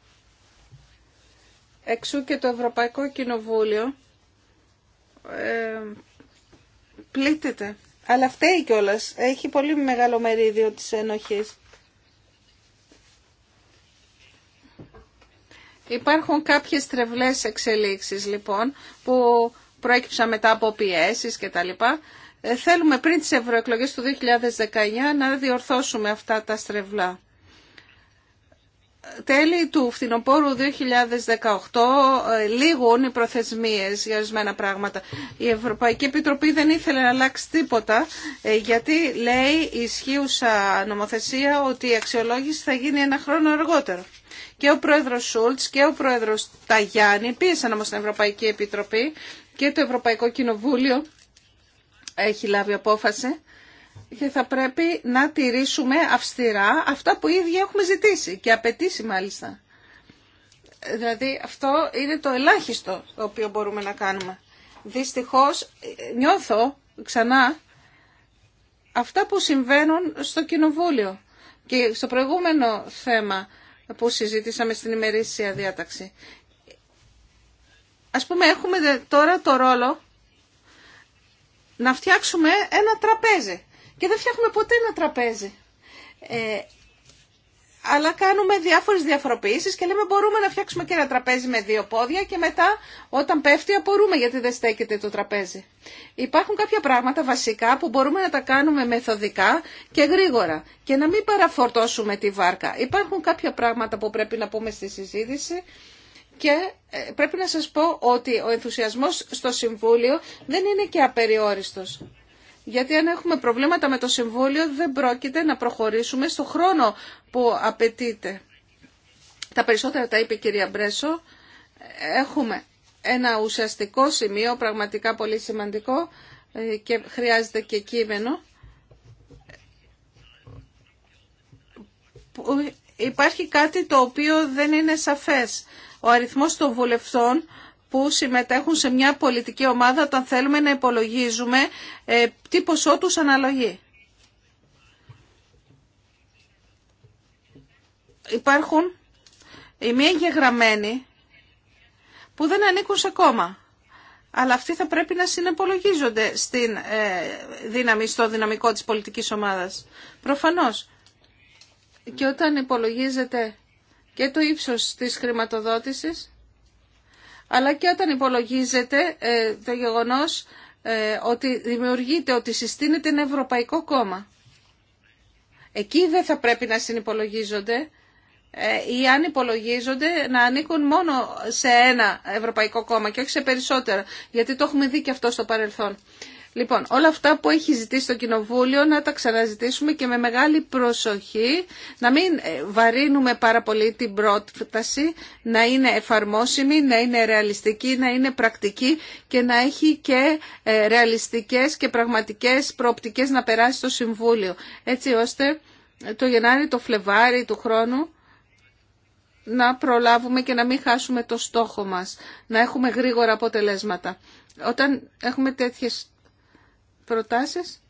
Εξού και το Ευρωπαϊκό Κοινοβούλιο ε, πλήττεται. Αλλά φταίει κιόλα. Έχει πολύ μεγάλο μερίδιο της ενοχής. Υπάρχουν κάποιες τρευλές εξελίξεις λοιπόν που προέκυψαν μετά από πιέσεις και τα λοιπά ε, θέλουμε πριν τις ευρωεκλογέ του 2019 να διορθώσουμε αυτά τα στρεβλά. Τέλη του φθινοπόρου 2018 ε, λίγουν οι προθεσμίες για ορισμένα πράγματα. Η Ευρωπαϊκή Επιτροπή δεν ήθελε να αλλάξει τίποτα ε, γιατί λέει η ισχύουσα νομοθεσία ότι η αξιολόγηση θα γίνει ένα χρόνο αργότερο. Και ο πρόεδρος Σούλτς και ο πρόεδρος Ταγιάννη πίεσαν όμως την Ευρωπαϊκή Επιτροπή και το Ευρωπαϊκό Κοινοβούλιο έχει λάβει απόφαση και θα πρέπει να τηρήσουμε αυστηρά αυτά που ήδη έχουμε ζητήσει και απαιτήσει μάλιστα. Δηλαδή αυτό είναι το ελάχιστο το οποίο μπορούμε να κάνουμε. Δυστυχώς νιώθω ξανά αυτά που συμβαίνουν στο Κοινοβούλιο και στο προηγούμενο θέμα που συζήτησαμε στην ημερήσια διάταξη. Ας πούμε έχουμε τώρα το ρόλο να φτιάξουμε ένα τραπέζι. Και δεν φτιάχνουμε ποτέ ένα τραπέζι. Ε, αλλά κάνουμε διάφορες διαφοροποίησεις και λέμε μπορούμε να φτιάξουμε και ένα τραπέζι με δύο πόδια και μετά όταν πέφτει απορούμε γιατί δεν στέκεται το τραπέζι. Υπάρχουν κάποια πράγματα βασικά που μπορούμε να τα κάνουμε μεθοδικά και γρήγορα και να μην παραφορτώσουμε τη βάρκα. Υπάρχουν κάποια πράγματα που πρέπει να πούμε στη συζήτηση και ε, πρέπει να σας πω ότι ο ενθουσιασμός στο Συμβούλιο δεν είναι και απεριόριστος. Γιατί αν έχουμε προβλήματα με το Συμβούλιο δεν πρόκειται να προχωρήσουμε στο χρόνο που απαιτείται. Τα περισσότερα τα είπε η κυρία Μπρέσο. Έχουμε ένα ουσιαστικό σημείο, πραγματικά πολύ σημαντικό ε, και χρειάζεται και κείμενο υπάρχει κάτι το οποίο δεν είναι σαφές. Ο αριθμός των βουλευτών που συμμετέχουν σε μια πολιτική ομάδα όταν θέλουμε να υπολογίζουμε ε, τι ποσό τους αναλογεί. Υπάρχουν οι μία εγγεγραμμένοι που δεν ανήκουν σε κόμμα. Αλλά αυτοί θα πρέπει να συνεπολογίζονται στην ε, δύναμη, στο δυναμικό της πολιτικής ομάδας. Προφανώς και όταν υπολογίζεται και το ύψος της χρηματοδότησης, αλλά και όταν υπολογίζεται ε, το γεγονός ε, ότι δημιουργείται, ότι συστήνεται ένα ευρωπαϊκό κόμμα. Εκεί δεν θα πρέπει να συνυπολογίζονται ε, ή αν υπολογίζονται να ανήκουν μόνο σε ένα ευρωπαϊκό κόμμα και όχι σε περισσότερα, γιατί το έχουμε δει και αυτό στο παρελθόν. Λοιπόν, όλα αυτά που έχει ζητήσει το Κοινοβούλιο να τα ξαναζητήσουμε και με μεγάλη προσοχή, να μην ε, βαρύνουμε πάρα πολύ την πρόταση, να είναι εφαρμόσιμη, να είναι ρεαλιστική, να είναι πρακτική και να έχει και ε, ρεαλιστικές και πραγματικές προοπτικές να περάσει το Συμβούλιο. Έτσι ώστε ε, το Γενάρη, το Φλεβάρι του χρόνου να προλάβουμε και να μην χάσουμε το στόχο μας, να έχουμε γρήγορα αποτελέσματα. Όταν έχουμε τέτοιες προτάσεις.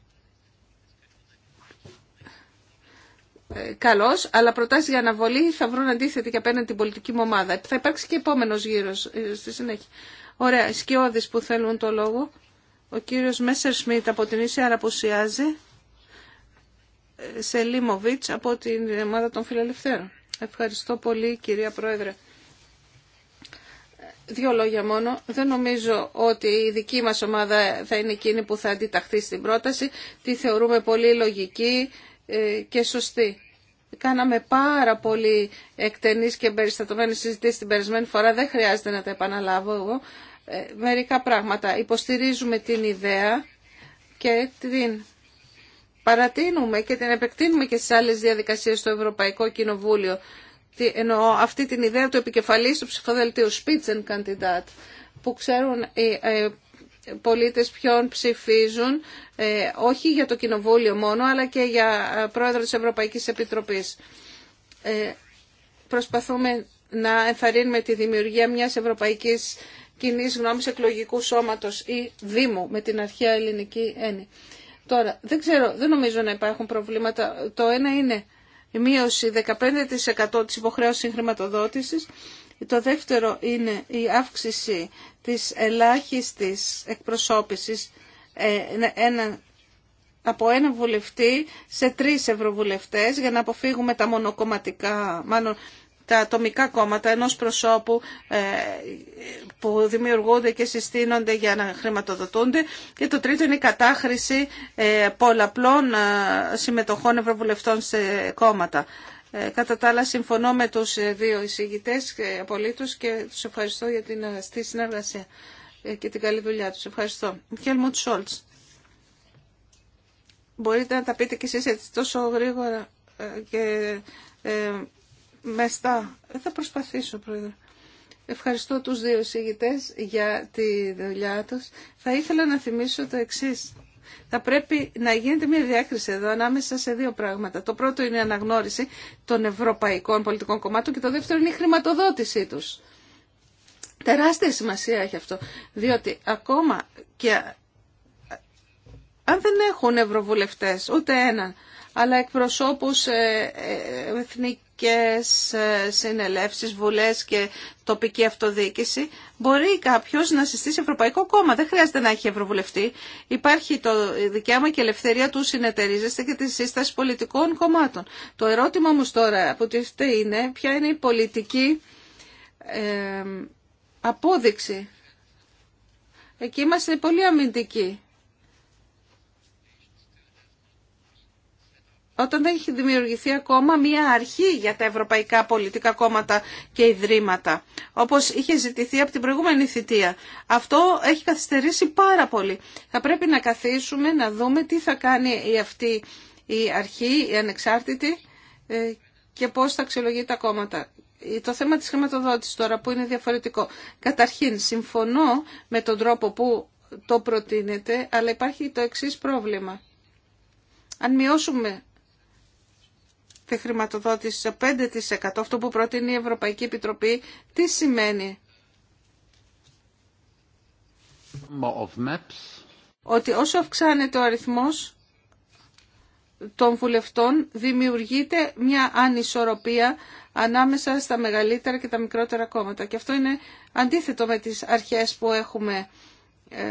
καλώ. Ε, καλώς, αλλά προτάσεις για αναβολή θα βρουν αντίθετη και απέναντι την πολιτική μου ομάδα. Θα υπάρξει και επόμενος γύρος ε, στη συνέχεια. Ωραία, σκιώδεις που θέλουν το λόγο. Ο κύριος Μέσσερ Σμιτ από την Ίσια σε Σελίμοβιτς από την ομάδα των Φιλελευθέρων. Ευχαριστώ πολύ κυρία Πρόεδρε. Δύο λόγια μόνο. Δεν νομίζω ότι η δική μας ομάδα θα είναι εκείνη που θα αντιταχθεί στην πρόταση. Τη θεωρούμε πολύ λογική ε, και σωστή. Κάναμε πάρα πολύ εκτενείς και περιστατωμένες συζητήσεις την περισμένη φορά. Δεν χρειάζεται να τα επαναλάβω εγώ. Ε, μερικά πράγματα. Υποστηρίζουμε την ιδέα και την παρατείνουμε και την επεκτείνουμε και στις άλλες διαδικασίες στο Ευρωπαϊκό Κοινοβούλιο εννοώ αυτή την ιδέα του επικεφαλής του ψηφοδελτίου Spitzenkandidat που ξέρουν οι ε, πολίτες ποιον ψηφίζουν ε, όχι για το κοινοβούλιο μόνο αλλά και για ε, πρόεδρο της Ευρωπαϊκής Επιτροπής. Προσπαθούμε να ενθαρρύνουμε τη δημιουργία μιας ευρωπαϊκής κοινή γνώμη εκλογικού σώματος ή Δήμου με την αρχαία ελληνική έννοια. Τώρα, δεν ξέρω, δεν νομίζω να υπάρχουν προβλήματα. Το ένα είναι η μείωση 15% της υποχρέωσης χρηματοδότησης. Το δεύτερο είναι η αύξηση της ελάχιστης εκπροσώπησης ε, από ένα βουλευτή σε τρεις ευρωβουλευτές για να αποφύγουμε τα μονοκομματικά, μάλλον τα ατομικά κόμματα ενός προσώπου ε, που δημιουργούνται και συστήνονται για να χρηματοδοτούνται και το τρίτο είναι η κατάχρηση ε, πολλαπλών ε, συμμετοχών ευρωβουλευτών σε κόμματα. Κατά τα άλλα συμφωνώ με τους δύο εισηγητές απολύτως και τους ευχαριστώ για την αγαστή συνεργασία και την καλή δουλειά τους. Ευχαριστώ. Σόλτς. Μπορείτε να τα πείτε κι εσείς έτσι τόσο γρήγορα και μεστά. Ε, θα προσπαθήσω, Πρόεδρε. Ευχαριστώ τους δύο εισηγητές για τη δουλειά τους. Θα ήθελα να θυμίσω το εξής. Θα πρέπει να γίνεται μια διάκριση εδώ ανάμεσα σε δύο πράγματα. Το πρώτο είναι η αναγνώριση των ευρωπαϊκών πολιτικών κομμάτων και το δεύτερο είναι η χρηματοδότησή τους. Τεράστια σημασία έχει αυτό, διότι ακόμα και αν δεν έχουν ευρωβουλευτές ούτε έναν, αλλά εκπροσώπους ε, ε, εθνικές ε, συνελεύσεις, βουλές και τοπική αυτοδιοίκηση, μπορεί κάποιος να συστήσει Ευρωπαϊκό Κόμμα. Δεν χρειάζεται να έχει Ευρωβουλευτή. Υπάρχει το δικαίωμα και ελευθερία του συνεταιρίζεστε και τη σύσταση πολιτικών κομμάτων. Το ερώτημα μου τώρα που τίθεται είναι ποια είναι η πολιτική απόδειξη. Εκεί είμαστε πολύ αμυντικοί. όταν δεν έχει δημιουργηθεί ακόμα μία αρχή για τα ευρωπαϊκά πολιτικά κόμματα και ιδρύματα, όπως είχε ζητηθεί από την προηγούμενη θητεία. Αυτό έχει καθυστερήσει πάρα πολύ. Θα πρέπει να καθίσουμε να δούμε τι θα κάνει η αυτή η αρχή, η ανεξάρτητη ε, και πώς θα αξιολογεί τα κόμματα. Ε, το θέμα της χρηματοδότησης τώρα που είναι διαφορετικό. Καταρχήν, συμφωνώ με τον τρόπο που το προτείνεται, αλλά υπάρχει το εξής πρόβλημα. Αν μειώσουμε τη χρηματοδότηση σε 5% αυτό που προτείνει η Ευρωπαϊκή Επιτροπή, τι σημαίνει. Ότι όσο αυξάνεται ο αριθμός των βουλευτών δημιουργείται μια ανισορροπία ανάμεσα στα μεγαλύτερα και τα μικρότερα κόμματα. Και αυτό είναι αντίθετο με τις αρχές που έχουμε ε,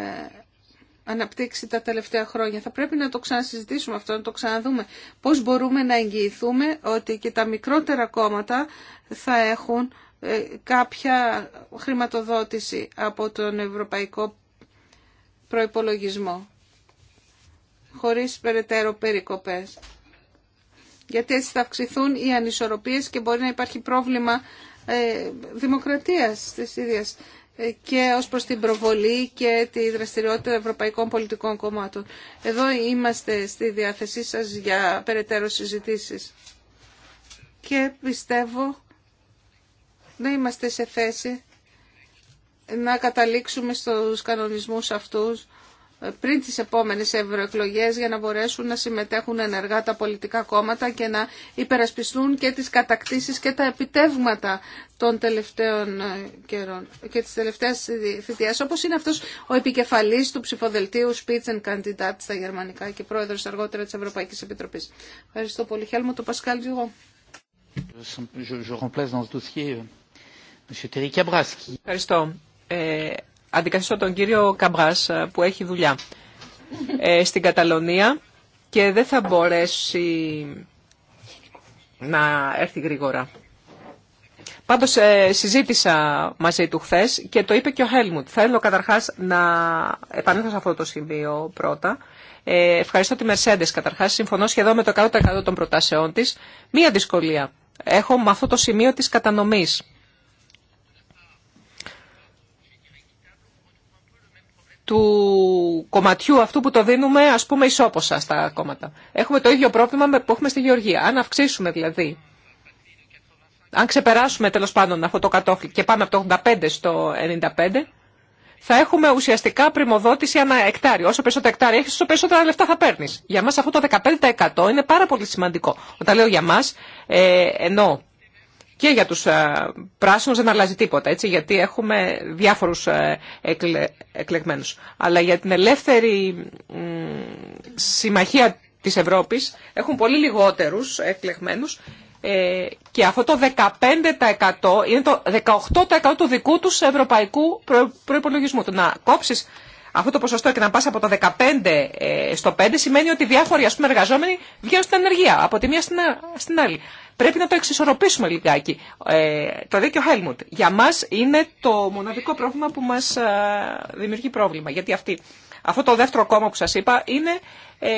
αναπτύξει τα τελευταία χρόνια. Θα πρέπει να το ξανασυζητήσουμε αυτό, να το ξαναδούμε. Πώς μπορούμε να εγγυηθούμε ότι και τα μικρότερα κόμματα θα έχουν ε, κάποια χρηματοδότηση από τον ευρωπαϊκό προϋπολογισμό χωρίς περαιτέρω περικοπές. Γιατί έτσι θα αυξηθούν οι ανισορροπίες και μπορεί να υπάρχει πρόβλημα ε, δημοκρατίας της ίδιας και ως προς την προβολή και τη δραστηριότητα ευρωπαϊκών πολιτικών κομμάτων. Εδώ είμαστε στη διάθεσή σας για περαιτέρω συζητήσεις. Και πιστεύω να είμαστε σε θέση να καταλήξουμε στους κανονισμούς αυτούς πριν τις επόμενες ευρωεκλογέ για να μπορέσουν να συμμετέχουν ενεργά τα πολιτικά κόμματα και να υπερασπιστούν και τις κατακτήσεις και τα επιτεύγματα των τελευταίων ε, καιρών και της τελευταίας θητείας, όπως είναι αυτός ο επικεφαλής του ψηφοδελτίου Spitzenkandidat στα γερμανικά και πρόεδρος αργότερα της Ευρωπαϊκής Επιτροπής. Ευχαριστώ πολύ. Χέλμο, το Πασκάλ Ευχαριστώ αντικαθιστώ τον κύριο Καμπράς ε, που έχει δουλειά ε, στην Καταλωνία και δεν θα μπορέσει να έρθει γρήγορα. Πάντως ε, συζήτησα μαζί του χθε και το είπε και ο Χέλμουντ. Θέλω καταρχάς να επανέλθω σε αυτό το σημείο πρώτα. ευχαριστώ τη Mercedes καταρχάς. Συμφωνώ σχεδόν με το 100% των προτάσεών της. Μία δυσκολία έχω με αυτό το σημείο της κατανομής. του κομματιού αυτού που το δίνουμε ας πούμε ισόποσα στα κόμματα. Έχουμε το ίδιο πρόβλημα που έχουμε στη Γεωργία. Αν αυξήσουμε δηλαδή, αν ξεπεράσουμε τέλος πάντων αυτό το κατόφλι και πάμε από το 85 στο 95, θα έχουμε ουσιαστικά πρημοδότηση ένα εκτάριο. Όσο περισσότερο εκτάρια έχει, τόσο περισσότερα λεφτά θα παίρνει. Για μα αυτό το 15% είναι πάρα πολύ σημαντικό. Όταν λέω για μα, ε, εννοώ και για τους ε, πράσινους δεν αλλάζει τίποτα, έτσι, γιατί έχουμε διάφορους ε, εκλεγμένους. Αλλά για την ελεύθερη συμμαχία της Ευρώπης έχουν πολύ λιγότερους εκλεγμένους ε, και αυτό το 15% είναι το 18% του δικού τους ευρωπαϊκού προϋπολογισμού. Το να κόψεις αυτό το ποσοστό και να πας από το 15% στο 5% σημαίνει ότι διάφοροι πούμε, εργαζόμενοι βγαίνουν στην ενεργεία από τη μία στην άλλη. Πρέπει να το εξισορροπήσουμε λιγάκι. Ε, το δίκιο Χέλμουντ. Για μα είναι το μοναδικό πρόβλημα που μα ε, δημιουργεί πρόβλημα. Γιατί αυτή, αυτό το δεύτερο κόμμα που σα είπα είναι ε,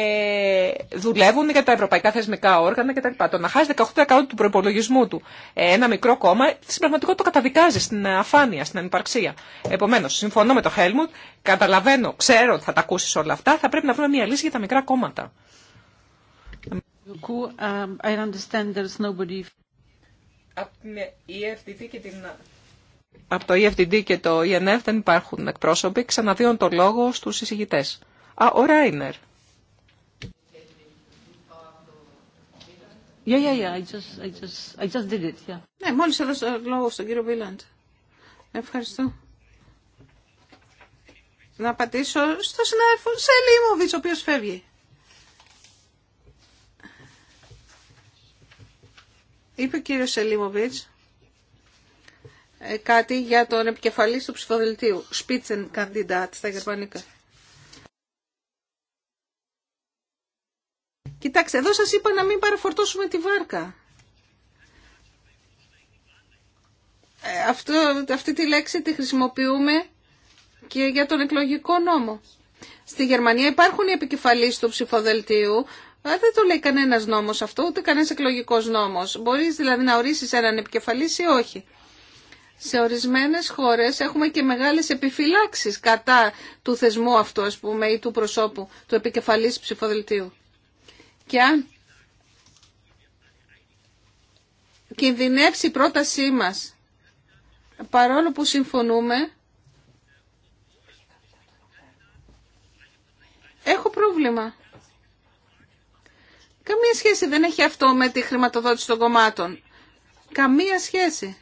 δουλεύουν για τα ευρωπαϊκά θεσμικά όργανα κτλ. Το να χάσει 18% του προπολογισμού του ε, ένα μικρό κόμμα, στην πραγματικότητα το καταδικάζει στην αφάνεια, στην ανυπαρξία. Επομένω, συμφωνώ με το Χέλμουντ, καταλαβαίνω, ξέρω ότι θα τα ακούσει όλα αυτά, θα πρέπει να βρούμε μια λύση για τα μικρά κόμματα. Από το EFTD και το ENF δεν υπάρχουν εκπρόσωποι. Ξαναδείω το λόγο στους εισηγητές. Α, ο Ράινερ. Yeah, yeah, yeah. I just, I just, I just did it. Ναι, μόλις έδωσα λόγο στον κύριο Βίλαντ. Ευχαριστώ. Να πατήσω στο συνάδελφο Σελίμωβιτς, ο οποίος φεύγει. Είπε ο κύριος Σελίμοβιτς ε, κάτι για τον επικεφαλής του ψηφοδελτίου, Spitzenkandidat στα γερμανικά. Κοιτάξτε, εδώ σας είπα να μην παραφορτώσουμε τη βάρκα. Ε, αυτό, αυτή τη λέξη τη χρησιμοποιούμε και για τον εκλογικό νόμο. Στη Γερμανία υπάρχουν οι επικεφαλείς του ψηφοδελτίου δεν το λέει κανένα νόμος αυτό, ούτε κανένα εκλογικό νόμος. Μπορείς δηλαδή να ορίσει έναν επικεφαλής ή όχι. Σε ορισμένες χώρες έχουμε και μεγάλες επιφυλάξεις κατά του θεσμού αυτού, α πούμε, ή του προσώπου, του επικεφαλής ψηφοδελτίου. Και αν κινδυνεύσει η πρότασή μας, παρόλο που συμφωνούμε, έχω πρόβλημα. Καμία σχέση δεν έχει αυτό με τη χρηματοδότηση των κομμάτων. Καμία σχέση.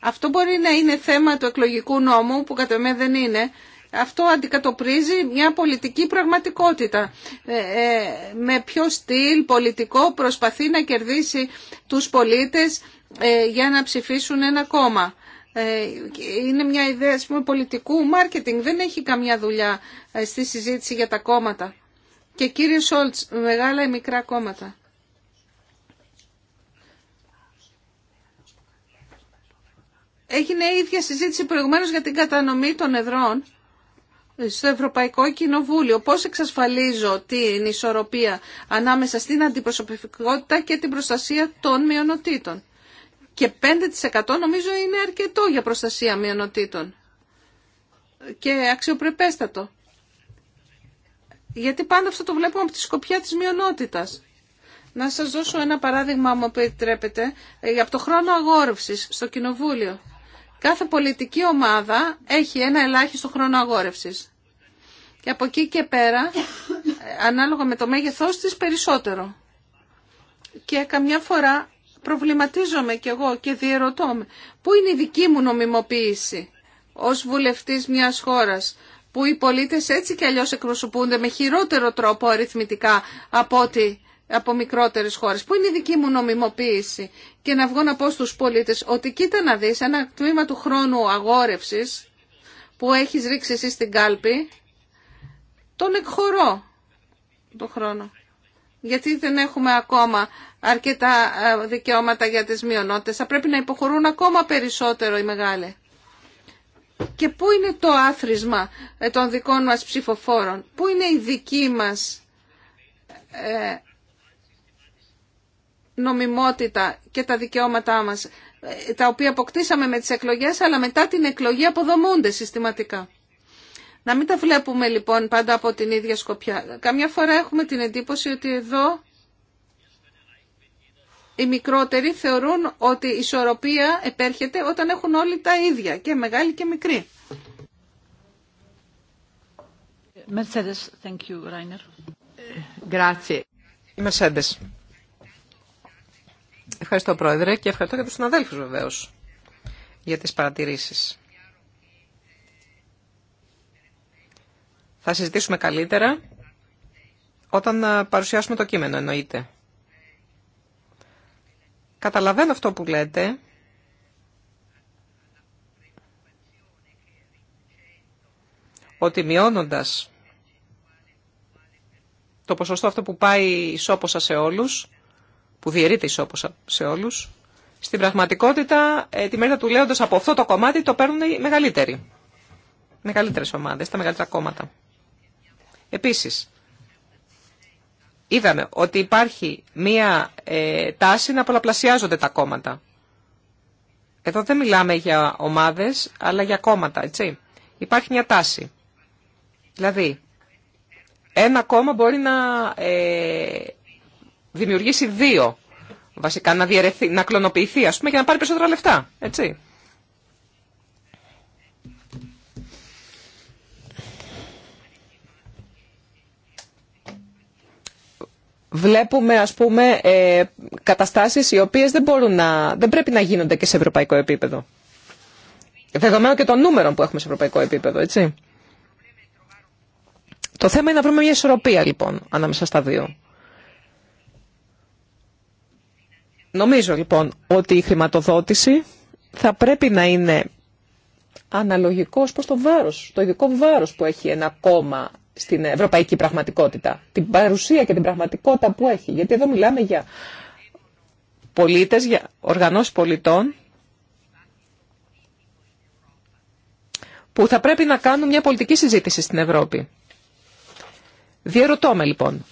Αυτό μπορεί να είναι θέμα του εκλογικού νόμου που κατά δεν είναι. Αυτό αντικατοπρίζει μια πολιτική πραγματικότητα. Ε, ε, με ποιο στυλ πολιτικό προσπαθεί να κερδίσει τους πολίτες ε, για να ψηφίσουν ένα κόμμα. είναι μια ιδέα πούμε, πολιτικού μάρκετινγκ. Δεν έχει καμιά δουλειά στη συζήτηση για τα κόμματα και κύριε Σόλτς, μεγάλα ή μικρά κόμματα. Έγινε η ίδια συζήτηση προηγουμένως για την κατανομή των εδρών στο Ευρωπαϊκό Κοινοβούλιο. Πώς εξασφαλίζω την ισορροπία ανάμεσα στην αντιπροσωπευτικότητα και την προστασία των μειονοτήτων. Και 5% νομίζω είναι αρκετό για προστασία μειονοτήτων. Και αξιοπρεπέστατο. Γιατί πάντα αυτό το βλέπουμε από τη σκοπιά της μειονότητας. Να σας δώσω ένα παράδειγμα, μου επιτρέπετε, ε, από το χρόνο αγόρευσης στο Κοινοβούλιο. Κάθε πολιτική ομάδα έχει ένα ελάχιστο χρόνο αγόρευσης. Και από εκεί και πέρα, ε, ανάλογα με το μέγεθός της, περισσότερο. Και καμιά φορά προβληματίζομαι κι εγώ και διερωτώ με, πού είναι η δική μου νομιμοποίηση ως βουλευτής μιας χώρας που οι πολίτες έτσι και αλλιώς εκπροσωπούνται με χειρότερο τρόπο αριθμητικά από ότι από μικρότερες χώρες. Πού είναι η δική μου νομιμοποίηση και να βγω να πω στους πολίτες ότι κοίτα να δεις ένα τμήμα του χρόνου αγόρευσης που έχεις ρίξει εσύ στην κάλπη τον εκχωρώ τον χρόνο. Γιατί δεν έχουμε ακόμα αρκετά ε, δικαιώματα για τις μειονότητες. Θα πρέπει να υποχωρούν ακόμα περισσότερο οι μεγάλοι. Και πού είναι το άθροισμα ε, των δικών μας ψηφοφόρων, πού είναι η δική μας ε, νομιμότητα και τα δικαιώματά μας, ε, τα οποία αποκτήσαμε με τις εκλογές, αλλά μετά την εκλογή αποδομούνται συστηματικά. Να μην τα βλέπουμε λοιπόν πάντα από την ίδια σκοπιά. Καμιά φορά έχουμε την εντύπωση ότι εδώ οι μικρότεροι θεωρούν ότι η ισορροπία επέρχεται όταν έχουν όλοι τα ίδια, και μεγάλοι και μικροί. Mercedes, thank you, Rainer. Grazie. Mercedes. Ευχαριστώ, Πρόεδρε, και ευχαριστώ και τους συναδέλφους, βεβαίως, για τις παρατηρήσεις. Θα συζητήσουμε καλύτερα όταν ε, παρουσιάσουμε το κείμενο, εννοείται. Καταλαβαίνω αυτό που λέτε. Ότι μειώνοντας το ποσοστό αυτό που πάει ισόποσα σε όλους, που διαιρείται ισόποσα σε όλους, στην πραγματικότητα ε, τη μέρα του λέοντος από αυτό το κομμάτι το παίρνουν οι μεγαλύτεροι. Μεγαλύτερες ομάδες, τα μεγαλύτερα κόμματα. Επίσης, είδαμε ότι υπάρχει μία ε, τάση να πολλαπλασιάζονται τα κόμματα. Εδώ δεν μιλάμε για ομάδες, αλλά για κόμματα, έτσι. Υπάρχει μια ταση να πολλαπλασιαζονται τα Δηλαδή, ένα κόμμα μπορεί να ε, δημιουργήσει δύο, βασικά να, να κλωνοποιηθεί, ας πούμε, για να πάρει περισσότερα λεφτά, έτσι. βλέπουμε ας πούμε ε, καταστάσεις οι οποίες δεν, μπορούν να, δεν πρέπει να γίνονται και σε ευρωπαϊκό επίπεδο. Δεδομένου και των νούμερων που έχουμε σε ευρωπαϊκό επίπεδο, έτσι. Το θέμα είναι να βρούμε μια ισορροπία λοιπόν ανάμεσα στα δύο. Νομίζω λοιπόν ότι η χρηματοδότηση θα πρέπει να είναι αναλογικός προς το βάρος, το ειδικό βάρος που έχει ένα κόμμα στην ευρωπαϊκή πραγματικότητα. Την παρουσία και την πραγματικότητα που έχει. Γιατί εδώ μιλάμε για πολίτες, για οργανώσεις πολιτών που θα πρέπει να κάνουν μια πολιτική συζήτηση στην Ευρώπη. Διερωτώ με λοιπόν.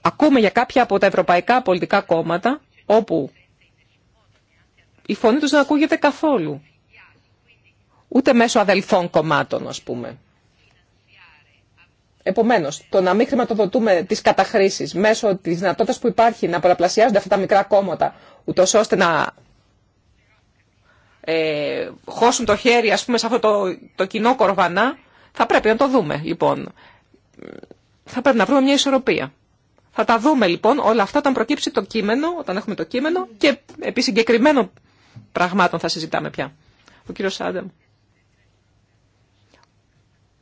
Ακούμε για κάποια από τα ευρωπαϊκά πολιτικά κόμματα όπου η φωνή τους δεν ακούγεται καθόλου. Ούτε μέσω αδελφών κομμάτων, ας πούμε. Επομένω, το να μην χρηματοδοτούμε τι καταχρήσει μέσω τη δυνατότητα που υπάρχει να πολλαπλασιάζονται αυτά τα μικρά κόμματα, ούτω ώστε να ε, χώσουν το χέρι ας πούμε, σε αυτό το, το κοινό κορβανά, θα πρέπει να το δούμε λοιπόν. Θα πρέπει να βρούμε μια ισορροπία. Θα τα δούμε λοιπόν όλα αυτά όταν προκύψει το κείμενο, όταν έχουμε το κείμενο και επί συγκεκριμένων πραγμάτων θα συζητάμε πια. Ο κύριο Σάντεμ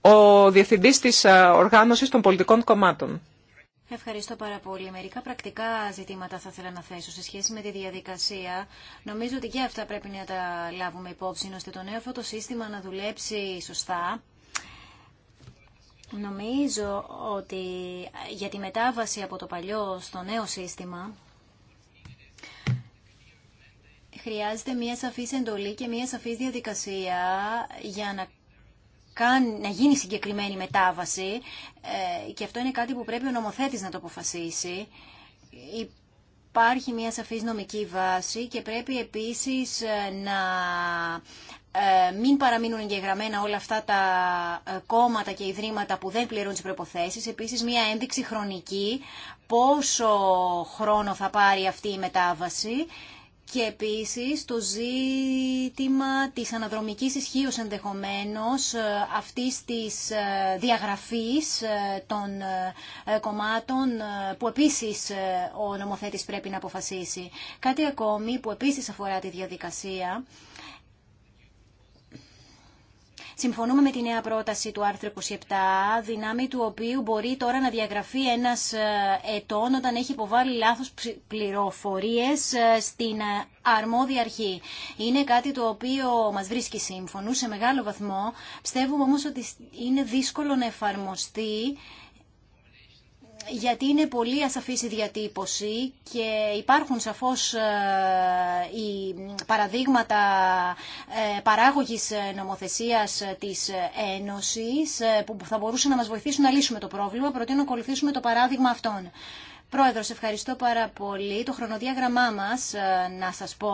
ο Διευθυντής της ε, Οργάνωσης των Πολιτικών Κομμάτων. Ευχαριστώ πάρα πολύ. Μερικά πρακτικά ζητήματα θα ήθελα να θέσω σε σχέση με τη διαδικασία. Νομίζω ότι και αυτά πρέπει να τα λάβουμε υπόψη, ώστε το νέο αυτό το σύστημα να δουλέψει σωστά. Νομίζω ότι για τη μετάβαση από το παλιό στο νέο σύστημα χρειάζεται μια σαφής εντολή και μια σαφής διαδικασία για να να γίνει συγκεκριμένη μετάβαση ε, και αυτό είναι κάτι που πρέπει ο νομοθέτης να το αποφασίσει. Υπάρχει μια σαφής νομική βάση και πρέπει επίσης ε, να ε, μην παραμείνουν εγγεγραμμένα όλα αυτά τα κόμματα και ιδρύματα που δεν πληρούν τις προϋποθέσεις. Επίσης μια ένδειξη χρονική πόσο χρόνο θα πάρει αυτή η μετάβαση και επίσης το ζήτημα της αναδρομικής ισχύω ενδεχομένως ε, αυτής της ε, διαγραφής ε, των κομμάτων που επίσης ο νομοθέτης πρέπει να αποφασίσει. Κάτι ακόμη που επίσης αφορά τη διαδικασία Συμφωνούμε με τη νέα πρόταση του άρθρου 27, δυνάμει του οποίου μπορεί τώρα να διαγραφεί ένας ε, ετών όταν έχει υποβάλει λάθος πληροφορίες ε, στην ε, αρμόδια αρχή. Είναι κάτι το οποίο μας βρίσκει σύμφωνο σε μεγάλο βαθμό. Πιστεύουμε όμως ότι είναι δύσκολο να εφαρμοστεί γιατί είναι πολύ ασαφής η διατύπωση και υπάρχουν σαφώς ε, οι παραδείγματα ε, παράγωγης ε, νομοθεσίας της Ένωσης που θα μπορούσαν να μας βοηθήσουν να λύσουμε το πρόβλημα. Προτείνω να ακολουθήσουμε το παράδειγμα αυτών. Πρόεδρος, ευχαριστώ πάρα πολύ. Το χρονοδιάγραμμά μας, να σας πω,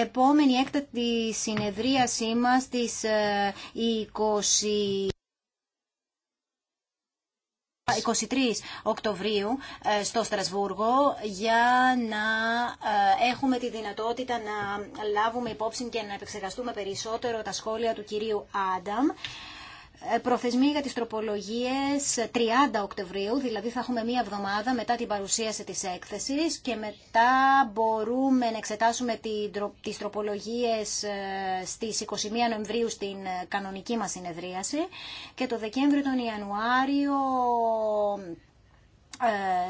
Επόμενη έκτατη συνεδρίασή μας στις 20... 23 Οκτωβρίου ε, στο Στρασβούργο για να ε, έχουμε τη δυνατότητα να λάβουμε υπόψη και να επεξεργαστούμε περισσότερο τα σχόλια του κυρίου Άνταμ ε, προθεσμοί για τις τροπολογίες 30 ε, Οκτωβρίου, δηλαδή θα έχουμε μία εβδομάδα μετά την παρουσίαση της έκθεσης και μετά μπορούμε να εξετάσουμε τις τροπολογίες ε, στις 21 Νοεμβρίου στην κανονική μας συνεδρίαση και το Δεκέμβριο τον Ιανουάριο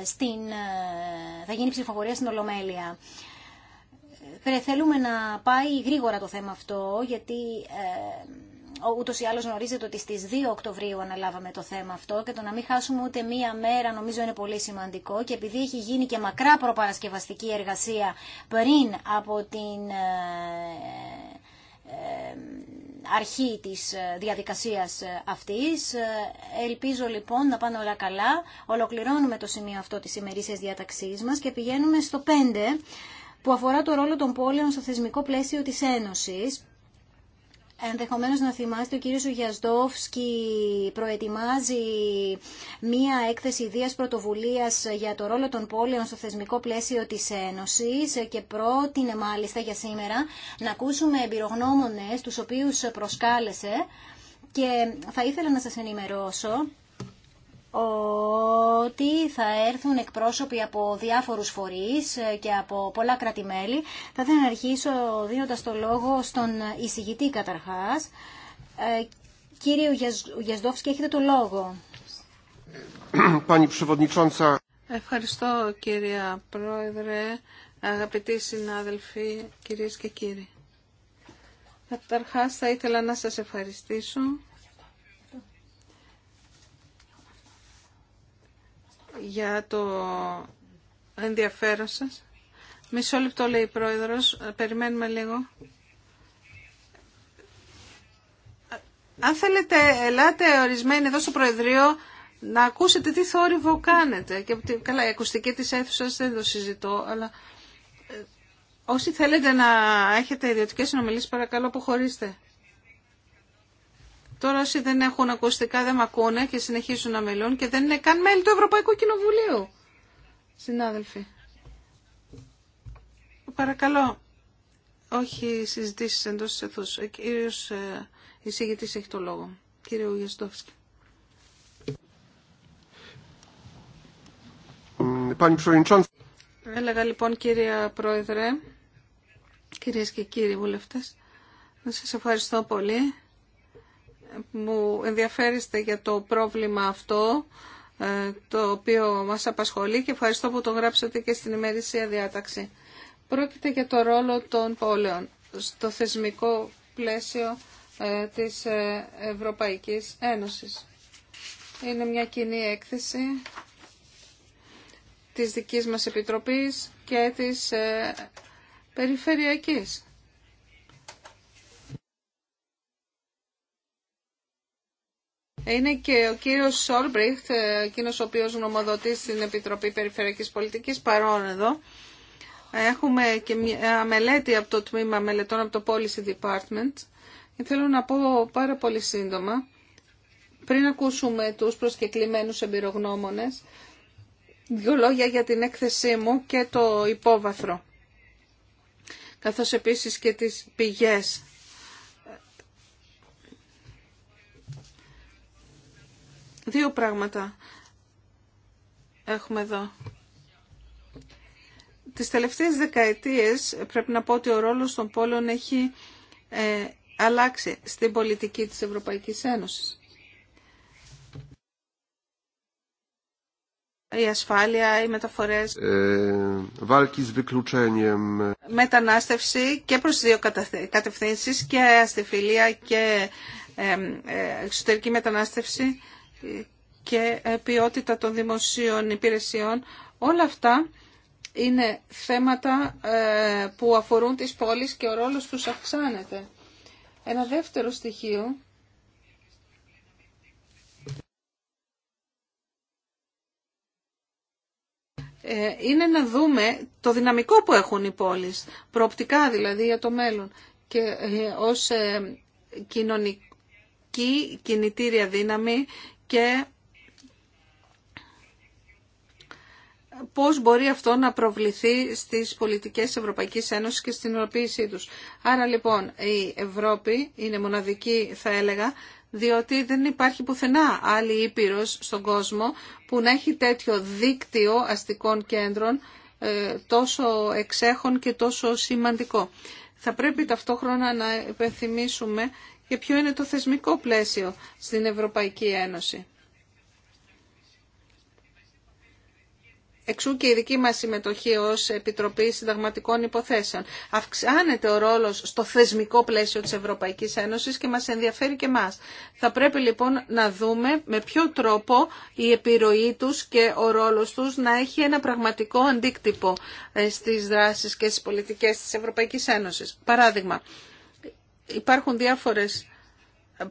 στην, θα γίνει ψηφοφορία στην Ολομέλεια. Θέλουμε να πάει γρήγορα το θέμα αυτό, γιατί ούτως ή άλλως γνωρίζετε ότι στις 2 Οκτωβρίου αναλάβαμε το θέμα αυτό και το να μην χάσουμε ούτε μία μέρα νομίζω είναι πολύ σημαντικό και επειδή έχει γίνει και μακρά προπαρασκευαστική εργασία πριν από την ε, ε, αρχή της ε, διαδικασίας αυτής. Ελπίζω λοιπόν να πάνε όλα καλά. Ολοκληρώνουμε το σημείο αυτό της ημερήσιας διαταξής μας και πηγαίνουμε στο 5 που αφορά το ρόλο των πόλεων στο θεσμικό πλαίσιο της Ένωσης. Ενδεχομένως να θυμάστε, ο κύριος Ουγιασδόφσκι προετοιμάζει μία έκθεση ιδίας πρωτοβουλίας για το ρόλο των πόλεων στο θεσμικό πλαίσιο της Ένωσης και πρότεινε μάλιστα για σήμερα να ακούσουμε εμπειρογνώμονες τους οποίους προσκάλεσε και θα ήθελα να σας ενημερώσω ότι θα έρθουν εκπρόσωποι από διάφορους φορείς και από πολλά κρατημέλη. Θα ήθελα να αρχίσω δίνοντας το λόγο στον εισηγητή καταρχάς. Ε, κύριε Γιασδόφσκι, έχετε το λόγο. Ευχαριστώ κυρία Πρόεδρε, αγαπητοί συνάδελφοι, κυρίες και κύριοι. Καταρχάς θα ήθελα να σας ευχαριστήσω για το ενδιαφέρον σας. Μισό λεπτό λέει η Πρόεδρος, ε, περιμένουμε λίγο. Ε, αν θέλετε, ελάτε ορισμένοι εδώ στο Προεδρείο να ακούσετε τι θόρυβο κάνετε. Και, καλά, η ακουστική της αίθουσα δεν το συζητώ, αλλά ε, όσοι θέλετε να έχετε ιδιωτικές συνομιλίες, παρακαλώ αποχωρήστε. Τώρα όσοι δεν έχουν ακουστικά δεν με ακούνε και συνεχίζουν να μιλούν και δεν είναι καν μέλη του Ευρωπαϊκού Κοινοβουλίου. Συνάδελφοι. Παρακαλώ. Όχι συζητήσει εντός της αιθούς. Ο κύριος ε, έχει το λόγο. Κύριε Ουγεστόφσκι. Έλεγα λοιπόν κύριε Πρόεδρε, κυρίες και κύριοι βουλευτές, να σας ευχαριστώ πολύ μου ενδιαφέρεστε για το πρόβλημα αυτό ε, το οποίο μας απασχολεί και ευχαριστώ που το γράψατε και στην ημερησία διάταξη. Πρόκειται για το ρόλο των πόλεων στο θεσμικό πλαίσιο ε, της ε, Ευρωπαϊκής Ένωσης. Είναι μια κοινή έκθεση της δικής μας Επιτροπής και της Περιφερειακής. είναι και ο κύριος Σόλμπριχτ, ε, εκείνος ο οποίος γνωμοδοτεί στην Επιτροπή Περιφερειακής Πολιτικής, παρόν εδώ. Έχουμε και μια ε, μελέτη από το τμήμα μελετών από το Policy Department. Και θέλω να πω πάρα πολύ σύντομα, πριν ακούσουμε τους προσκεκλημένους εμπειρογνώμονες, δύο λόγια για την έκθεσή μου και το υπόβαθρο, καθώς επίσης και τις πηγές Δύο πράγματα έχουμε εδώ. Τις τελευταίες δεκαετίες πρέπει να πω ότι ο ρόλος των πόλεων έχει ε, αλλάξει στην πολιτική της Ευρωπαϊκής Ένωσης. η ασφάλεια, οι μεταφορές, ε, μετανάστευση και προς δύο κατευθύνσεις και αστιφιλία και ε, ε, εξωτερική μετανάστευση και ε, ποιότητα των δημοσίων υπηρεσιών. Όλα αυτά είναι θέματα ε, που αφορούν τις πόλεις και ο ρόλος τους αυξάνεται. Ένα δεύτερο στοιχείο ε, είναι να δούμε το δυναμικό που έχουν οι πόλεις, προοπτικά δηλαδή για το μέλλον και ως κοινωνική κινητήρια δύναμη και πώς μπορεί αυτό να προβληθεί στις πολιτικές Ευρωπαϊκής Ένωσης και στην ευρωποίησή τους. Άρα λοιπόν η Ευρώπη είναι μοναδική θα έλεγα διότι δεν υπάρχει πουθενά άλλη ήπειρος στον κόσμο που να έχει τέτοιο δίκτυο αστικών κέντρων ε, τόσο εξέχων και τόσο σημαντικό. Θα πρέπει ταυτόχρονα να υπενθυμίσουμε και ποιο είναι το θεσμικό πλαίσιο στην Ευρωπαϊκή Ένωση. Εξού και η δική μας συμμετοχή ως Επιτροπή Συνταγματικών Υποθέσεων. Αυξάνεται ο ρόλος στο θεσμικό πλαίσιο της Ευρωπαϊκής Ένωσης και μας ενδιαφέρει και μας. Θα πρέπει λοιπόν να δούμε με ποιο τρόπο η επιρροή τους και ο ρόλος τους να έχει ένα πραγματικό αντίκτυπο ε, στις δράσεις και στις πολιτικές της Ευρωπαϊκής Ένωσης. Παράδειγμα, υπάρχουν διάφορες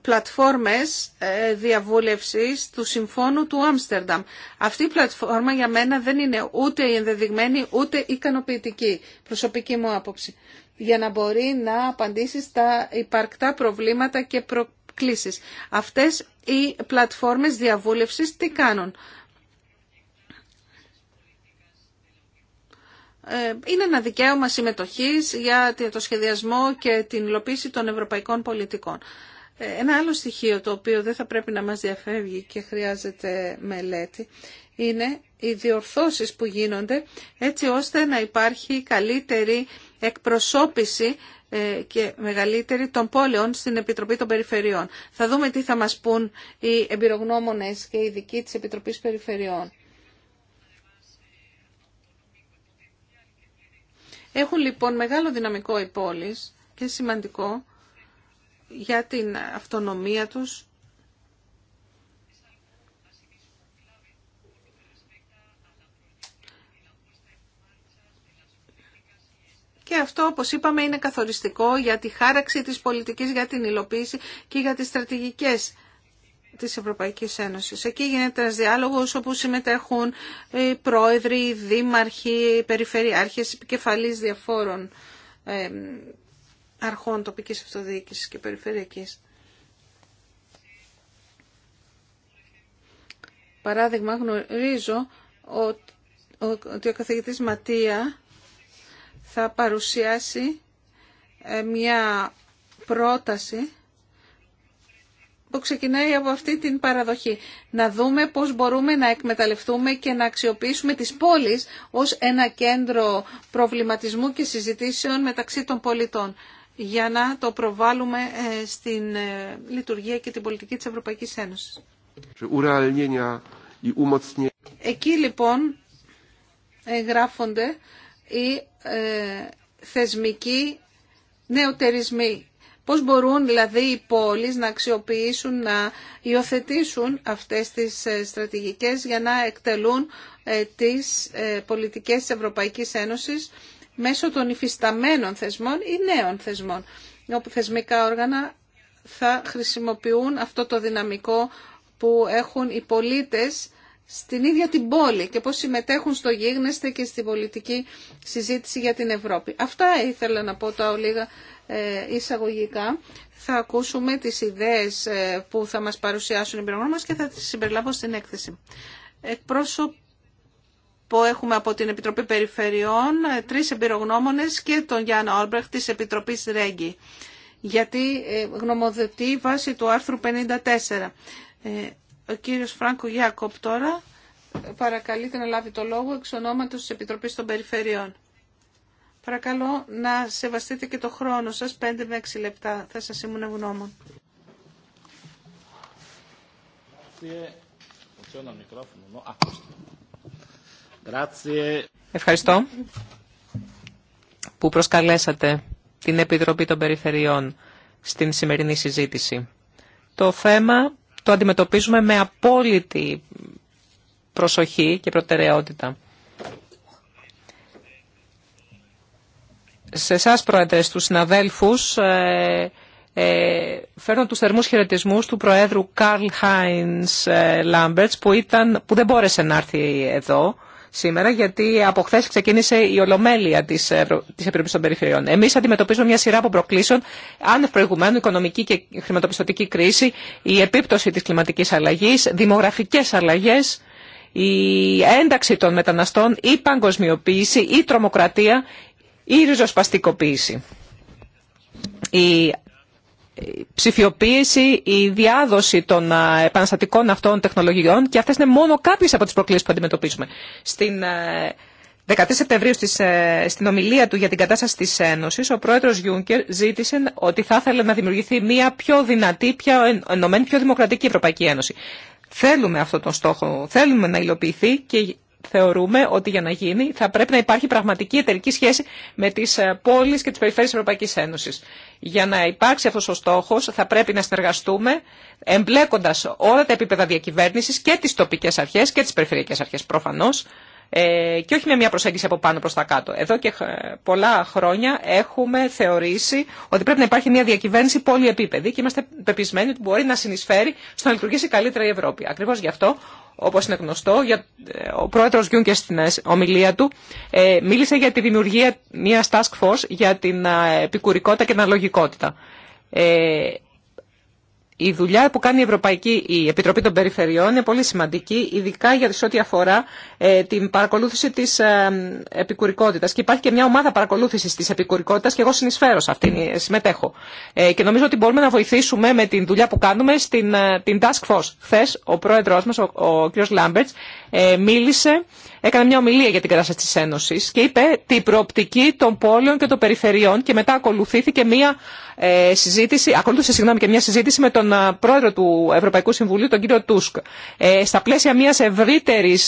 πλατφόρμες ε, διαβούλευσης του Συμφώνου του Άμστερνταμ. Αυτή η πλατφόρμα για μένα δεν είναι ούτε ενδεδειγμένη ούτε ικανοποιητική, προσωπική μου άποψη, για να μπορεί να απαντήσει στα υπαρκτά προβλήματα και προκλήσεις. Αυτές οι πλατφόρμες διαβούλευσης τι κάνουν. Ε, είναι ένα δικαίωμα συμμετοχής για το σχεδιασμό και την υλοποίηση των ευρωπαϊκών πολιτικών. Ε, ένα άλλο στοιχείο το οποίο δεν θα πρέπει να μας διαφεύγει και χρειάζεται μελέτη είναι οι διορθώσεις που γίνονται έτσι ώστε να υπάρχει καλύτερη εκπροσώπηση ε, και μεγαλύτερη των πόλεων στην Επιτροπή των Περιφερειών. Θα δούμε τι θα μας πούν οι εμπειρογνώμονες και οι ειδικοί της Επιτροπής Περιφερειών. Έχουν λοιπόν μεγάλο δυναμικό οι πόλεις και σημαντικό για την αυτονομία τους Και αυτό, όπως είπαμε, είναι καθοριστικό για τη χάραξη της πολιτικής, για την υλοποίηση και για τις στρατηγικές της Ευρωπαϊκής Ένωσης. Εκεί γίνεται ένα διάλογο όπου συμμετέχουν οι πρόεδροι, οι δήμαρχοι, οι περιφερειάρχες, οι διαφόρων αρχών τοπικής αυτοδιοίκησης και περιφερειακής. Παράδειγμα, γνωρίζω ότι ο καθηγητής Ματία θα παρουσιάσει ε, μια πρόταση που ξεκινάει από αυτή την παραδοχή. Να δούμε πώς μπορούμε να εκμεταλλευτούμε και να αξιοποιήσουμε τις πόλεις ως ένα κέντρο προβληματισμού και συζητήσεων μεταξύ των πολιτών για να το προβάλλουμε ε, στην ε, λειτουργία και την πολιτική της Ευρωπαϊκής Ένωσης. Εκεί λοιπόν ε, γράφονται οι θεσμικοί νεοτερισμοί Πώς μπορούν δηλαδή οι πόλεις να αξιοποιήσουν, να υιοθετήσουν αυτές τις ε, στρατηγικές για να εκτελούν ε, τις ε, πολιτικές της Ευρωπαϊκής Ένωσης μέσω των υφισταμένων θεσμών ή νέων θεσμών, όπου θεσμικά όργανα θα χρησιμοποιούν αυτό το δυναμικό που έχουν οι πολίτες στην ίδια την πόλη και πώς συμμετέχουν στο γίγνεσθε και στην πολιτική συζήτηση για την Ευρώπη. Αυτά ήθελα να πω τα ολίγα ε, εισαγωγικά. Θα ακούσουμε τις ιδέες ε, που θα μας παρουσιάσουν οι μας και θα τις συμπεριλάβω στην έκθεση. Εκπρόσωπο που έχουμε από την Επιτροπή Περιφερειών, ε, τρεις εμπειρογνώμονες και τον Γιάννα Όλμπρεχ της Επιτροπής Ρέγγι, γιατί γνωμοδοτεί βάσει του άρθρου 54. Ο κύριος Φράνκο Γιάκοπ τώρα παρακαλείται να λάβει το λόγο εξ ονόματος της Επιτροπής των Περιφερειών. Παρακαλώ να σεβαστείτε και το χρόνο σας, 5 με 6 λεπτά. Θα σας ήμουν ευγνώμων. Ευχαριστώ που προσκαλέσατε την Επιτροπή των Περιφερειών στην σημερινή συζήτηση. Το θέμα το αντιμετωπίζουμε με απόλυτη προσοχή και προτεραιότητα. Σε εσά Πρόεδρε, στους συναδέλφους, ε, ε φέρνω τους θερμούς χαιρετισμού του Προέδρου Καρλ Χάινς ε, Λάμπερτς που δεν μπόρεσε να έρθει εδώ σήμερα, γιατί από χθε ξεκίνησε η ολομέλεια τη Επιτροπή των Περιφερειών. Εμεί αντιμετωπίζουμε μια σειρά από προκλήσεων, άνευ προηγουμένου, οικονομική και χρηματοπιστωτική κρίση, η επίπτωση τη κλιματική αλλαγή, δημογραφικέ αλλαγέ, η ένταξη των μεταναστών, η παγκοσμιοποίηση, η τρομοκρατία, η ριζοσπαστικοποίηση. Η ψηφιοποίηση, η διάδοση των επαναστατικών αυτών τεχνολογιών και αυτές είναι μόνο κάποιες από τις προκλήσεις που αντιμετωπίζουμε. Στην 13 Σεπτεμβρίου ε, στην ομιλία του για την κατάσταση της Ένωσης, ο πρόεδρος Γιούνκερ ζήτησε ότι θα ήθελε να δημιουργηθεί μια πιο δυνατή, πιο ενωμένη, πιο δημοκρατική Ευρωπαϊκή Ένωση. Θέλουμε αυτό τον στόχο, θέλουμε να υλοποιηθεί και θεωρούμε ότι για να γίνει θα πρέπει να υπάρχει πραγματική εταιρική σχέση με τι ε, πόλει και τι περιφέρειες τη Ευρωπαϊκή Ένωση. Για να υπάρξει αυτό ο στόχο, θα πρέπει να συνεργαστούμε εμπλέκοντα όλα τα επίπεδα διακυβέρνηση και τι τοπικέ αρχέ και τις περιφερειακές αρχές προφανώς ε, και όχι με μια προσέγγιση από πάνω προς τα κάτω. Εδώ και ε, πολλά χρόνια έχουμε θεωρήσει ότι πρέπει να υπάρχει μια διακυβέρνηση πολυεπίπεδη και είμαστε πεπισμένοι ότι μπορεί να συνεισφέρει στο να λειτουργήσει καλύτερα η Ευρώπη. Ακριβώς γι' αυτό όπως είναι γνωστό, για, ε, ο πρόεδρος και ε, στην ομιλία του ε, μίλησε για τη δημιουργία μιας task force για την επικουρικότητα και την αλογικότητα η δουλειά που κάνει η Ευρωπαϊκή η Επιτροπή των Περιφερειών είναι πολύ σημαντική, ειδικά για ό,τι αφορά ε, την παρακολούθηση τη ε, επικουρικότητα. Και υπάρχει και μια ομάδα παρακολούθηση τη επικουρικότητα και εγώ συνεισφέρω σε αυτήν, ε, συμμετέχω. και νομίζω ότι μπορούμε να βοηθήσουμε με την δουλειά που κάνουμε στην την Task Force. Χθε ο πρόεδρό μα, ο, ο κ. Λάμπερτ, μίλησε, έκανε μια ομιλία για την κατάσταση τη Ένωση και είπε την προοπτική των πόλεων και των περιφερειών και μετά ακολουθήθηκε μια ε, συζήτηση, ακολούθησε συγγνώμη και μια συζήτηση με τον ε, πρόεδρο του Ευρωπαϊκού Συμβουλίου, τον κύριο Τούσκ. Ε, στα πλαίσια μια ευρύτερη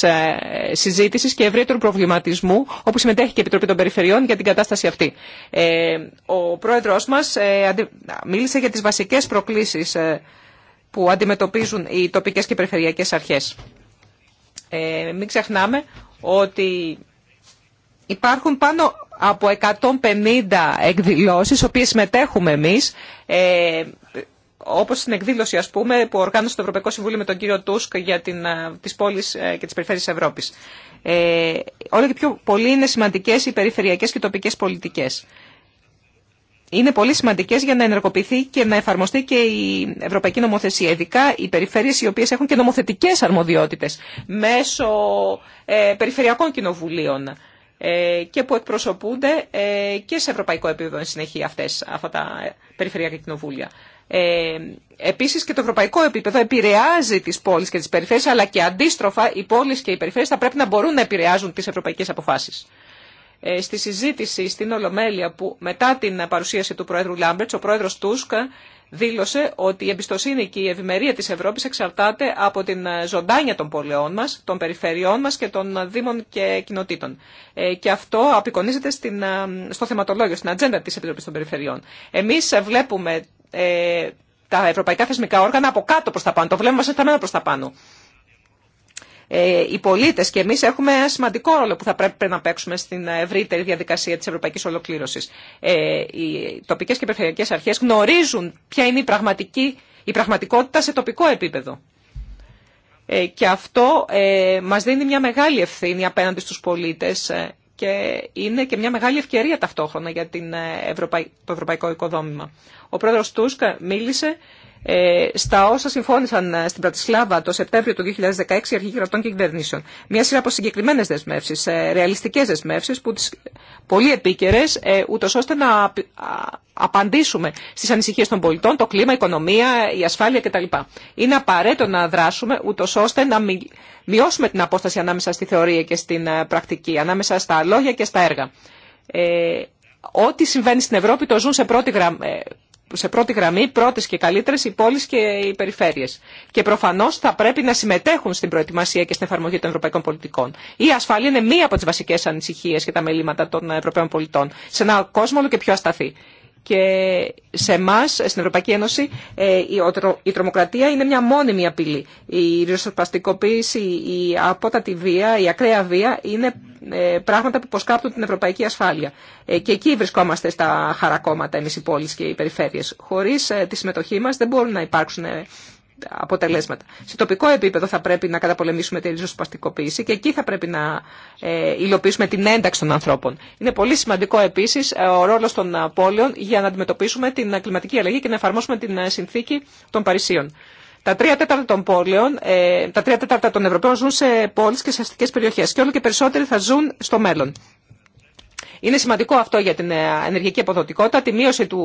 συζήτηση και ευρύτερου προβληματισμού, όπου συμμετέχει και η Επιτροπή των Περιφερειών για την κατάσταση αυτή. ο πρόεδρό μα μίλησε για τι βασικέ προκλήσει που αντιμετωπίζουν οι τοπικέ και περιφερειακέ αρχέ. Ε, μην ξεχνάμε ότι υπάρχουν πάνω από 150 εκδηλώσεις, οποίες συμμετέχουμε εμείς, ε, όπως στην εκδήλωση ας πούμε που οργάνωσε το Ευρωπαϊκό Συμβούλιο με τον κύριο Τούσκ για την, ε, τις πόλεις ε, και τις περιφέρειες της Ευρώπης. Ε, όλο και πιο πολύ είναι σημαντικές οι περιφερειακές και τοπικές πολιτικές. Είναι πολύ σημαντικέ για να ενεργοποιηθεί και να εφαρμοστεί και η ευρωπαϊκή νομοθεσία, ειδικά οι περιφέρειες οι οποίε έχουν και νομοθετικέ αρμοδιότητε μέσω ε, περιφερειακών κοινοβουλίων ε, και που εκπροσωπούνται ε, και σε ευρωπαϊκό επίπεδο εν συνεχεία αυτές, αυτά τα περιφερειακά κοινοβούλια. Ε, Επίση και το ευρωπαϊκό επίπεδο επηρεάζει τι πόλει και τι περιφέρειες, αλλά και αντίστροφα οι πόλει και οι περιφέρειες θα πρέπει να μπορούν να επηρεάζουν τι ευρωπαϊκέ αποφάσει. Ε, στη συζήτηση στην Ολομέλεια, που μετά την παρουσίαση του Πρόεδρου Λάμπερτ, ο Πρόεδρο Τούσκ δήλωσε ότι η εμπιστοσύνη και η ευημερία της Ευρώπης εξαρτάται από την ζωντάνια των πολεών μας, των περιφερειών μας και των δήμων και κοινοτήτων. Ε, και αυτό απεικονίζεται στην, ε, στο θεματολόγιο, στην ατζέντα της Επιτροπής των Περιφερειών. Εμείς βλέπουμε ε, τα ευρωπαϊκά θεσμικά όργανα από κάτω προς τα πάνω, το βλέπουμε σαν προς τα πάνω. Ε, οι πολίτες και εμείς έχουμε ένα σημαντικό ρόλο που θα πρέπει να παίξουμε στην ευρύτερη διαδικασία της ευρωπαϊκής ολοκλήρωσης. Ε, οι τοπικές και περιφερειακές αρχές γνωρίζουν ποια είναι η, πραγματική, η πραγματικότητα σε τοπικό επίπεδο. Ε, και αυτό μας δίνει μια μεγάλη ευθύνη απέναντι στους πολίτες και είναι και μια μεγάλη ευκαιρία ταυτόχρονα για την το ευρωπαϊκό οικοδόμημα. Ο πρόεδρος Τούσκ μίλησε ε, στα όσα συμφώνησαν ε, στην Πρατισλάβα το Σεπτέμβριο του 2016 οι αρχηγοί κρατών και κυβερνήσεων. Μια σειρά από συγκεκριμένε δεσμεύσει, ε, ρεαλιστικέ δεσμεύσει, που τις, πολύ επίκαιρε, ούτω ώστε να απαντήσουμε στι ανησυχίε των πολιτών, το κλίμα, η οικονομία, η ασφάλεια κτλ. Είναι απαραίτητο να δράσουμε, ούτω ώστε να μειώσουμε την απόσταση ανάμεσα στη θεωρία και στην πρακτική, ανάμεσα στα λόγια και στα έργα. Ε, ό,τι συμβαίνει στην Ευρώπη το ζουν σε πρώτη γραμμή, σε πρώτη γραμμή πρώτες και καλύτερες οι πόλεις και οι περιφέρειες. Και προφανώς θα πρέπει να συμμετέχουν στην προετοιμασία και στην εφαρμογή των ευρωπαϊκών πολιτικών. Η ασφάλεια είναι μία από τις βασικές ανησυχίες και τα μελήματα των ευρωπαίων πολιτών σε ένα κόσμο όλο και πιο ασταθή και σε εμά, στην Ευρωπαϊκή Ένωση, ε, η τρομοκρατία είναι μια μόνιμη απειλή. Η ριζοσπαστικοποίηση, η απότατη βία, η ακραία βία είναι ε, πράγματα που υποσκάπτουν την ευρωπαϊκή ασφάλεια. Ε, και εκεί βρισκόμαστε στα χαρακόμματα εμεί οι πόλει και οι περιφέρειες. Χωρί τη συμμετοχή μα δεν μπορούν να υπάρξουν αποτελέσματα. Σε τοπικό επίπεδο θα πρέπει να καταπολεμήσουμε τη ριζοσπαστικοποίηση και εκεί θα πρέπει να ε, υλοποιήσουμε την ένταξη των ανθρώπων. Είναι πολύ σημαντικό επίση ε, ο ρόλο των πόλεων για να αντιμετωπίσουμε την κλιματική αλλαγή και να εφαρμόσουμε την ε, συνθήκη των Παρισίων. Τα τρία τέταρτα των πόλεων, τα τρία τέταρτα των Ευρωπαίων ζουν σε πόλει και σε αστικέ περιοχέ και όλο και περισσότεροι θα ζουν στο μέλλον. Είναι σημαντικό αυτό για την ενεργειακή αποδοτικότητα, τη μείωση του,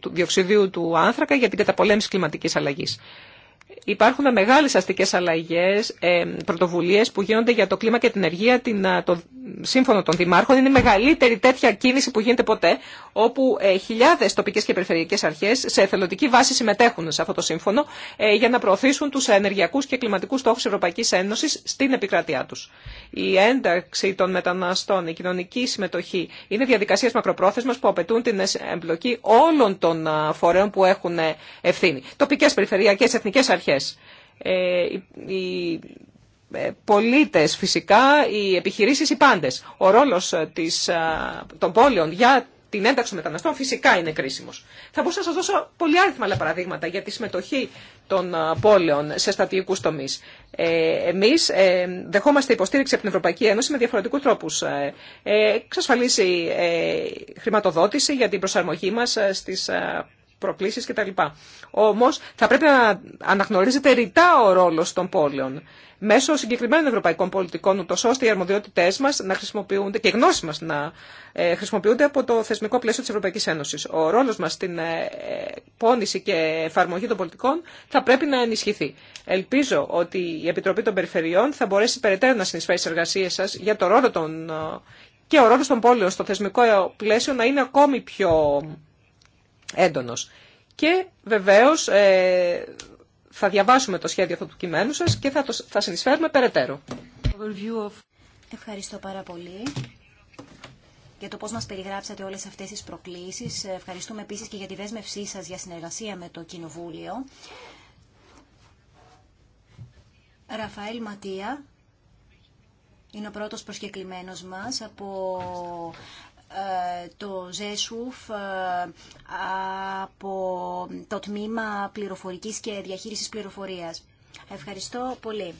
του διοξιδίου του άνθρακα για την καταπολέμηση κλιματικής αλλαγής. Υπάρχουν μεγάλες αστικές αλλαγές, ε, πρωτοβουλίες που γίνονται για το κλίμα και την ενεργεία, το σύμφωνο των δημάρχων. Είναι η μεγαλύτερη τέτοια κίνηση που γίνεται ποτέ, όπου χιλιάδε χιλιάδες τοπικές και περιφερειακές αρχές σε εθελοντική βάση συμμετέχουν σε αυτό το σύμφωνο ε, για να προωθήσουν τους ενεργειακούς και κλιματικούς στόχους Ευρωπαϊκής Ένωσης στην επικράτειά τους. Η ένταξη των μεταναστών, η κοινωνική συμμετοχή είναι διαδικασίε μακροπρόθεσμα που απαιτούν την εμπλοκή όλων των φορέων που έχουν ε, ευθύνη. Τοπικές, περιφερειακές, εθνικές ε, οι ε, πολίτες φυσικά, οι επιχειρήσεις, οι πάντες. Ο ρόλος ε, της, των πόλεων για την ένταξη μεταναστών φυσικά είναι κρίσιμος. Θα μπορούσα να σας δώσω πολύ άριθμα άλλα παραδείγματα για τη συμμετοχή των πόλεων σε στατικούς τομείς. Ε, εμείς δεχόμαστε υποστήριξη από την Ευρωπαϊκή Ένωση με διαφορετικούς τρόπους. Ε, χρηματοδότηση για την προσαρμογή μας στις προκλήσεις κτλ. Όμως θα πρέπει να αναγνωρίζεται ρητά ο ρόλος των πόλεων μέσω συγκεκριμένων ευρωπαϊκών πολιτικών, ούτω ώστε οι αρμοδιότητέ μα να χρησιμοποιούνται και οι γνώσει μα να ε, χρησιμοποιούνται από το θεσμικό πλαίσιο τη Ευρωπαϊκή Ένωση. Ο ρόλο μα στην ε, πόνηση και εφαρμογή των πολιτικών θα πρέπει να ενισχυθεί. Ελπίζω ότι η Επιτροπή των Περιφερειών θα μπορέσει περαιτέρω να συνεισφέρει στι εργασίε σα για το ρόλο των ε, και ο ρόλος των πόλεων στο θεσμικό πλαίσιο να είναι ακόμη πιο έντονος. Και βεβαίως ε, θα διαβάσουμε το σχέδιο αυτού του κειμένου σας και θα, το, θα συνεισφέρουμε περαιτέρω. Ευχαριστώ πάρα πολύ για το πώς μας περιγράψατε όλες αυτές τις προκλήσεις. Ε, ευχαριστούμε επίσης και για τη δέσμευσή σας για συνεργασία με το Κοινοβούλιο. Ραφαέλ Ματία είναι ο πρώτος προσκεκλημένος μας από ε, το ΖΕΣΟΥΦ ε, από το Τμήμα Πληροφορικής και Διαχείρισης Πληροφορίας. Ευχαριστώ πολύ.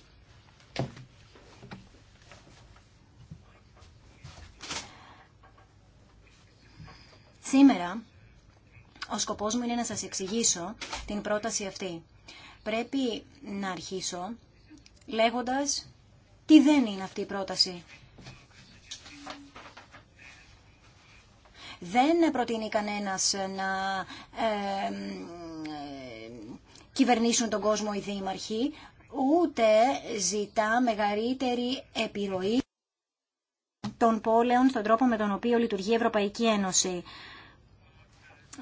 Σήμερα ο σκοπός μου είναι να σας εξηγήσω την πρόταση αυτή. Πρέπει να αρχίσω λέγοντας τι δεν είναι αυτή η πρόταση. δεν προτείνει κανένας να κυβερνήσουν τον κόσμο οι δήμαρχοι, ούτε ζητά μεγαλύτερη επιρροή των πόλεων στον τρόπο με τον οποίο λειτουργεί η Ευρωπαϊκή Ένωση.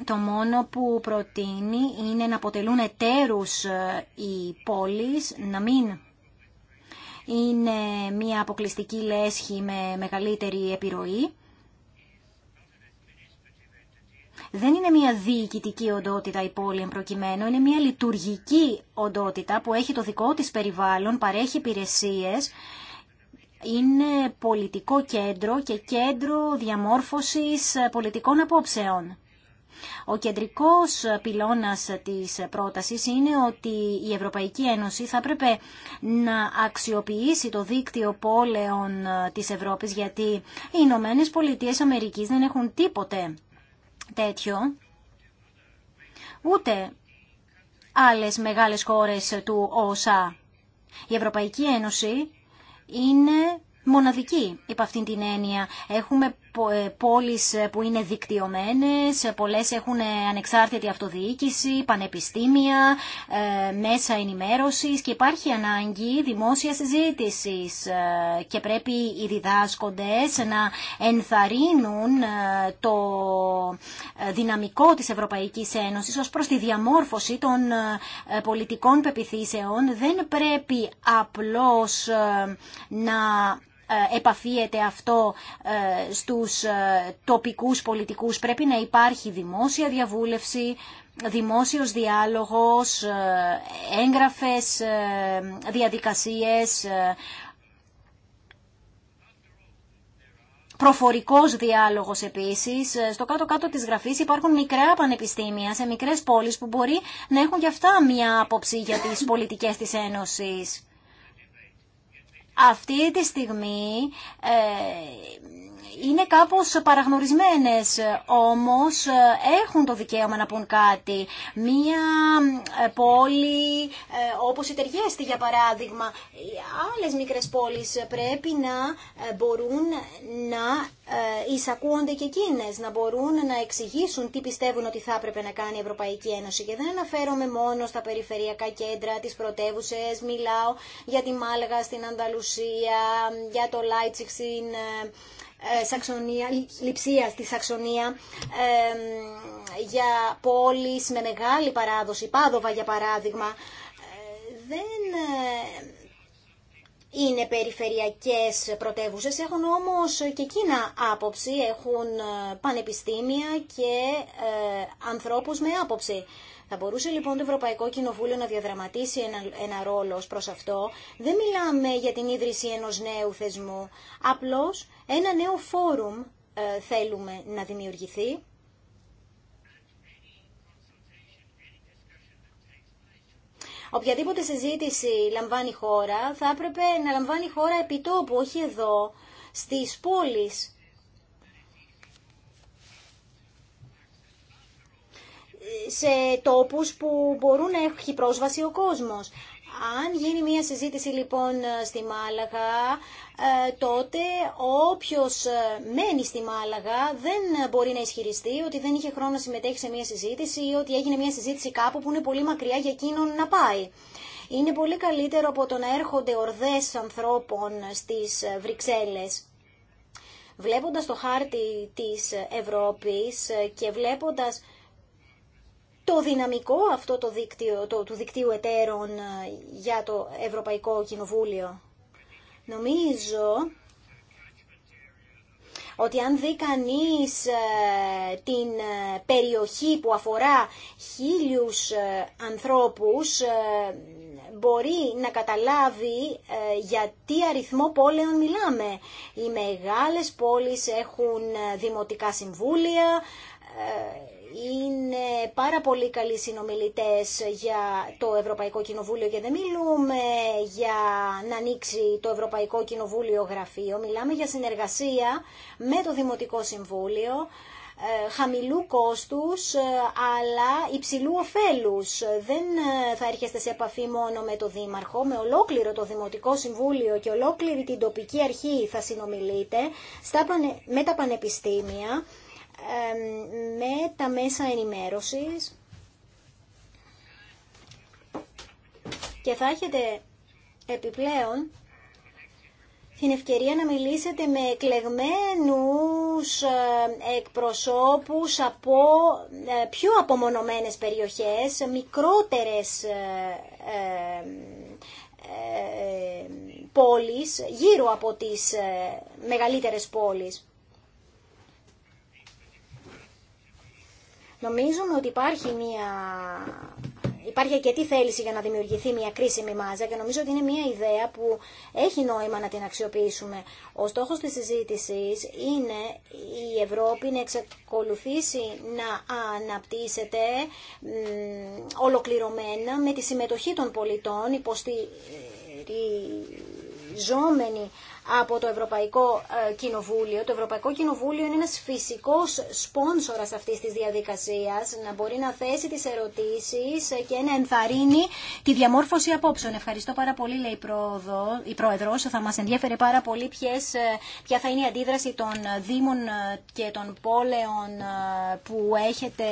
Το μόνο που προτείνει είναι να αποτελούν εταίρους ε, οι πόλεις, να μην είναι μια αποκλειστική λέσχη με μεγαλύτερη επιρροή δεν είναι μια διοικητική οντότητα η πόλη είναι μια λειτουργική οντότητα που έχει το δικό της περιβάλλον, παρέχει υπηρεσίες, είναι πολιτικό κέντρο και κέντρο διαμόρφωσης πολιτικών απόψεων. Ο κεντρικός πυλώνας της πρότασης είναι ότι η Ευρωπαϊκή Ένωση θα έπρεπε να αξιοποιήσει το δίκτυο πόλεων της Ευρώπης γιατί οι Ηνωμένε Πολιτείες Αμερικής δεν έχουν τίποτε τέτοιο, ούτε άλλες μεγάλες χώρες του ΟΣΑ. Η Ευρωπαϊκή Ένωση είναι μοναδική υπ' αυτήν την έννοια. Έχουμε ε, πόλεις ε, που είναι δικτυωμένες, ε, πολλές έχουν ανεξάρτητη αυτοδιοίκηση, πανεπιστήμια, μέσα ενημέρωσης και υπάρχει ανάγκη δημόσια συζήτηση. και πρέπει οι διδάσκοντες να ενθαρρύνουν το δυναμικό της Ευρωπαϊκής Ένωσης ως προς τη διαμόρφωση των πολιτικών πεπιθήσεων. Δεν πρέπει απλώς να ε, επαφίεται αυτό ε, στους ε, τοπικούς πολιτικούς. Πρέπει να υπάρχει δημόσια διαβούλευση, δημόσιος διάλογος, έγγραφες διαδικασίες, προφορικός διάλογος επίσης. Στο κάτω-κάτω της γραφής υπάρχουν μικρά πανεπιστήμια σε μικρές πόλεις που μπορεί να έχουν και αυτά μια άποψη για τις πολιτικές της Ένωσης. Αυτή τη στιγμή ε, είναι κάπως παραγνωρισμένες, όμως ε, έχουν το δικαίωμα να πούν κάτι. Μία ε, πόλη ε, όπως η Τεργέστη για παράδειγμα, άλλες μικρές πόλεις πρέπει να μπορούν να εισακούονται και εκείνες, να μπορούν να εξηγήσουν τι πιστεύουν ότι θα έπρεπε να κάνει η Ευρωπαϊκή Ένωση. Και δεν αναφέρομαι μόνο στα περιφερειακά κέντρα, τις πρωτεύουσε, μιλάω για τη Μάλγα στην Ανταλουσία, για το Λάιτσικ στην ε, Σαξονία, λειψία στη Σαξονία για πόλεις με μεγάλη παράδοση, Πάδοβα για παράδειγμα, ε, δεν ε, είναι περιφερειακές πρωτεύουσες, έχουν όμως και εκείνα άποψη, έχουν πανεπιστήμια και ε, ανθρώπους με άποψη. Θα μπορούσε λοιπόν το Ευρωπαϊκό Κοινοβούλιο να διαδραματίσει ένα, ένα ρόλο ω προς αυτό. Δεν μιλάμε για την ίδρυση ενός νέου θεσμού, απλώς ένα νέο φόρουμ ε, θέλουμε να δημιουργηθεί. Οποιαδήποτε συζήτηση λαμβάνει χώρα θα έπρεπε να λαμβάνει η χώρα επιτόπου, όχι εδώ, στις πόλεις σε τόπους που μπορούν να έχει πρόσβαση ο κόσμος. Αν γίνει μια συζήτηση λοιπόν στη Μάλαγα, ε, τότε όποιος ε, μένει στη Μάλαγα δεν μπορεί να ισχυριστεί ότι δεν είχε χρόνο να συμμετέχει σε μια συζήτηση ή ότι έγινε μια συζήτηση κάπου που είναι πολύ μακριά για εκείνον να πάει. Είναι πολύ καλύτερο από το να έρχονται ορδές ανθρώπων στις ε, Βρυξέλλες. Βλέποντας το χάρτη της Ευρώπης και βλέποντας το δυναμικό αυτό το δίκτυο, του δικτύου εταίρων ε, για το Ευρωπαϊκό Κοινοβούλιο. Νομίζω ότι αν δει κανεί ε, την ε, περιοχή που αφορά χίλιους ανθρώπους, μπορεί να καταλάβει για τι αριθμό πόλεων μιλάμε. Οι μεγάλες πόλεις έχουν δημοτικά συμβούλια, είναι πάρα πολύ καλοί συνομιλητές για το Ευρωπαϊκό Κοινοβούλιο και δεν μιλούμε για να ανοίξει το Ευρωπαϊκό Κοινοβούλιο γραφείο, μιλάμε για συνεργασία με το Δημοτικό Συμβούλιο, ε, χαμηλού κόστους ε, αλλά υψηλού ωφέλους. Δεν ε, θα έρχεστε σε επαφή μόνο με το Δήμαρχο, με ολόκληρο το Δημοτικό Συμβούλιο και ολόκληρη την τοπική αρχή θα συνομιλείτε με τα πανεπιστήμια με τα μέσα ενημέρωσης και θα έχετε επιπλέον την ευκαιρία να μιλήσετε με εκλεγμένους ε, εκπροσώπους από ε, πιο απομονωμένες περιοχές, μικρότερες ε, πόλεις, γύρω από τις μεγαλύτερες πόλεις. Νομίζουμε ότι υπάρχει μια υπάρχει τι θέληση για να δημιουργηθεί μια κρίσιμη μάζα και νομίζω ότι είναι μια ιδέα που έχει νόημα να την αξιοποιήσουμε. Ο στόχος της συζήτηση είναι η Ευρώπη να εξακολουθήσει να αναπτύσσεται ολοκληρωμένα με τη συμμετοχή των πολιτών υποστηριζόμενη από το Ευρωπαϊκό ε, Κοινοβούλιο. Το Ευρωπαϊκό Κοινοβούλιο είναι ένας φυσικός σπόνσορας αυτής της διαδικασίας, να μπορεί να θέσει τις ερωτήσεις και να ενθαρρύνει τη διαμόρφωση απόψεων. Ευχαριστώ πάρα πολύ, λέει η Πρόεδρος. Θα μας ενδιαφέρει πάρα πολύ ποιες, ε, ποια θα είναι η αντίδραση των Δήμων ε, και των πόλεων που έχετε,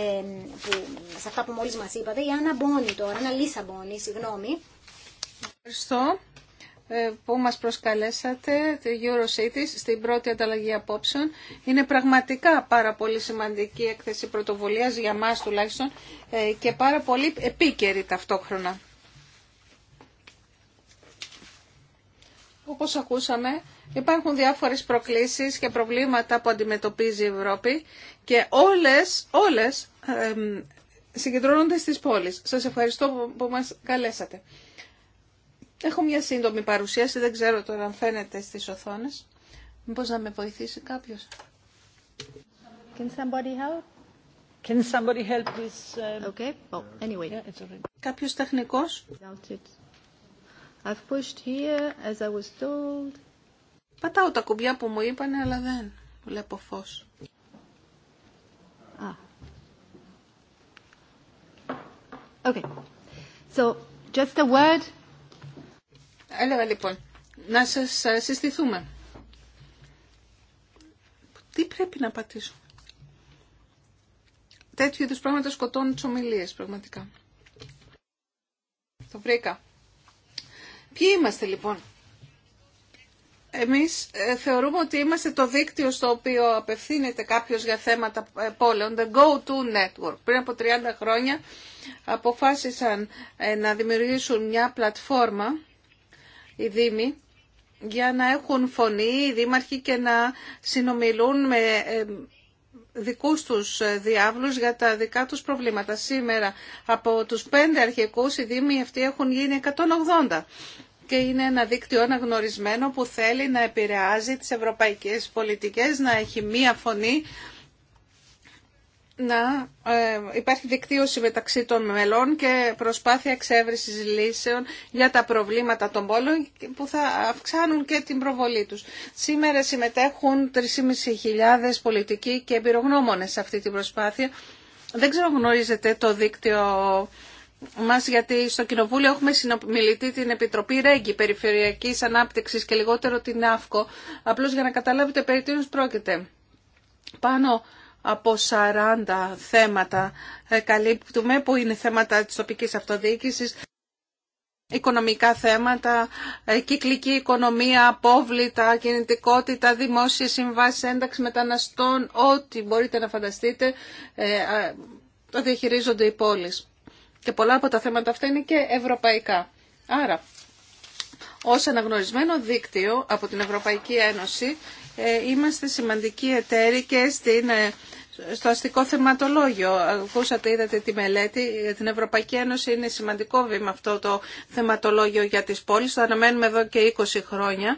που, σε αυτά που μόλις μας είπατε. Η Άννα Μπόνη τώρα, Άννα Λίσα Μπόνη, συγγνώμη. Ευχαριστώ. Ε, που μας προσκαλέσατε, τη EuroCities, στην πρώτη ανταλλαγή απόψεων. Είναι πραγματικά πάρα πολύ σημαντική έκθεση πρωτοβουλίας, για μας τουλάχιστον, ε, και πάρα πολύ επίκαιρη ταυτόχρονα. Όπως ακούσαμε, υπάρχουν διάφορες προκλήσεις και προβλήματα που αντιμετωπίζει η Ευρώπη και όλες, όλες συγκεντρώνονται στις πόλεις. Σας ευχαριστώ που μας καλέσατε. Έχω μια σύντομη παρουσίαση, δεν ξέρω τώρα αν φαίνεται στις οθόνες. Μήπως να με βοηθήσει κάποιος. Can somebody help? Can somebody help with... Uh, okay. Oh, anyway. Yeah, it's already... Κάποιος τεχνικός. I've pushed here as I was told. Πατάω τα κουμπιά που μου είπανε, αλλά δεν βλέπω φως. Ah. Okay. So, just a word Έλεγα λοιπόν, να σας ε, συστηθούμε. Τι πρέπει να πατήσω. Τέτοιου είδους πράγματα σκοτώνουν τις ομιλίες πραγματικά. Το βρήκα. Ποιοι είμαστε λοιπόν. Εμείς ε, θεωρούμε ότι είμαστε το δίκτυο στο οποίο απευθύνεται κάποιος για θέματα ε, πόλεων, the go-to network. Πριν από 30 χρόνια αποφάσισαν να δημιουργήσουν μια πλατφόρμα οι Δήμοι για να έχουν φωνή οι δήμαρχοι και να συνομιλούν με ε, δικούς τους ε, διάβλους για τα δικά τους προβλήματα. Σήμερα από τους πέντε αρχικούς οι δήμοι αυτοί έχουν γίνει 180 και είναι ένα δίκτυο αναγνωρισμένο που θέλει να επηρεάζει τις ευρωπαϊκές πολιτικές, να έχει μία φωνή να ε, υπάρχει δικτύωση μεταξύ των μελών και προσπάθεια εξέβρισης λύσεων για τα προβλήματα των πόλων που θα αυξάνουν και την προβολή τους. Σήμερα συμμετέχουν 3.500 πολιτικοί και εμπειρογνώμονες σε αυτή την προσπάθεια. Δεν ξέρω γνωρίζετε το δίκτυο μας γιατί στο Κοινοβούλιο έχουμε συνομιλητή την Επιτροπή Ρέγγι Περιφερειακής Ανάπτυξης και λιγότερο την ΑΦΚΟ, απλώς για να καταλάβετε περί τίνος πρόκειται. Πάνω από 40 θέματα ε, καλύπτουμε που είναι θέματα της τοπικής αυτοδιοίκησης οικονομικά θέματα, ε, κυκλική οικονομία, απόβλητα, κινητικότητα, δημόσια συμβάσεις, ένταξη μεταναστών, ό,τι μπορείτε να φανταστείτε, ε, το διαχειρίζονται οι πόλεις. Και πολλά από τα θέματα αυτά είναι και ευρωπαϊκά. Άρα, ως αναγνωρισμένο δίκτυο από την Ευρωπαϊκή Ένωση, ε, είμαστε σημαντικοί εταίροι και στην, ε, στο αστικό θεματολόγιο. Ακούσατε, είδατε τη μελέτη. Για την Ευρωπαϊκή Ένωση είναι σημαντικό βήμα αυτό το θεματολόγιο για τις πόλεις. Το αναμένουμε εδώ και 20 χρόνια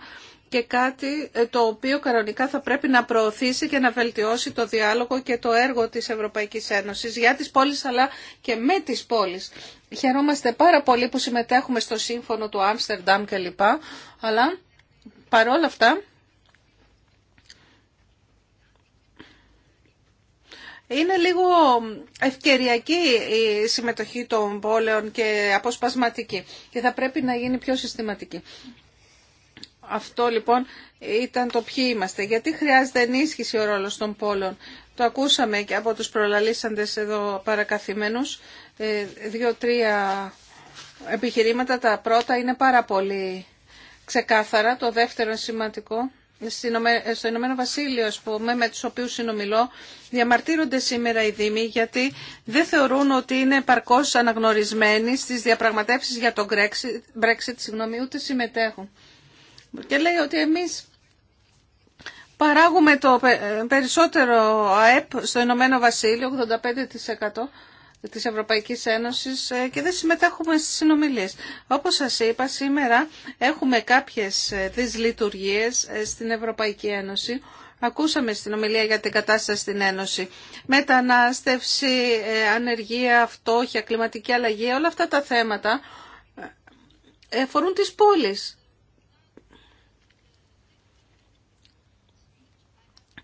και κάτι ε, το οποίο κανονικά θα πρέπει να προωθήσει και να βελτιώσει το διάλογο και το έργο της Ευρωπαϊκής Ένωσης για τις πόλεις αλλά και με τις πόλεις. Χαιρόμαστε πάρα πολύ που συμμετέχουμε στο σύμφωνο του Άμστερνταμ κλπ. Αλλά παρόλα αυτά Είναι λίγο ευκαιριακή η συμμετοχή των πόλεων και αποσπασματική και θα πρέπει να γίνει πιο συστηματική. Αυτό λοιπόν ήταν το ποιοι είμαστε. Γιατί χρειάζεται ενίσχυση ο ρόλος των πόλεων. Το ακούσαμε και από τους προλαλήσαντες εδώ παρακαθημένους. Ε, δύο-τρία επιχειρήματα. Τα πρώτα είναι πάρα πολύ ξεκάθαρα. Το δεύτερο σημαντικό στο Ηνωμένο Βασίλειο, α πούμε, με του οποίου συνομιλώ, διαμαρτύρονται σήμερα οι Δήμοι γιατί δεν θεωρούν ότι είναι παρκώς αναγνωρισμένοι στι διαπραγματεύσει για τον Brexit, συγγνώμη, ούτε συμμετέχουν. Και λέει ότι εμεί παράγουμε το περισσότερο ΑΕΠ στο Ηνωμένο Βασίλειο, 85%, της Ευρωπαϊκής Ένωσης ε, και δεν συμμετέχουμε στις συνομιλίες. Όπως σας είπα, σήμερα έχουμε κάποιες ε, δυσλειτουργίες ε, στην Ευρωπαϊκή Ένωση. Ακούσαμε στην ομιλία για την κατάσταση στην Ένωση. Μετανάστευση, ανεργία, φτώχεια, κλιματική αλλαγή, όλα αυτά τα θέματα αφορούν τις πόλεις.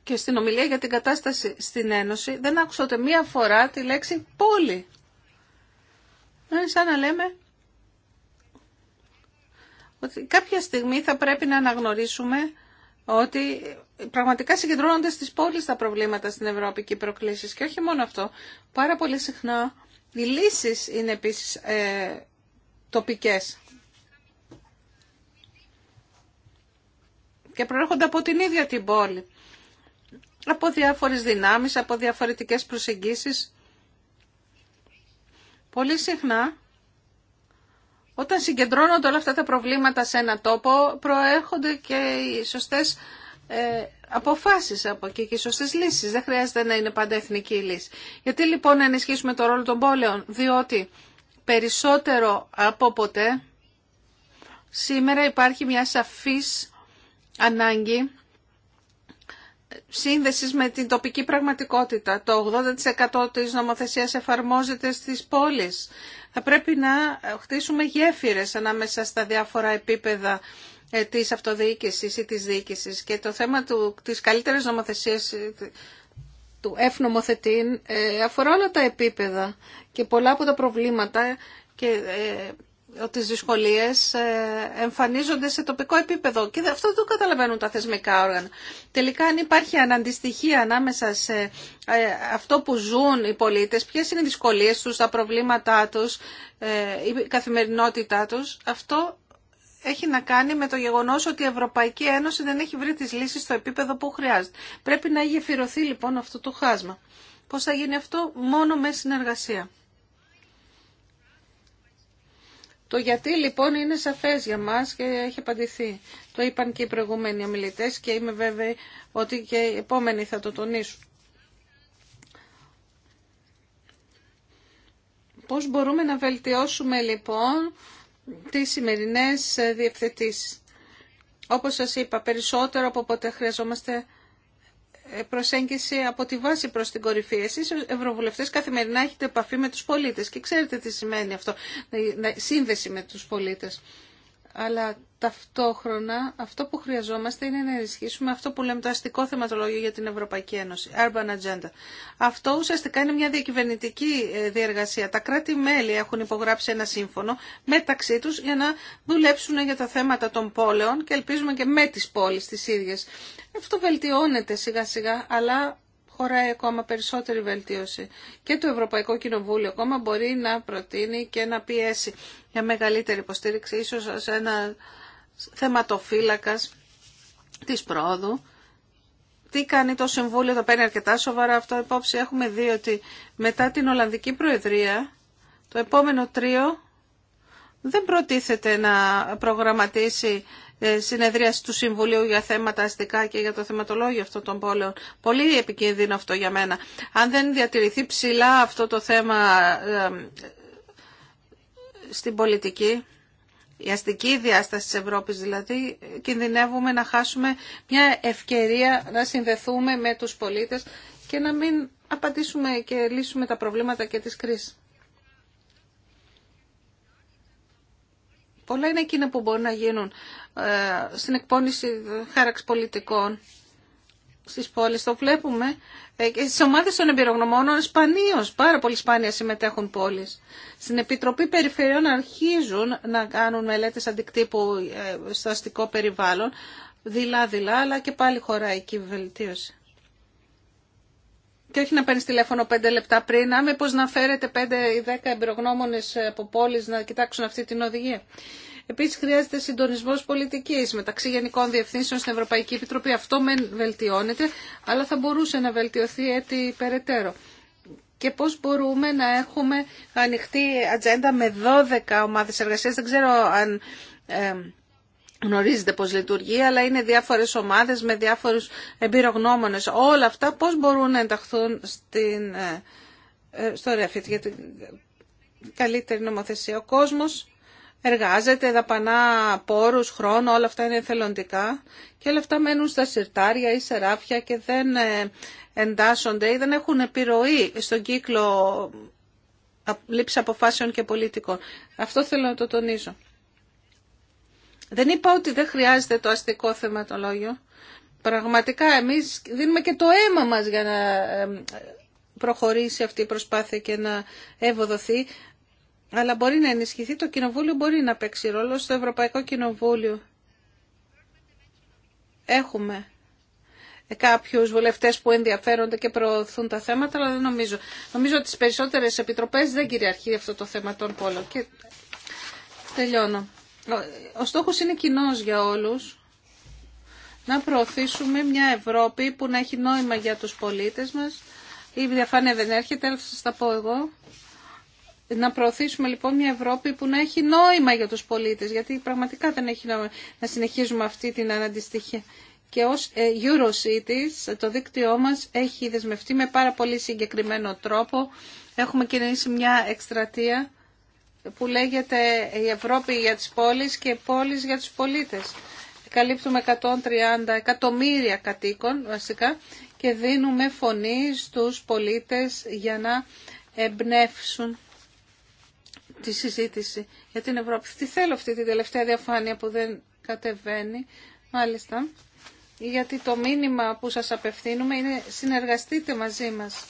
και στην ομιλία για την κατάσταση στην Ένωση δεν άκουσα ούτε μία φορά τη λέξη πόλη. Είναι σαν να λέμε ότι κάποια στιγμή θα πρέπει να αναγνωρίσουμε ότι πραγματικά συγκεντρώνονται στις πόλεις τα προβλήματα στην Ευρώπη και προκλήσεις. Και όχι μόνο αυτό, πάρα πολύ συχνά οι λύσεις είναι επίσης ε, τοπικές. Και προέρχονται από την ίδια την πόλη από διάφορες δυνάμεις, από διαφορετικές προσεγγίσεις. Πολύ συχνά, όταν συγκεντρώνονται όλα αυτά τα προβλήματα σε ένα τόπο, προέρχονται και οι σωστές ε, αποφάσεις από εκεί και οι σωστές λύσεις. Δεν χρειάζεται να είναι πάντα εθνική λύση. Γιατί λοιπόν να ενισχύσουμε το ρόλο των πόλεων, διότι περισσότερο από ποτέ σήμερα υπάρχει μια σαφής ανάγκη σύνδεσης με την τοπική πραγματικότητα. Το 80% της νομοθεσίας εφαρμόζεται στις πόλεις. Θα πρέπει να χτίσουμε γέφυρες ανάμεσα στα διάφορα επίπεδα ε, της αυτοδιοίκησης ή της διοίκησης. Και το θέμα του, της καλύτερης νομοθεσίας ε, του ευνομοθετή ε, αφορά όλα τα επίπεδα και πολλά από τα προβλήματα και ότι τις δυσκολίες ε, εμφανίζονται σε τοπικό επίπεδο και αυτό δεν το καταλαβαίνουν τα θεσμικά όργανα. Τελικά αν υπάρχει αναντιστοιχία ανάμεσα σε ε, αυτό που ζουν οι πολίτες, ποιες είναι οι δυσκολίες τους, τα προβλήματά τους, ε, η καθημερινότητά τους, αυτό έχει να κάνει με το γεγονός ότι η Ευρωπαϊκή Ένωση δεν έχει βρει τις λύσεις στο επίπεδο που χρειάζεται. Πρέπει να γεφυρωθεί λοιπόν αυτό το χάσμα. Πώς θα γίνει αυτό μόνο με συνεργασία. Το γιατί λοιπόν είναι σαφές για μας και έχει απαντηθεί. Το είπαν και οι προηγούμενοι ομιλητές και είμαι βέβαιη ότι και οι επόμενοι θα το τονίσουν. Πώς μπορούμε να βελτιώσουμε λοιπόν τις σημερινές διευθετήσεις. Όπως σας είπα, περισσότερο από ποτέ χρειαζόμαστε προσέγγιση από τη βάση προς την κορυφή. Εσείς ευρωβουλευτές καθημερινά έχετε επαφή με τους πολίτες και ξέρετε τι σημαίνει αυτό, σύνδεση με τους πολίτες. Αλλά ταυτόχρονα αυτό που χρειαζόμαστε είναι να ενισχύσουμε αυτό που λέμε το αστικό θεματολόγιο για την Ευρωπαϊκή Ένωση, Urban Agenda. Αυτό ουσιαστικά είναι μια διακυβερνητική ε, διεργασία. Τα κράτη-μέλη έχουν υπογράψει ένα σύμφωνο μεταξύ τους για να δουλέψουν για τα θέματα των πόλεων και ελπίζουμε και με τις πόλεις τις ίδιες. Αυτό βελτιώνεται σιγά-σιγά, αλλά χωράει ακόμα περισσότερη βελτίωση. Και το Ευρωπαϊκό Κοινοβούλιο ακόμα μπορεί να προτείνει και να πιέσει για μεγαλύτερη υποστήριξη, ίσως ένα θεματοφύλακας της πρόοδου. Τι κάνει το Συμβούλιο, το παίρνει αρκετά σοβαρά αυτό υπόψη. Έχουμε δει ότι μετά την Ολλανδική Προεδρία, το επόμενο τρίο δεν προτίθεται να προγραμματίσει ε, συνεδρίαση του Συμβουλίου για θέματα αστικά και για το θεματολόγιο αυτών των πόλεων. Πολύ επικίνδυνο αυτό για μένα. Αν δεν διατηρηθεί ψηλά αυτό το θέμα ε, ε, στην πολιτική, η αστική διάσταση της Ευρώπης δηλαδή, κινδυνεύουμε να χάσουμε μια ευκαιρία να συνδεθούμε με τους πολίτες και να μην απαντήσουμε και λύσουμε τα προβλήματα και της κρίσης. Πολλά είναι εκείνα που μπορούν να γίνουν ε, στην εκπόνηση ε, χάραξη πολιτικών στις πόλεις, το βλέπουμε, ε, στις ομάδες των εμπειρογνωμόνων σπανίως, πάρα πολύ σπάνια συμμετέχουν πόλεις. Στην Επιτροπή Περιφερειών αρχίζουν να κάνουν μελέτες αντικτύπου ε, στο αστικό περιβάλλον, δειλά-δειλά, αλλά και πάλι χωράει εκεί βελτίωση. Και όχι να παίρνει τηλέφωνο πέντε λεπτά πριν, άμε πώς να φέρετε πέντε ή δέκα εμπειρογνώμονες από πόλεις να κοιτάξουν αυτή την οδηγία. Επίση χρειάζεται συντονισμό πολιτικής μεταξύ Γενικών Διευθύνσεων στην Ευρωπαϊκή Επιτροπή. Αυτό μεν βελτιώνεται, αλλά θα μπορούσε να βελτιωθεί έτσι περαιτέρω. Και πώς μπορούμε να έχουμε ανοιχτή ατζέντα με 12 ομάδες εργασίας. Δεν ξέρω αν... Ε, γνωρίζετε πώς λειτουργεί, αλλά είναι διάφορες ομάδες με διάφορους εμπειρογνώμονες. Όλα αυτά πώς μπορούν να ενταχθούν στην, ε, ε, στο ΡΕΦΙΤ για καλύτερη νομοθεσία. Ο κόσμος εργάζεται, δαπανά πόρους, χρόνο, όλα αυτά είναι θελοντικά και όλα αυτά μένουν στα συρτάρια ή σε ράφια και δεν ε, εντάσσονται ή δεν έχουν επιρροή στον κύκλο λήψη αποφάσεων και πολιτικών. Αυτό θέλω να το τονίζω. Δεν είπα ότι δεν χρειάζεται το αστικό θεματολόγιο. Πραγματικά εμείς δίνουμε και το αίμα μας για να ε, προχωρήσει αυτή η προσπάθεια και να ευοδοθεί. Αλλά μπορεί να ενισχυθεί το κοινοβούλιο, μπορεί να παίξει ρόλο στο Ευρωπαϊκό Κοινοβούλιο. Έχουμε κάποιους βουλευτές που ενδιαφέρονται και προωθούν τα θέματα, αλλά δεν νομίζω. Νομίζω ότι στις περισσότερες επιτροπές δεν κυριαρχεί αυτό το θέμα των πόλων. Και τελειώνω. Ο στόχος είναι κοινό για όλους. Να προωθήσουμε μια Ευρώπη που να έχει νόημα για τους πολίτες μας. Η διαφάνεια δεν έρχεται, αλλά θα σας τα πω εγώ. Να προωθήσουμε λοιπόν μια Ευρώπη που να έχει νόημα για τους πολίτες, γιατί πραγματικά δεν έχει να συνεχίζουμε αυτή την αναντιστοιχία. Και ως ε, Eurocities το δίκτυό μας έχει δεσμευτεί με πάρα πολύ συγκεκριμένο τρόπο. Έχουμε κινήσει μια εκστρατεία που λέγεται η Ευρώπη για τις πόλεις και πόλεις για τους πολίτες. Καλύπτουμε 130 εκατομμύρια κατοίκων βασικά και δίνουμε φωνή στους πολίτες για να εμπνεύσουν τη συζήτηση για την Ευρώπη. Τι θέλω αυτή την τελευταία διαφάνεια που δεν κατεβαίνει, μάλιστα, γιατί το μήνυμα που σας απευθύνουμε είναι συνεργαστείτε μαζί μας,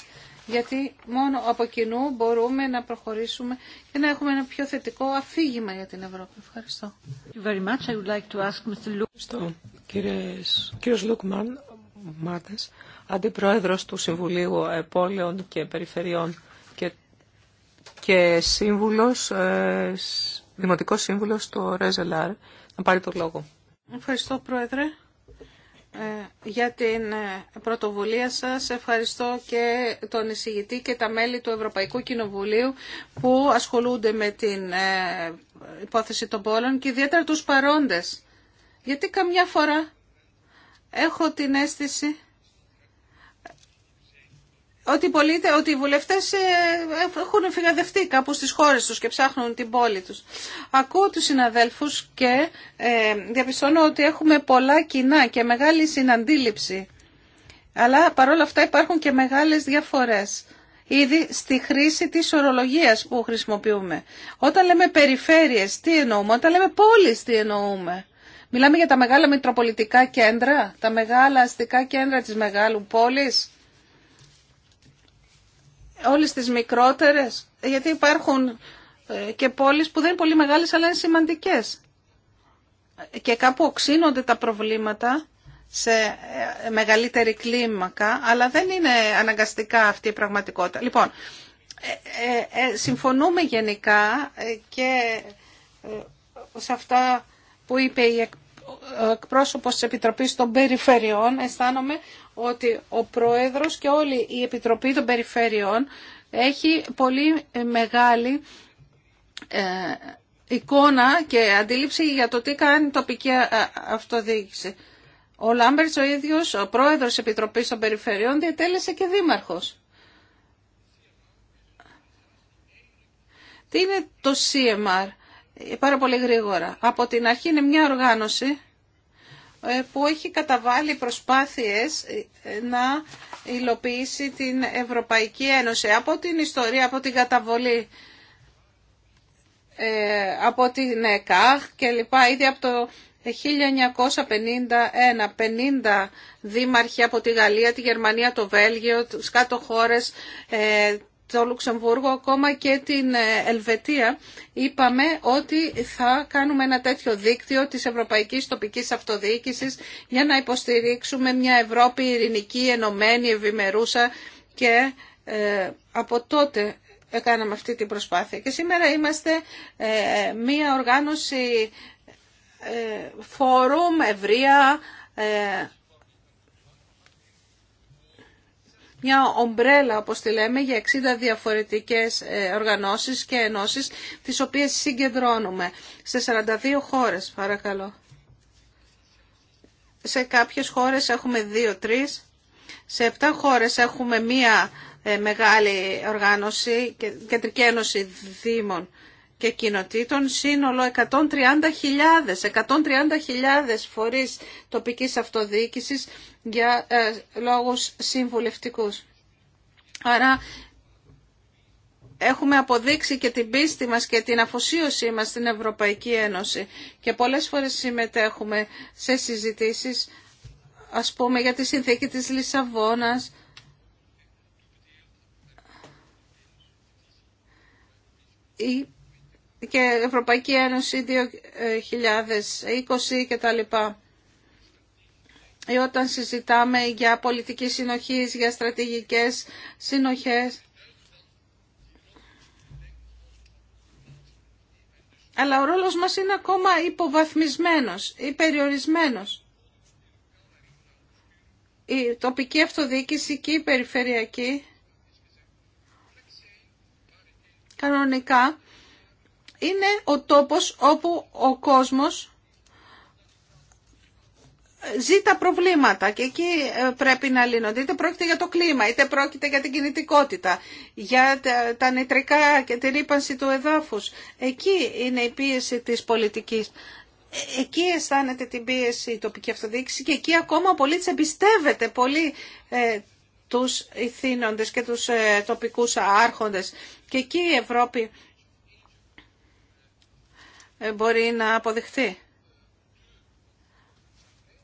γιατί μόνο από κοινού μπορούμε να προχωρήσουμε και να έχουμε ένα πιο θετικό αφήγημα για την Ευρώπη. Ευχαριστώ. Very Ευχαριστώ. Λουκμάν, Μάτες, αντιπρόεδρος του Συμβουλίου Επόλεων και Περιφερειών και και σύμβουλος, ε, δημοτικός σύμβουλος στο Ρεζελάρ να πάρει το λόγο. Ευχαριστώ Πρόεδρε ε, για την ε, πρωτοβουλία σας. Ευχαριστώ και τον εισηγητή και τα μέλη του Ευρωπαϊκού Κοινοβουλίου που ασχολούνται με την υπόθεση των πόλων και ιδιαίτερα τους παρόντες. Γιατί καμιά φορά έχω την αίσθηση ότι οι, ότι οι βουλευτές ε, έχουν φυγαδευτεί κάπου στις χώρες τους και ψάχνουν την πόλη τους. Ακούω τους συναδέλφους και ε, διαπιστώνω ότι έχουμε πολλά κοινά και μεγάλη συναντήληψη. Αλλά παρόλα αυτά υπάρχουν και μεγάλες διαφορές ήδη στη χρήση της ορολογίας που χρησιμοποιούμε. Όταν λέμε περιφέρειες, τι εννοούμε. Όταν λέμε πόλεις, τι εννοούμε. Μιλάμε για τα μεγάλα μητροπολιτικά κέντρα, τα μεγάλα αστικά κέντρα της μεγάλου πόλης όλες τις μικρότερες, γιατί υπάρχουν ε, και πόλεις που δεν είναι πολύ μεγάλες αλλά είναι σημαντικές. Και κάπου οξύνονται τα προβλήματα σε ε, μεγαλύτερη κλίμακα, αλλά δεν είναι αναγκαστικά αυτή η πραγματικότητα. Λοιπόν, ε, συμφωνούμε γενικά και σε αυτά που είπε η ο εκπρόσωπος της Επιτροπής των Περιφερειών αισθάνομαι ότι ο Πρόεδρος και όλη η Επιτροπή των Περιφέρειών έχει πολύ μεγάλη ε, εικόνα και αντίληψη για το τι κάνει η τοπική ε, αυτοδιοίκηση. Ο Λάμπερτς ο ίδιος, ο πρόεδρος της Επιτροπής των Περιφερειών, διατέλεσε και δήμαρχος. Τι είναι το CMR, ε, πάρα πολύ γρήγορα. Από την αρχή είναι μια οργάνωση ε, που έχει καταβάλει προσπάθειες ε, να υλοποιήσει την Ευρωπαϊκή Ένωση από την ιστορία, από την καταβολή ε, από την ΕΚΑΧ και λοιπά ήδη από το 1951 50 δήμαρχοι από τη Γαλλία, τη Γερμανία, το Βέλγιο, τους κάτω χώρες το Λουξεμβούργο, ακόμα και την ε, Ελβετία, είπαμε ότι θα κάνουμε ένα τέτοιο δίκτυο της Ευρωπαϊκής Τοπικής Αυτοδιοίκησης για να υποστηρίξουμε μια Ευρώπη ειρηνική, ενωμένη, ευημερούσα και ε, από τότε έκαναμε αυτή την προσπάθεια. Και σήμερα είμαστε ε, μια οργάνωση φόρουμ ε, μια ομπρέλα όπως τη λέμε για 60 διαφορετικές ε, οργανώσεις και ενώσεις τις οποίες συγκεντρώνουμε σε 42 χώρες παρακαλώ. Σε κάποιες χώρες έχουμε 2-3, σε 7 χώρες έχουμε μία ε, μεγάλη οργάνωση, κεντρική ένωση δήμων και κοινοτήτων, σύνολο 130.000, 130.000 φορείς τοπικής αυτοδιοίκησης για ε, λόγους συμβουλευτικούς. Άρα έχουμε αποδείξει και την πίστη μας και την αφοσίωσή μας στην Ευρωπαϊκή Ένωση και πολλές φορές συμμετέχουμε σε συζητήσεις ας πούμε για τη συνθήκη της Λισαβόνας ή και Ευρωπαϊκή Ένωση 2020 και τα λοιπά. Ή ε, όταν συζητάμε για πολιτική συνοχής, για στρατηγικές συνοχές. Αλλά ο ρόλος μας είναι ακόμα υποβαθμισμένος ή περιορισμένος. Η οταν συζηταμε για πολιτικη συνοχή για στρατηγικες συνοχες αλλα ο αυτοδιοίκηση και η περιφερειακή κανονικά είναι ο τόπος όπου ο κόσμος ζει τα προβλήματα και εκεί ε, πρέπει να λύνονται. Είτε πρόκειται για το κλίμα, είτε πρόκειται για την κινητικότητα, για τα νητρικά και την ρήπανση του εδάφους. Εκεί είναι η πίεση της πολιτικής. Ε, εκεί αισθάνεται την πίεση η τοπική αυτοδιοίκηση και εκεί ακόμα ο πολίτης εμπιστεύεται πολύ ε, τους ηθήνοντες και τους ε, τοπικούς άρχοντες. Και εκεί η Ευρώπη ε, μπορεί να αποδειχθεί.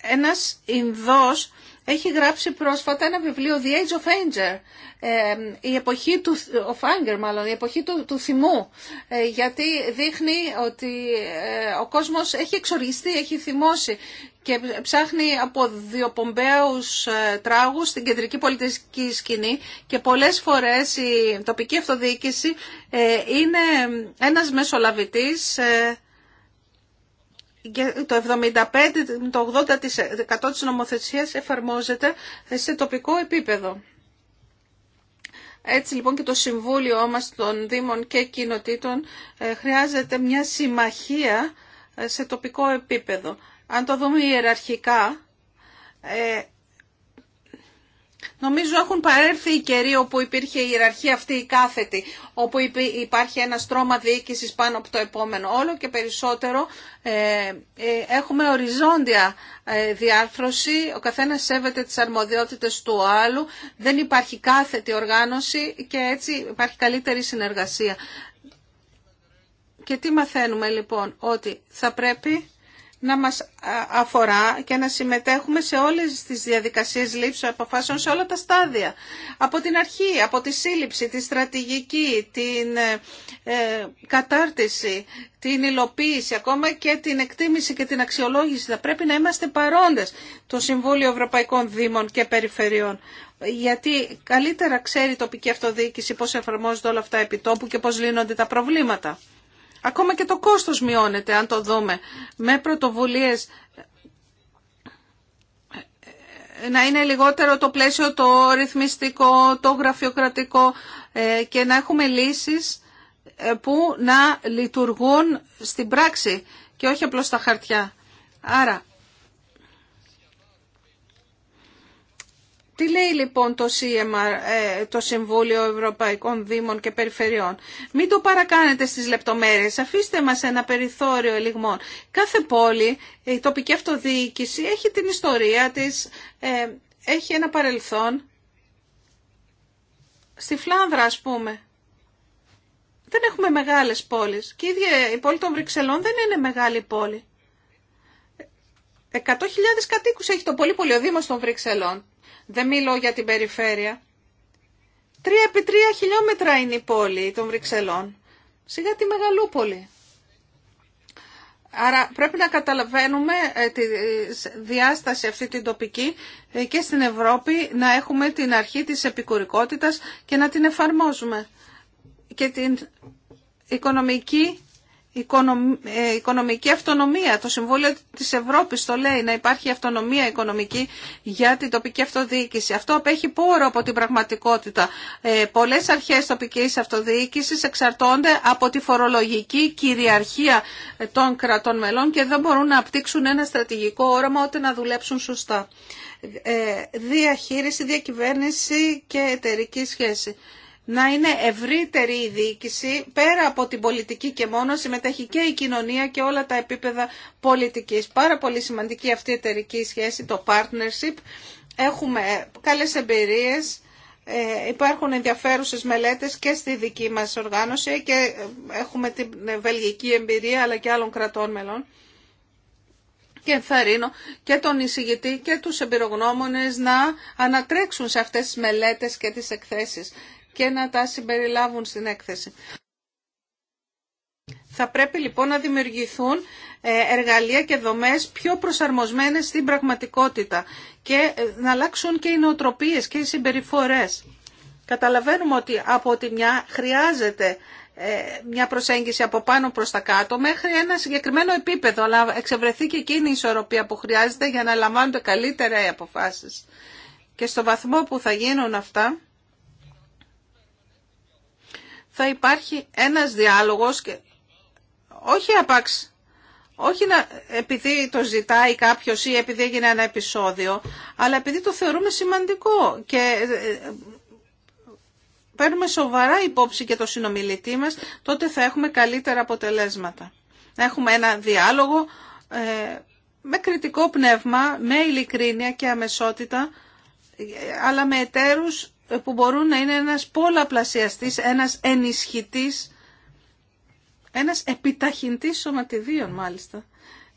Ένας Ινδός έχει γράψει πρόσφατα ένα βιβλίο The Age of Anger, ε, η εποχή του, of anger μάλλον, η εποχή του, του θυμού, ε, γιατί δείχνει ότι ε, ο κόσμος έχει εξοργιστεί, έχει θυμώσει και ψάχνει από διοπομπαίους τράγους στην κεντρική πολιτιστική σκηνή και πολλές φορές η τοπική αυτοδιοίκηση είναι ένας μεσολαβητής το 75% το 80% της νομοθεσίας εφαρμόζεται σε τοπικό επίπεδο. Έτσι λοιπόν και το Συμβούλιο μας των Δήμων και Κοινοτήτων ε, χρειάζεται μια συμμαχία ε, σε τοπικό επίπεδο. Αν το δούμε ιεραρχικά, ε, Νομίζω έχουν παρέρθει οι καιροί όπου υπήρχε η ιεραρχία αυτή η κάθετη, όπου υπάρχει ένα στρώμα διοίκηση πάνω από το επόμενο. Όλο και περισσότερο ε, ε, έχουμε οριζόντια ε, διάρθρωση, ο καθένας σέβεται τις αρμοδιότητες του άλλου, δεν υπάρχει κάθετη οργάνωση και έτσι υπάρχει καλύτερη συνεργασία. Και τι μαθαίνουμε λοιπόν, ότι θα πρέπει να μας αφορά και να συμμετέχουμε σε όλες τις διαδικασίες λήψης αποφάσεων σε όλα τα στάδια. Από την αρχή, από τη σύλληψη, τη στρατηγική, την ε, ε, κατάρτιση, την υλοποίηση, ακόμα και την εκτίμηση και την αξιολόγηση. Θα πρέπει να είμαστε παρόντες το Συμβούλιο Ευρωπαϊκών Δήμων και Περιφερειών. Γιατί καλύτερα ξέρει η τοπική αυτοδιοίκηση πώς εφαρμόζονται όλα αυτά επί τόπου και πώς λύνονται τα προβλήματα. Ακόμα και το κόστος μειώνεται, αν το δούμε, με πρωτοβουλίες ε, να είναι λιγότερο το πλαίσιο το ρυθμιστικό, το γραφειοκρατικό ε, και να έχουμε λύσεις ε, που να λειτουργούν στην πράξη και όχι απλώς στα χαρτιά. Άρα Τι λέει λοιπόν το CMR, ε, το Συμβούλιο Ευρωπαϊκών Δήμων και Περιφερειών. Μην το παρακάνετε στις λεπτομέρειες, αφήστε μας ένα περιθώριο ελιγμών. Κάθε πόλη, η τοπική αυτοδιοίκηση έχει την ιστορία της, ε, έχει ένα παρελθόν. Στη Φλάνδρα ας πούμε. Δεν έχουμε μεγάλες πόλεις. Και η η πόλη των Βρυξελών δεν είναι μεγάλη πόλη. 100.000 κατοίκους έχει το πολύ πολύ ο Δήμος των Βρυξελών δεν μιλώ για την περιφέρεια. Τρία επί τρία χιλιόμετρα είναι η πόλη των Βρυξελών. Σιγά τη μεγαλούπολη. Άρα πρέπει να καταλαβαίνουμε ε, τη διάσταση αυτή την τοπική ε, και στην Ευρώπη να έχουμε την αρχή της επικουρικότητας και να την εφαρμόζουμε. Και την οικονομική ε, οικονομική αυτονομία. Το Συμβούλιο της Ευρώπης το λέει να υπάρχει αυτονομία οικονομική για την τοπική αυτοδιοίκηση. Αυτό απέχει πόρο από την πραγματικότητα. Ε, πολλές αρχές τοπικής αυτοδιοίκησης εξαρτώνται από τη φορολογική κυριαρχία ε, των κρατών μελών και δεν μπορούν να απτύξουν ένα στρατηγικό όραμα ούτε να δουλέψουν σωστά. Ε, διαχείριση, διακυβέρνηση και εταιρική σχέση να είναι ευρύτερη η διοίκηση, πέρα από την πολιτική και μόνο συμμετέχει και η κοινωνία και όλα τα επίπεδα πολιτικής. Πάρα πολύ σημαντική αυτή η εταιρική σχέση, το partnership. Έχουμε καλές εμπειρίες, ε, υπάρχουν ενδιαφέρουσες μελέτες και στη δική μας οργάνωση και ε, έχουμε την βελγική εμπειρία αλλά και άλλων κρατών μελών και ενθαρρύνω και τον εισηγητή και τους εμπειρογνώμονες να ανατρέξουν σε αυτές τις μελέτες και τις εκθέσεις και να τα συμπεριλάβουν στην έκθεση. Θα πρέπει λοιπόν να δημιουργηθούν ε, εργαλεία και δομές πιο προσαρμοσμένες στην πραγματικότητα και ε, να αλλάξουν και οι νοοτροπίες και οι συμπεριφορές. Καταλαβαίνουμε ότι από τη μια χρειάζεται ε, μια προσέγγιση από πάνω προς τα κάτω μέχρι ένα συγκεκριμένο επίπεδο αλλά εξευρεθεί και εκείνη η ισορροπία που χρειάζεται για να λαμβάνονται καλύτερα οι αποφάσεις. Και στο βαθμό που θα γίνουν αυτά θα υπάρχει ένας διάλογος και όχι απαξ, όχι να, επειδή το ζητάει κάποιος ή επειδή έγινε ένα επεισόδιο, αλλά επειδή το θεωρούμε σημαντικό και ε, ε, παίρνουμε σοβαρά υπόψη και το συνομιλητή μας, τότε θα έχουμε καλύτερα αποτελέσματα. Να έχουμε ένα διάλογο ε, με κριτικό πνεύμα, με ειλικρίνεια και αμεσότητα, αλλά με εταίρους που μπορούν να είναι ένας πολλαπλασιαστής, ένας ενισχυτής, ένας επιταχυντής σωματιδίων μάλιστα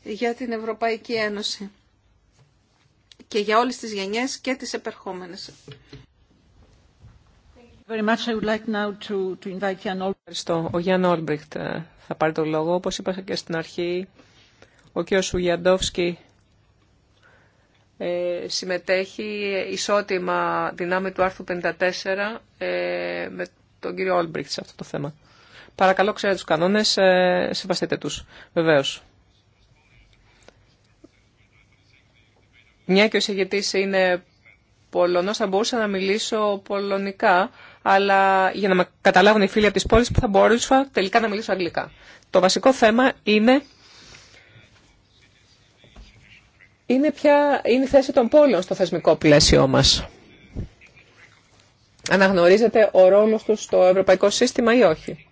για την Ευρωπαϊκή Ένωση και για όλες τις γενιές και τις επερχόμενες. Ευχαριστώ. Ο Γιάνν Όλμπριχτ ε, θα πάρει το λόγο. Όπως είπα και στην αρχή, ο κ. Σουγιαντόφσκι... Ε, συμμετέχει ισότιμα δυνάμει του άρθρου 54 ε, με τον κύριο Όλμπριχτ σε αυτό το θέμα. Παρακαλώ, ξέρετε τους κανόνες, ε, σεβαστείτε τους, βεβαίως. Μια και ο εισηγητής είναι Πολωνός, θα μπορούσα να μιλήσω πολωνικά, αλλά για να με καταλάβουν οι φίλοι από τις πόλεις που θα μπορούσα τελικά να μιλήσω αγγλικά. Το βασικό θέμα είναι είναι πια είναι η θέση των πόλεων στο θεσμικό πλαίσιο μας. Αναγνωρίζεται ο ρόλος τους στο ευρωπαϊκό σύστημα ή όχι.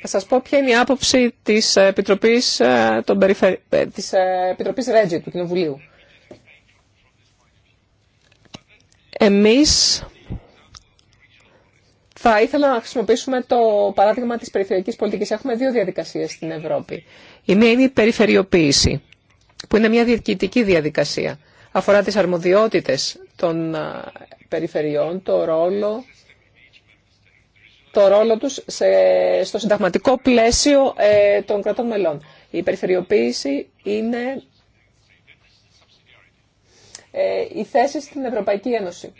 Θα σας πω ποια είναι η άποψη της Επιτροπής, ε, των Περιφερ... Ε, της ε, Επιτροπής του Κοινοβουλίου. Εμείς θα ήθελα να χρησιμοποιήσουμε το παράδειγμα της περιφερειακής πολιτικής. Έχουμε δύο διαδικασίες στην Ευρώπη. Η μία είναι η περιφερειοποίηση, που είναι μια διοικητική διαδικασία. Αφορά τις αρμοδιότητες των περιφερειών, το ρόλο, το ρόλο τους στο συνταγματικό πλαίσιο ε, των κρατών μελών. Η περιφερειοποίηση είναι ε, η θέση στην Ευρωπαϊκή Ένωση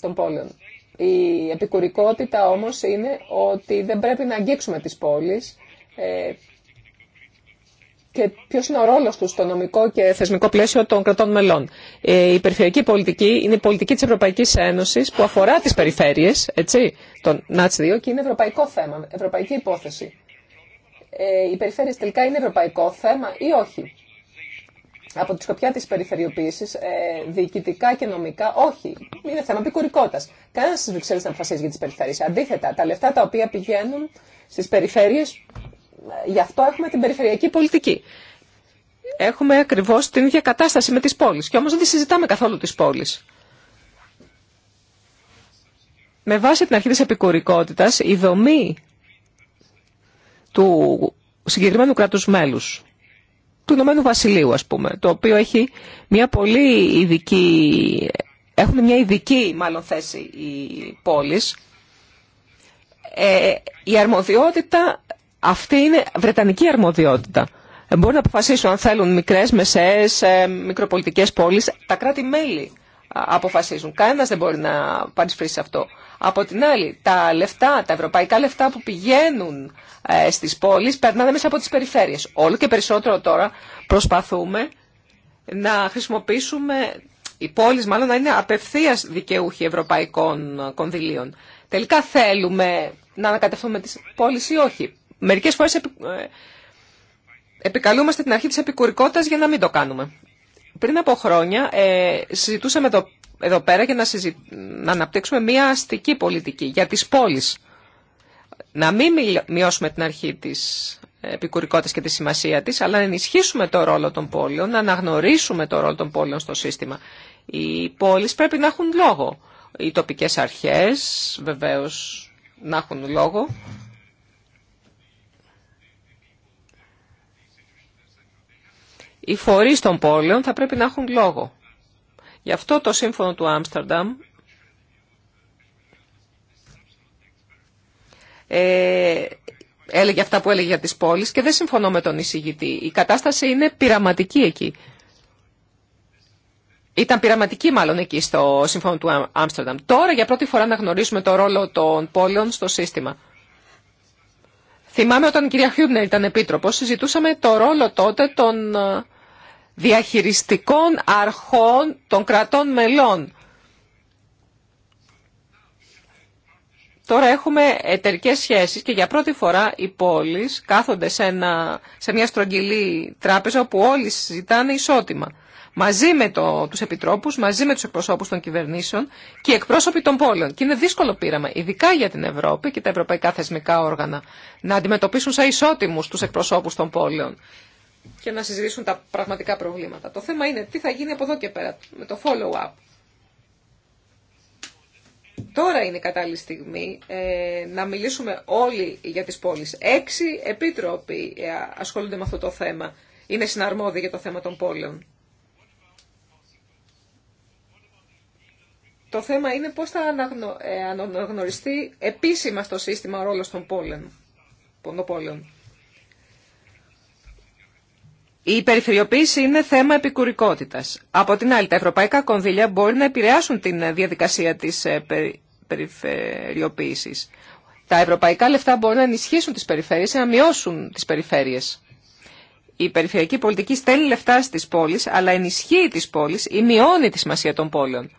των πόλεων. Η επικουρικότητα όμως είναι ότι δεν πρέπει να αγγίξουμε τις πόλεις ε, και ποιο είναι ο ρόλο του στο νομικό και θεσμικό πλαίσιο των κρατών μελών. Ε, η περιφερειακή πολιτική είναι η πολιτική τη Ευρωπαϊκή Ένωση που αφορά τι περιφέρειες έτσι, των ΝΑΤΣ 2 και είναι ευρωπαϊκό θέμα, ευρωπαϊκή υπόθεση. Ε, οι περιφέρειε τελικά είναι ευρωπαϊκό θέμα ή όχι από τη σκοπιά τη περιφερειοποίηση, ε, διοικητικά και νομικά, όχι. Είναι θέμα επικουρικότητα. Κανένα στι Βρυξέλλε δεν αποφασίζει για τι περιφέρειε. Αντίθετα, τα λεφτά τα οποία πηγαίνουν στι περιφέρειε, ε, γι' αυτό έχουμε την περιφερειακή πολιτική. Έχουμε ακριβώ την ίδια κατάσταση με τι πόλει. Και όμω δεν τη συζητάμε καθόλου τι πόλει. Με βάση την αρχή τη επικουρικότητα, η δομή του συγκεκριμένου κρατου μέλους του Ηνωμένου Βασιλείου, ας πούμε, το οποίο έχει μια πολύ ειδική, έχουν μια ειδική μάλλον θέση οι πόλεις. Ε, η αρμοδιότητα αυτή είναι βρετανική αρμοδιότητα. Ε, μπορούν να αποφασίσουν αν θέλουν μικρές, μεσαίες, μικροπολιτικέ ε, μικροπολιτικές πόλεις, τα κράτη-μέλη αποφασίζουν. Κανένας δεν μπορεί να παρισφρήσει αυτό. Από την άλλη, τα λεφτά, τα ευρωπαϊκά λεφτά που πηγαίνουν ε, στις πόλεις περνάνε μέσα από τις περιφέρειες. Όλο και περισσότερο τώρα προσπαθούμε να χρησιμοποιήσουμε οι πόλεις μάλλον να είναι απευθείας δικαιούχοι ευρωπαϊκών κονδυλίων. Τελικά θέλουμε να ανακατευθούμε τις πόλεις ή όχι. Μερικές φορές ε, επικαλούμαστε την αρχή της επικουρικότητας για να μην το κάνουμε. Πριν από χρόνια ε, συζητούσαμε εδώ, πέρα για να, συζη... να αναπτύξουμε μία αστική πολιτική για τις πόλεις. Να μην μειώσουμε την αρχή της επικουρικότητας και τη σημασία της, αλλά να ενισχύσουμε το ρόλο των πόλεων, να αναγνωρίσουμε το ρόλο των πόλεων στο σύστημα. Οι πόλεις πρέπει να έχουν λόγο. Οι τοπικές αρχές βεβαίως να έχουν λόγο οι φορείς των πόλεων θα πρέπει να έχουν λόγο. Γι' αυτό το σύμφωνο του Άμστερνταμ ε, έλεγε αυτά που έλεγε για τις πόλεις και δεν συμφωνώ με τον εισηγητή. Η κατάσταση είναι πειραματική εκεί. Ήταν πειραματική μάλλον εκεί στο σύμφωνο του Άμστερνταμ. Τώρα για πρώτη φορά να γνωρίσουμε το ρόλο των πόλεων στο σύστημα. Θυμάμαι όταν η κυρία Χιούμπνερ ήταν επίτροπος συζητούσαμε το ρόλο τότε των ε, διαχειριστικών αρχών των κρατών μελών. Τώρα έχουμε εταιρικέ σχέσεις και για πρώτη φορά οι πόλεις κάθονται σε, ένα, σε μια στρογγυλή τράπεζα όπου όλοι συζητάνε ισότιμα. Μαζί με το, τους επιτρόπους, μαζί με τους εκπροσώπους των κυβερνήσεων και οι εκπρόσωποι των πόλεων. Και είναι δύσκολο πείραμα, ειδικά για την Ευρώπη και τα ευρωπαϊκά θεσμικά όργανα, να αντιμετωπίσουν σαν ισότιμους τους εκπροσώπους των πόλεων και να συζητήσουν τα πραγματικά προβλήματα. Το θέμα είναι τι θα γίνει από εδώ και πέρα με το follow-up. Τώρα είναι η κατάλληλη στιγμή ε, να μιλήσουμε όλοι για τις πόλεις. Έξι επίτροποι ε, ασχολούνται με αυτό το θέμα. Είναι συναρμόδιοι για το θέμα των πόλεων. Το θέμα είναι πώς θα ε, αναγνωριστεί επίσημα στο σύστημα ο ρόλος των πόλεων. Των πόλεων. Η περιφερειοποίηση είναι θέμα επικουρικότητας. Από την άλλη, τα ευρωπαϊκά κονδύλια μπορεί να επηρεάσουν την ε, διαδικασία της ε, περιφερειοποίησης. Τα ευρωπαϊκά λεφτά μπορούν να ενισχύσουν τις περιφέρειες ή να μειώσουν τις περιφέρειες. Η περιφερειακή πολιτική στέλνει λεφτά στις πόλεις, αλλά ενισχύει τις πόλεις ή μειώνει τη σημασία των πόλεων.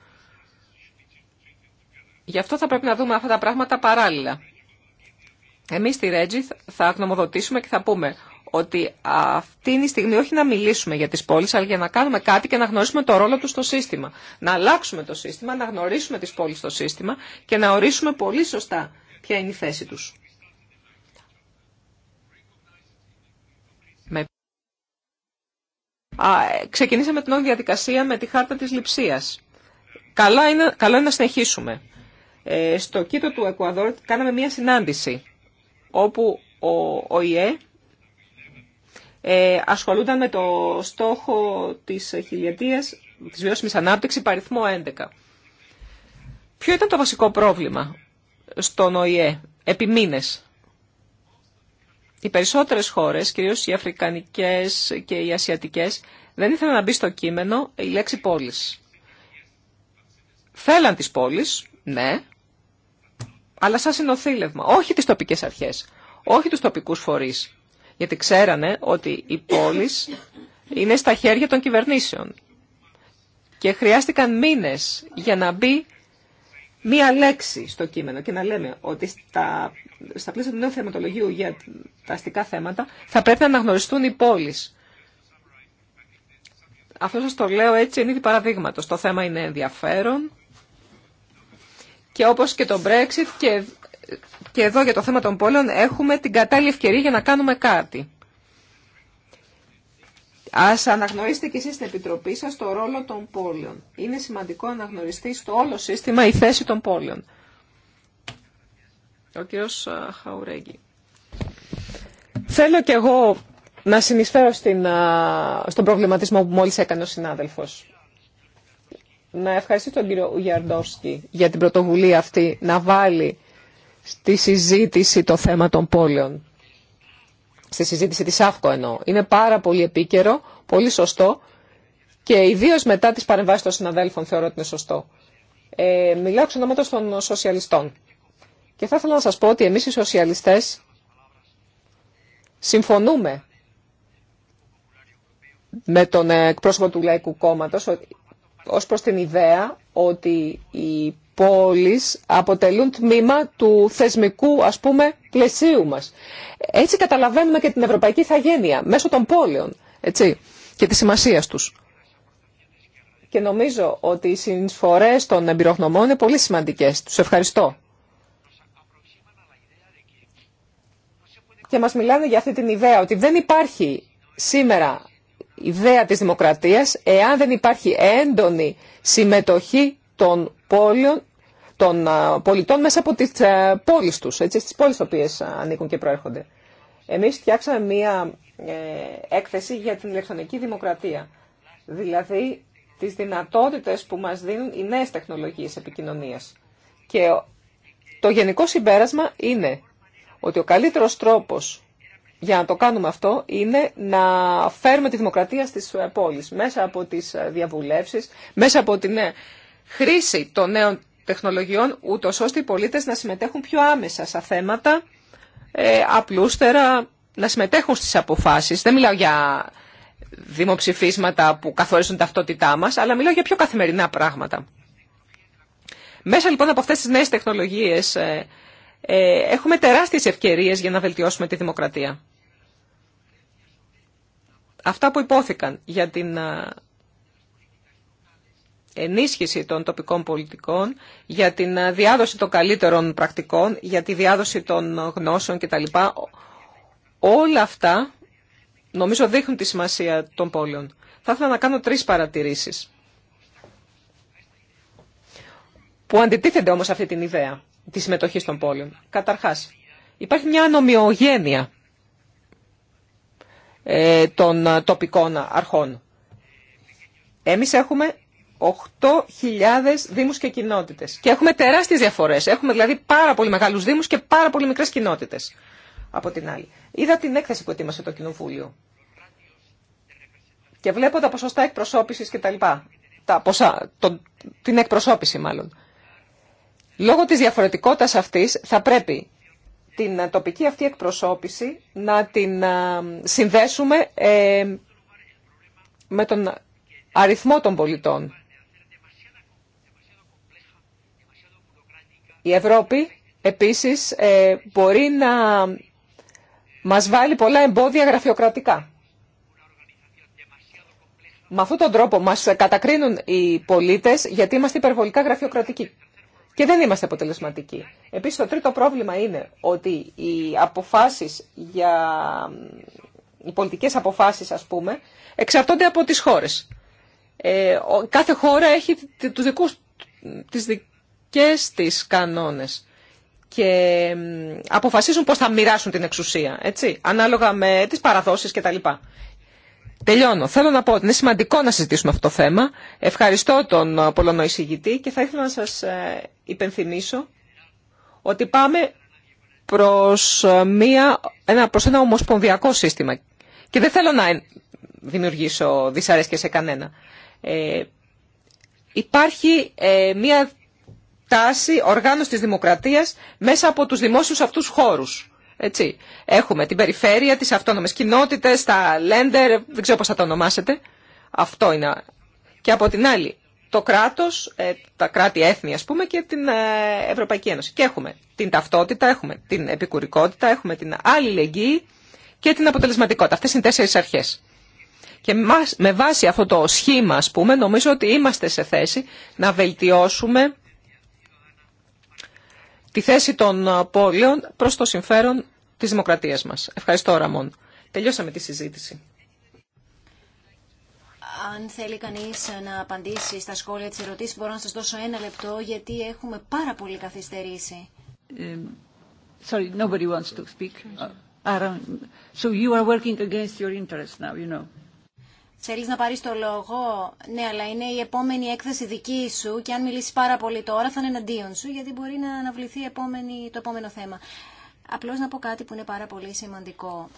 Γι' αυτό θα πρέπει να δούμε αυτά τα πράγματα παράλληλα. Εμείς στη Ρέτζι θα γνωμοδοτήσουμε και θα πούμε ότι αυτή είναι η στιγμή όχι να μιλήσουμε για τις πόλεις, αλλά για να κάνουμε κάτι και να γνωρίσουμε το ρόλο του στο σύστημα. Να αλλάξουμε το σύστημα, να γνωρίσουμε τις πόλεις στο σύστημα και να ορίσουμε πολύ σωστά ποια είναι η θέση τους. ξεκινήσαμε την όλη διαδικασία με τη χάρτα της λειψείας. Καλά είναι, καλό είναι να συνεχίσουμε. Ε, στο κήτο του Εκουαδόρ κάναμε μία συνάντηση όπου ο ΙΕ... Ε, ασχολούνταν με το στόχο της χιλιετίας, της βιώσιμης ανάπτυξης, παριθμό 11. Ποιο ήταν το βασικό πρόβλημα στον ΟΗΕ επί μήνες. Οι περισσότερες χώρες, κυρίως οι αφρικανικές και οι ασιατικές, δεν ήθελαν να μπει στο κείμενο η λέξη πόλης. Θέλαν τις πόλεις, ναι, αλλά σαν συνοθήλευμα. Όχι τις τοπικές αρχές, όχι τους τοπικούς φορείς, γιατί ξέρανε ότι η πόλη είναι στα χέρια των κυβερνήσεων. Και χρειάστηκαν μήνες για να μπει μία λέξη στο κείμενο και να λέμε ότι στα, στα πλαίσια του νέου θεματολογίου για τα αστικά θέματα θα πρέπει να αναγνωριστούν οι πόλεις. Αυτό σας το λέω έτσι είναι ήδη παραδείγματος. Το θέμα είναι ενδιαφέρον και όπως και το Brexit και και εδώ για το θέμα των πόλεων έχουμε την κατάλληλη ευκαιρία για να κάνουμε κάτι. Ας αναγνωρίσετε και εσείς στην Επιτροπή σας το ρόλο των πόλεων. Είναι σημαντικό να αναγνωριστεί στο όλο σύστημα η θέση των πόλεων. Ο κύριος Χαουρέγγι. Θέλω και εγώ να συνεισφέρω στον προβληματισμό που μόλις έκανε ο συνάδελφος. Να ευχαριστήσω τον κύριο Ουγιαρντόφσκι για την πρωτοβουλία αυτή να βάλει στη συζήτηση το θέμα των πόλεων. Στη συζήτηση της ΑΦΚΟ εννοώ. Είναι πάρα πολύ επίκαιρο, πολύ σωστό και ιδίω μετά τις παρεμβάσεις των συναδέλφων θεωρώ ότι είναι σωστό. Ε, μιλάω εξ ονόματος των σοσιαλιστών. Και θα ήθελα να σας πω ότι εμείς οι σοσιαλιστές συμφωνούμε με τον εκπρόσωπο του Λαϊκού Κόμματος ως προς την ιδέα ότι η πόλεις αποτελούν τμήμα του θεσμικού, ας πούμε, πλαισίου μας. Έτσι καταλαβαίνουμε και την ευρωπαϊκή θαγένεια μέσω των πόλεων έτσι, και τη σημασία τους. Και νομίζω ότι οι συνεισφορές των εμπειρογνωμών είναι πολύ σημαντικές. Τους ευχαριστώ. Και μας μιλάνε για αυτή την ιδέα ότι δεν υπάρχει σήμερα ιδέα της δημοκρατίας εάν δεν υπάρχει έντονη συμμετοχή των πόλεων, των πολιτών μέσα από τις ε, πόλεις τους, έτσι, στις πόλεις οποίες ανήκουν και προέρχονται. Εμείς φτιάξαμε μία ε, έκθεση για την ηλεκτρονική δημοκρατία, δηλαδή τις δυνατότητες που μας δίνουν οι νέες τεχνολογίες επικοινωνίας. Και το γενικό συμπέρασμα είναι ότι ο καλύτερος τρόπος για να το κάνουμε αυτό είναι να φέρουμε τη δημοκρατία στις ε, πόλεις, μέσα από τις διαβουλεύσεις, μέσα από την χρήση των νέων τεχνολογιών, ούτω ώστε οι πολίτες να συμμετέχουν πιο άμεσα σε θέματα, ε, απλούστερα, να συμμετέχουν στις αποφάσεις. Δεν μιλάω για δημοψηφίσματα που καθορίζουν ταυτότητά μας, αλλά μιλάω για πιο καθημερινά πράγματα. Μέσα λοιπόν από αυτέ τι νέες τεχνολογίες ε, ε, έχουμε τεράστιες ευκαιρίες για να βελτιώσουμε τη δημοκρατία. Αυτά που υπόθηκαν για την ε, ενίσχυση των τοπικών πολιτικών, για την ε, διάδοση των καλύτερων πρακτικών, για τη διάδοση των γνώσεων κτλ. Όλα αυτά νομίζω δείχνουν τη σημασία των πόλεων. Θα ήθελα να κάνω τρεις παρατηρήσεις που αντιτίθενται όμως αυτή την ιδέα της συμμετοχής των πόλεων. Καταρχάς, υπάρχει μια ανομοιογένεια ε, των ε, τοπικών αρχών. Εμείς έχουμε 8.000 δήμους και κοινότητες. Και έχουμε τεράστιες διαφορές. Έχουμε δηλαδή πάρα πολύ μεγάλους δήμους και πάρα πολύ μικρές κοινότητες. Από την άλλη. Είδα την έκθεση που ετοίμασε το Κοινοβούλιο. Και βλέπω τα ποσοστά εκπροσώπησης και τα λοιπά. Τα ποσά, την εκπροσώπηση μάλλον. Λόγω της διαφορετικότητας αυτής θα πρέπει την ε, τοπική αυτή εκπροσώπηση να την ε, συνδέσουμε ε, με τον αριθμό των πολιτών. Η Ευρώπη επίσης ε, μπορεί να μας βάλει πολλά εμπόδια γραφειοκρατικά. Με αυτόν τον τρόπο μας κατακρίνουν οι πολίτες γιατί είμαστε υπερβολικά γραφειοκρατικοί και δεν είμαστε αποτελεσματικοί. Επίσης το τρίτο πρόβλημα είναι ότι οι αποφάσεις για οι πολιτικές αποφάσεις ας πούμε εξαρτώνται από τις χώρες. Ε, κάθε χώρα έχει τους δικούς, τις, και στις κανόνες και αποφασίζουν πώς θα μοιράσουν την εξουσία, έτσι, ανάλογα με τις παραδόσεις κτλ. Τελειώνω. Θέλω να πω ότι είναι σημαντικό να συζητήσουμε αυτό το θέμα. Ευχαριστώ τον Πολωνό εισηγητή και θα ήθελα να σας ε, υπενθυμίσω ότι πάμε προς, ε, μια, ένα, προς ένα ομοσπονδιακό σύστημα. Και δεν θέλω να δημιουργήσω δυσαρέσκεια σε κανένα. Ε, υπάρχει ε, μια τάση οργάνωση της δημοκρατίας μέσα από τους δημόσιους αυτούς χώρους. Έτσι. Έχουμε την περιφέρεια, τις αυτόνομες κοινότητες, τα lender, δεν ξέρω πώς θα το ονομάσετε. Αυτό είναι. Και από την άλλη, το κράτος, ε, τα κράτη-έθνη ας πούμε και την ε, Ευρωπαϊκή Ένωση. Και έχουμε την ταυτότητα, έχουμε την επικουρικότητα, έχουμε την αλληλεγγύη και την αποτελεσματικότητα. Αυτές είναι τέσσερις αρχές. Και με βάση αυτό το σχήμα, ας πούμε, νομίζω ότι είμαστε σε θέση να βελτιώσουμε τη θέση των πόλεων προς το συμφέρον της δημοκρατίας μας. Ευχαριστώ, Ραμόν. Τελειώσαμε τη συζήτηση. Αν θέλει κανείς να απαντήσει στα σχόλια της ερωτήση, μπορώ να σας δώσω ένα λεπτό, γιατί έχουμε πάρα πολύ καθυστερήσει. Sorry, nobody wants to speak. Uh, so you are working against your interests now, you know. Θέλει να πάρει το λόγο. Ναι, αλλά είναι η επόμενη έκθεση δική σου και αν μιλήσεις πάρα πολύ τώρα θα είναι εναντίον σου γιατί μπορεί να αναβληθεί επόμενη, το επόμενο θέμα. Απλώς να πω κάτι που είναι πάρα πολύ σημαντικό.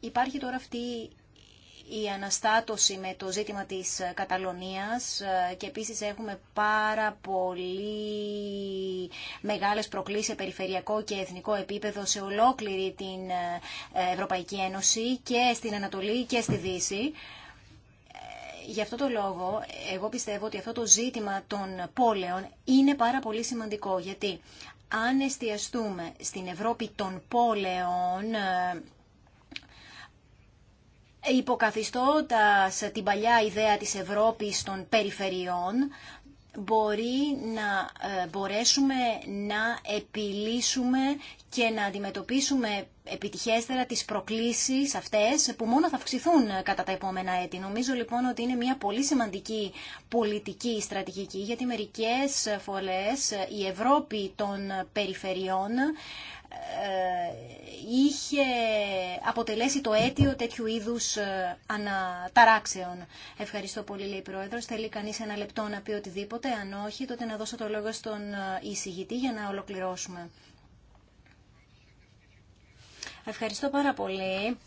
Υπάρχει τώρα αυτή η αναστάτωση με το ζήτημα της ε, Καταλωνίας ε, και επίσης έχουμε πάρα πολύ μεγάλες προκλήσεις σε περιφερειακό και εθνικό επίπεδο σε ολόκληρη την ε, Ευρωπαϊκή Ένωση και στην Ανατολή και στη Δύση. Γι' αυτό το λόγο, εγώ πιστεύω ότι αυτό το ζήτημα των πόλεων είναι πάρα πολύ σημαντικό, γιατί αν εστιαστούμε στην Ευρώπη των πόλεων, υποκαθιστώντας την παλιά ιδέα της Ευρώπης των περιφερειών, μπορεί να ε, μπορέσουμε να επιλύσουμε και να αντιμετωπίσουμε επιτυχέστερα τις προκλήσεις αυτές που μόνο θα αυξηθούν ε, κατά τα επόμενα έτη. Νομίζω λοιπόν ότι είναι μια πολύ σημαντική πολιτική στρατηγική γιατί μερικές φορές ε, η Ευρώπη των περιφερειών ε, είχε αποτελέσει το αίτιο τέτοιου είδους ε, αναταράξεων. Ευχαριστώ πολύ, λέει η Πρόεδρος. Θέλει κανείς ένα λεπτό να πει οτιδήποτε. Αν όχι, τότε να δώσω το λόγο στον ε, εισηγητή για να ολοκληρώσουμε. Ευχαριστώ πάρα πολύ.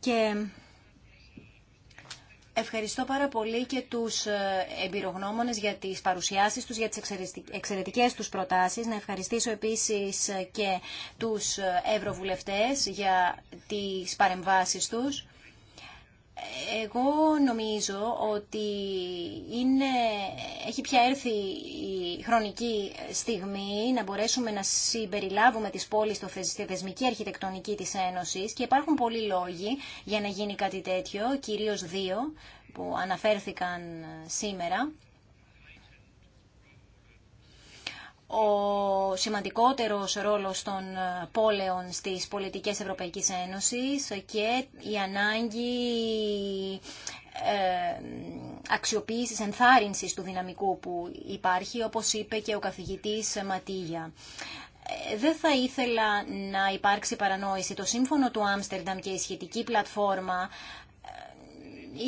Και Ευχαριστώ πάρα πολύ και τους ε, εμπειρογνώμονες για τις παρουσιάσεις τους, για τις εξαιρετικές τους προτάσεις. Να ευχαριστήσω επίσης ε, και τους ε, ευρωβουλευτές για τις παρεμβάσεις τους εγώ νομίζω ότι είναι, έχει πια έρθει η χρονική στιγμή να μπορέσουμε να συμπεριλάβουμε τις πόλεις στο, στη θεσμική αρχιτεκτονική της Ένωσης και υπάρχουν πολλοί λόγοι για να γίνει κάτι τέτοιο, κυρίως δύο που αναφέρθηκαν σήμερα. ο σημαντικότερος ρόλος των ε, πόλεων στις πολιτικές Ευρωπαϊκής Ένωσης και η ανάγκη ε, αξιοποίησης, ενθάρρυνσης του δυναμικού που υπάρχει, όπως είπε και ο καθηγητής Ματίγια. Ε, δεν θα ήθελα να υπάρξει παρανόηση. Το σύμφωνο του Άμστερνταμ και η σχετική πλατφόρμα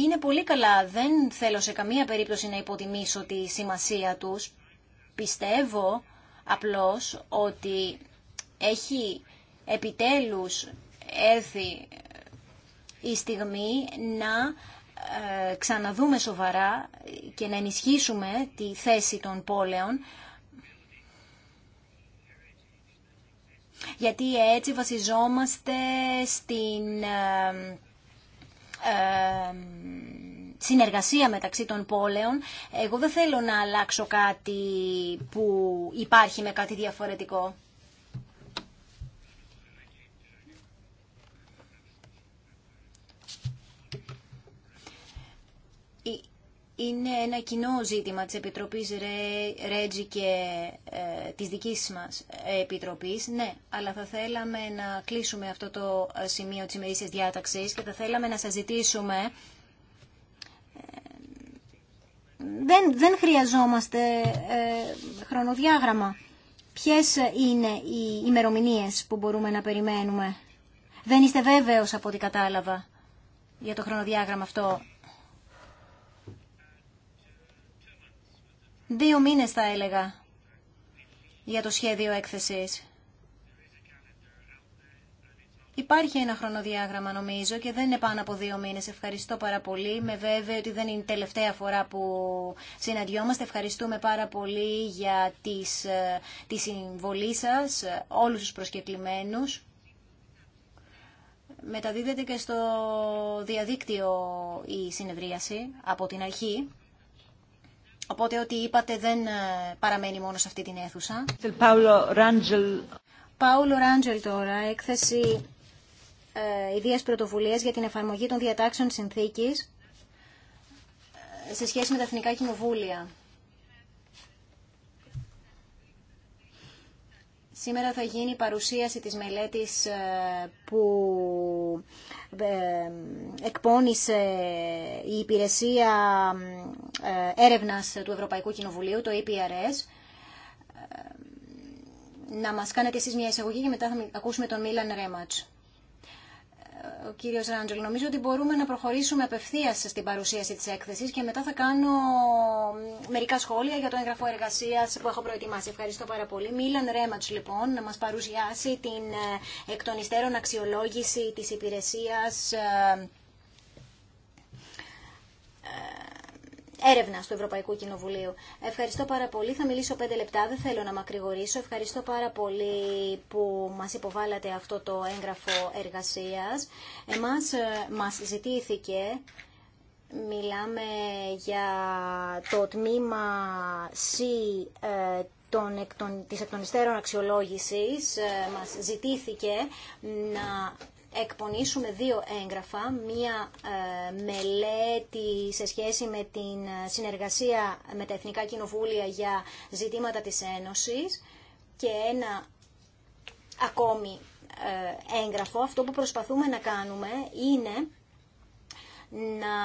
είναι πολύ καλά. Δεν θέλω σε καμία περίπτωση να υποτιμήσω τη σημασία τους. Πιστεύω απλώς ότι έχει επιτέλους έρθει η στιγμή να ε, ξαναδούμε σοβαρά και να ενισχύσουμε τη θέση των πόλεων γιατί έτσι βασιζόμαστε στην ε, ε, συνεργασία μεταξύ των πόλεων. Εγώ δεν θέλω να αλλάξω κάτι που υπάρχει με κάτι διαφορετικό. Ε, είναι ένα κοινό ζήτημα της Επιτροπής Ρέτζη και ε, της δικής μας ε, Επιτροπής. Ναι, αλλά θα θέλαμε να κλείσουμε αυτό το ε, σημείο της ημερήσιας διάταξης και θα θέλαμε να σας ζητήσουμε δεν, δεν χρειαζόμαστε ε, χρονοδιάγραμμα. Ποιες είναι οι ημερομηνίες που μπορούμε να περιμένουμε. Δεν είστε βέβαιος από ό,τι κατάλαβα για το χρονοδιάγραμμα αυτό. Δύο μήνες θα έλεγα για το σχέδιο έκθεσης. Υπάρχει ένα χρονοδιάγραμμα νομίζω και δεν είναι πάνω από δύο μήνες. Ευχαριστώ πάρα πολύ. Με βέβαια ότι δεν είναι η τελευταία φορά που συναντιόμαστε. Ευχαριστούμε πάρα πολύ για τις, ε, τη συμβολή σας, όλους τους προσκεκλημένους. Μεταδίδεται και στο διαδίκτυο η συνεδρίαση από την αρχή. Οπότε ό,τι είπατε δεν ε, παραμένει μόνο σε αυτή την αίθουσα. Παύλο Ράντζελ τώρα, έκθεση ε, ιδίας πρωτοβουλίας για την εφαρμογή των διατάξεων συνθήκης ε, σε σχέση με τα εθνικά κοινοβούλια. Σήμερα θα γίνει η παρουσίαση της μελέτης ε, που εκπώνησε η Υπηρεσία Έρευνας του Ευρωπαϊκού Κοινοβουλίου, το EPRS. Να μας κάνετε εσείς μια εισαγωγή και μετά θα ακούσουμε τον Μίλαν Ρέματς ο Ράντζελ. Νομίζω ότι μπορούμε να προχωρήσουμε απευθείας στην παρουσίαση τη έκθεση και μετά θα κάνω μερικά σχόλια για το έγγραφο εργασία που έχω προετοιμάσει. Ευχαριστώ πάρα πολύ. Μίλαν Ρέματ λοιπόν να μα παρουσιάσει την ε, εκ των υστέρων αξιολόγηση της υπηρεσίας ε, ε, έρευνα του Ευρωπαϊκού Κοινοβουλίου. Ευχαριστώ πάρα πολύ. Θα μιλήσω πέντε λεπτά, δεν θέλω να μακρηγορήσω. Ευχαριστώ πάρα πολύ που μας υποβάλλατε αυτό το έγγραφο εργασίας. Εμάς ε, μας ζητήθηκε Μιλάμε για το τμήμα C ε, των, των, της εκ των αξιολόγησης. Ε, μας ζητήθηκε να εκπονήσουμε δύο έγγραφα, μία ε, μελέτη σε σχέση με την ε, συνεργασία με τα Εθνικά Κοινοβούλια για ζητήματα της Ένωσης και ένα ακόμη ε, έγγραφο. Αυτό που προσπαθούμε να κάνουμε είναι να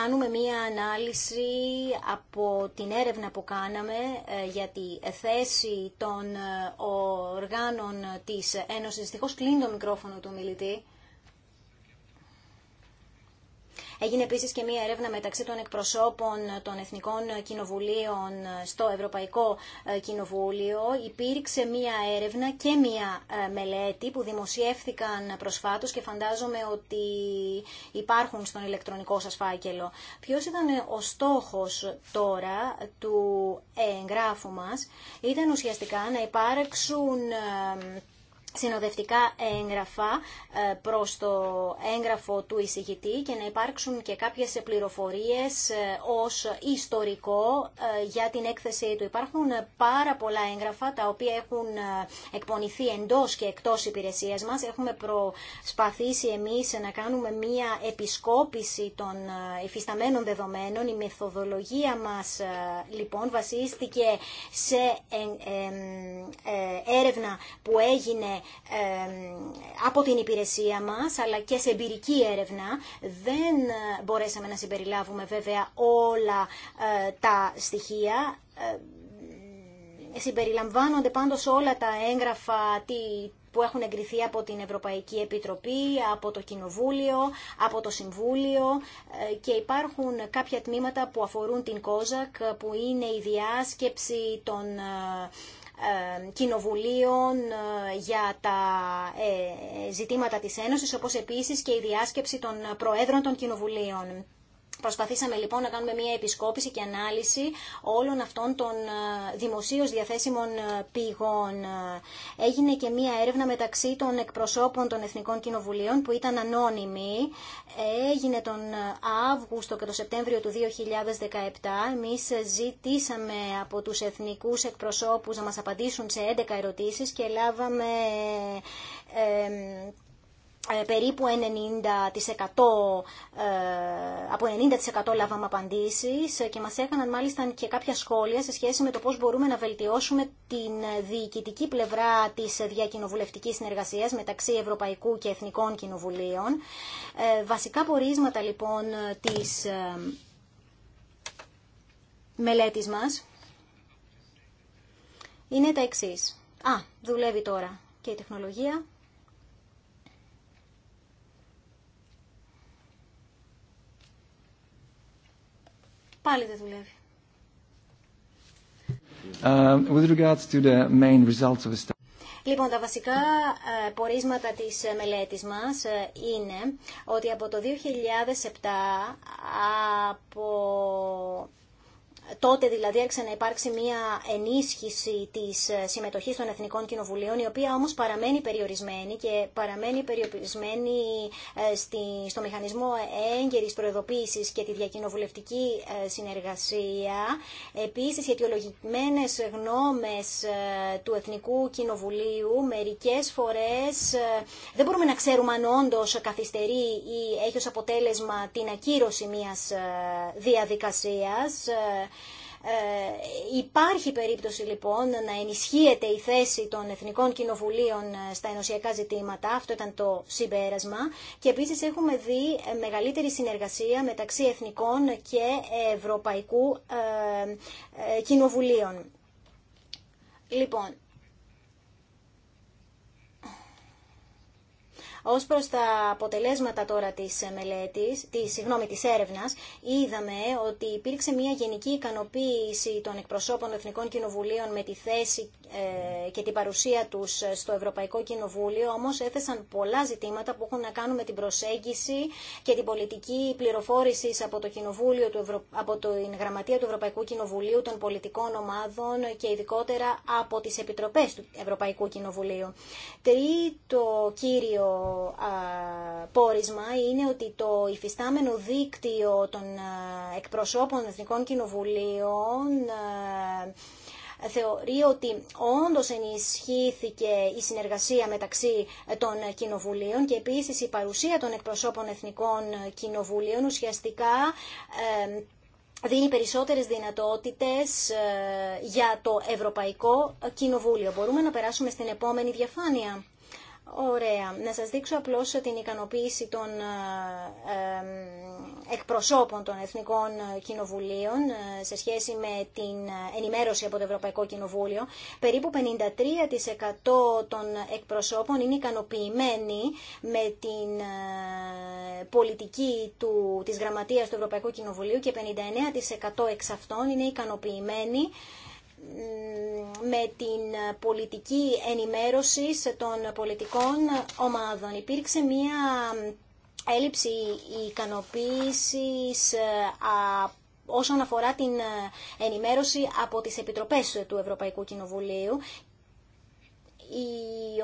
κάνουμε μία ανάλυση από την έρευνα που κάναμε ε, για τη θέση των ε, οργάνων της Ένωσης. Δυστυχώς κλείνει το μικρόφωνο του μιλητή. Έγινε επίσης και μία έρευνα μεταξύ των εκπροσώπων των Εθνικών Κοινοβουλίων στο Ευρωπαϊκό ε, Κοινοβούλιο. Υπήρξε μία έρευνα και μία ε, μελέτη που δημοσιεύθηκαν προσφάτως και φαντάζομαι ότι υπάρχουν στον ηλεκτρονικό σας φάκελο. Ποιος ήταν ε, ο στόχος τώρα του εγγράφου μας ήταν ουσιαστικά να υπάρξουν συνοδευτικά έγγραφα ε, προς το έγγραφο του εισηγητή και να υπάρξουν και κάποιες πληροφορίες ε, ως ιστορικό ε, για την έκθεση του. Υπάρχουν πάρα πολλά έγγραφα τα οποία έχουν εκπονηθεί εντός και εκτός υπηρεσίας μας. Έχουμε προσπαθήσει εμείς να κάνουμε μία επισκόπηση των εφισταμένων δεδομένων. Η μεθοδολογία μας λοιπόν βασίστηκε σε έρευνα που έγινε ε, από την υπηρεσία μας αλλά και σε εμπειρική έρευνα. Δεν ε, μπορέσαμε να συμπεριλάβουμε βέβαια όλα ε, τα στοιχεία. Συμπεριλαμβάνονται πάντως όλα τα έγγραφα που έχουν εγκριθεί από την Ευρωπαϊκή Επιτροπή, από το Κοινοβούλιο, από το Συμβούλιο και υπάρχουν κάποια τμήματα που αφορούν την ΚΟΖΑΚ που είναι η διάσκεψη των κοινοβουλίων ε, για τα ε, ζητήματα της Ένωσης, όπως επίσης και η διάσκεψη των προέδρων των κοινοβουλίων. Προσπαθήσαμε λοιπόν να κάνουμε μια επισκόπηση και ανάλυση όλων αυτών των ε, δημοσίως διαθέσιμων ε, πηγών. Έγινε και μια έρευνα μεταξύ των εκπροσώπων των Εθνικών Κοινοβουλίων που ήταν ανώνυμοι. Έγινε τον ε, Αύγουστο και τον Σεπτέμβριο του 2017. Εμείς ζητήσαμε από τους εθνικούς εκπροσώπους να μας απαντήσουν σε 11 ερωτήσεις και λάβαμε ε, περίπου 90% ε, από 90% λάβαμε απαντήσεις και μας έκαναν μάλιστα και κάποια σχόλια σε σχέση με το πώς μπορούμε να βελτιώσουμε την διοικητική πλευρά της διακοινοβουλευτικής συνεργασίας μεταξύ Ευρωπαϊκού και Εθνικών Κοινοβουλίων. Ε, βασικά πορίσματα λοιπόν της μελέτης μας είναι τα εξής. Α, δουλεύει τώρα και η τεχνολογία. Πάλι δεν δουλεύει. Uh, with regards to the main results of the study. Λοιπόν, τα βασικά ε, πορίσματα της ε, μελέτης μας είναι ότι από το 2007 από τότε δηλαδή άρχισε να υπάρξει μια ενίσχυση της ε, συμμετοχής των Εθνικών Κοινοβουλίων, η οποία όμως παραμένει περιορισμένη και παραμένει περιορισμένη ε, στο μηχανισμό έγκαιρης προεδοποίησης και τη διακοινοβουλευτική ε, συνεργασία. Επίσης, οι αιτιολογημένες γνώμες του Εθνικού Κοινοβουλίου μερικές φορές δεν μπορούμε να ξέρουμε αν όντω καθυστερεί ή έχει ως αποτέλεσμα την ακύρωση μιας διαδικασίας ε, υπάρχει περίπτωση λοιπόν να ενισχύεται η θέση των Εθνικών Κοινοβουλίων ε, στα ενωσιακά ζητήματα, αυτό ήταν το συμπέρασμα, και επίσης έχουμε δει ε, μεγαλύτερη συνεργασία μεταξύ Εθνικών και Ευρωπαϊκού Κοινοβουλίων. Λοιπόν, Ως προς τα αποτελέσματα τώρα της μελέτης, της, συγγνώμη, της έρευνας, είδαμε ότι υπήρξε μια γενική ικανοποίηση των εκπροσώπων Εθνικών Κοινοβουλίων με τη θέση ε, και την παρουσία τους στο Ευρωπαϊκό Κοινοβούλιο, όμως έθεσαν πολλά ζητήματα που έχουν να κάνουν με την προσέγγιση και την πολιτική πληροφόρηση από, το Κοινοβούλιο, από την Γραμματεία του Ευρωπαϊκού Κοινοβουλίου, των πολιτικών ομάδων και ειδικότερα από τις Επιτροπές του Ευρωπαϊκού Κοινοβουλίου. Τρίτο κύριο πόρισμα είναι ότι το υφιστάμενο δίκτυο των εκπροσώπων Εθνικών Κοινοβουλίων θεωρεί ότι όντως ενισχύθηκε η συνεργασία μεταξύ των κοινοβουλίων και επίσης η παρουσία των εκπροσώπων εθνικών κοινοβουλίων ουσιαστικά ε, δίνει περισσότερες δυνατότητες ε, για το Ευρωπαϊκό Κοινοβούλιο. Μπορούμε να περάσουμε στην επόμενη διαφάνεια. Ωραία. Να σας δείξω απλώς την ικανοποίηση των ε, ε, εκπροσώπων των Εθνικών Κοινοβουλίων ε, σε σχέση με την ενημέρωση από το Ευρωπαϊκό Κοινοβούλιο. Περίπου 53% των εκπροσώπων είναι ικανοποιημένοι με την πολιτική του, της Γραμματείας του Ευρωπαϊκού Κοινοβουλίου και 59% εξ αυτών είναι ικανοποιημένοι με την πολιτική ενημέρωση των πολιτικών ομάδων. Υπήρξε μία έλλειψη ικανοποίησης ε, όσον αφορά την ε, ενημέρωση από τις επιτροπές του Ευρωπαϊκού Κοινοβουλίου η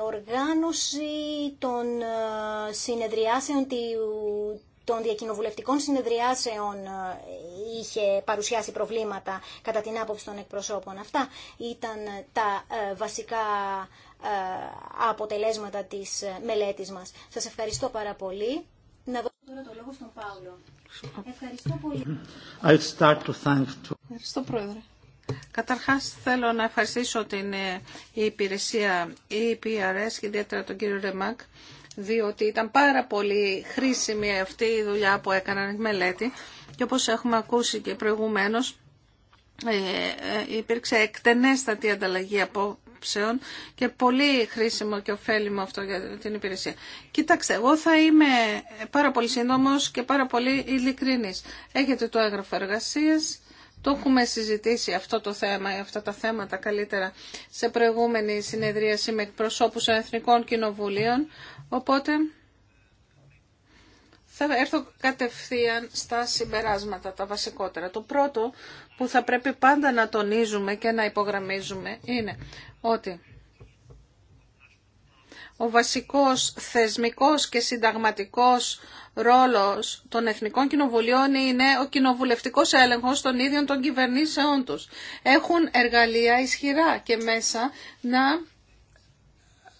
οργάνωση των ε, συνεδριάσεων του των διακοινοβουλευτικών συνεδριάσεων ε, είχε παρουσιάσει προβλήματα κατά την άποψη των εκπροσώπων. Αυτά ήταν τα ε, βασικά ε, αποτελέσματα της μελέτης μας. Σας ευχαριστώ πάρα πολύ. Να δώσω τώρα το λόγο στον Παύλο. Ευχαριστώ πολύ. I'll start to thank to... Ευχαριστώ, Πρόεδρε. Καταρχάς θέλω να ευχαριστήσω την η υπηρεσία EPRS και ιδιαίτερα τον κύριο Ρεμάκ διότι ήταν πάρα πολύ χρήσιμη αυτή η δουλειά που έκαναν η μελέτη και όπως έχουμε ακούσει και προηγουμένως ε, ε, υπήρξε εκτενέστατη ανταλλαγή απόψεων και πολύ χρήσιμο και ωφέλιμο αυτό για την υπηρεσία. Κοιτάξτε, εγώ θα είμαι πάρα πολύ σύντομος και πάρα πολύ ειλικρινής. Έχετε το έγγραφο εργασίας το έχουμε συζητήσει αυτό το θέμα, αυτά τα θέματα καλύτερα σε προηγούμενη συνεδρίαση με εκπροσώπους των Εθνικών Κοινοβουλίων, οπότε θα έρθω κατευθείαν στα συμπεράσματα, τα βασικότερα. Το πρώτο που θα πρέπει πάντα να τονίζουμε και να υπογραμμίζουμε είναι ότι ο βασικός θεσμικός και συνταγματικός ρόλος των Εθνικών Κοινοβουλίων είναι ο κοινοβουλευτικός έλεγχος των ίδιων των κυβερνήσεών τους. Έχουν εργαλεία ισχυρά και μέσα να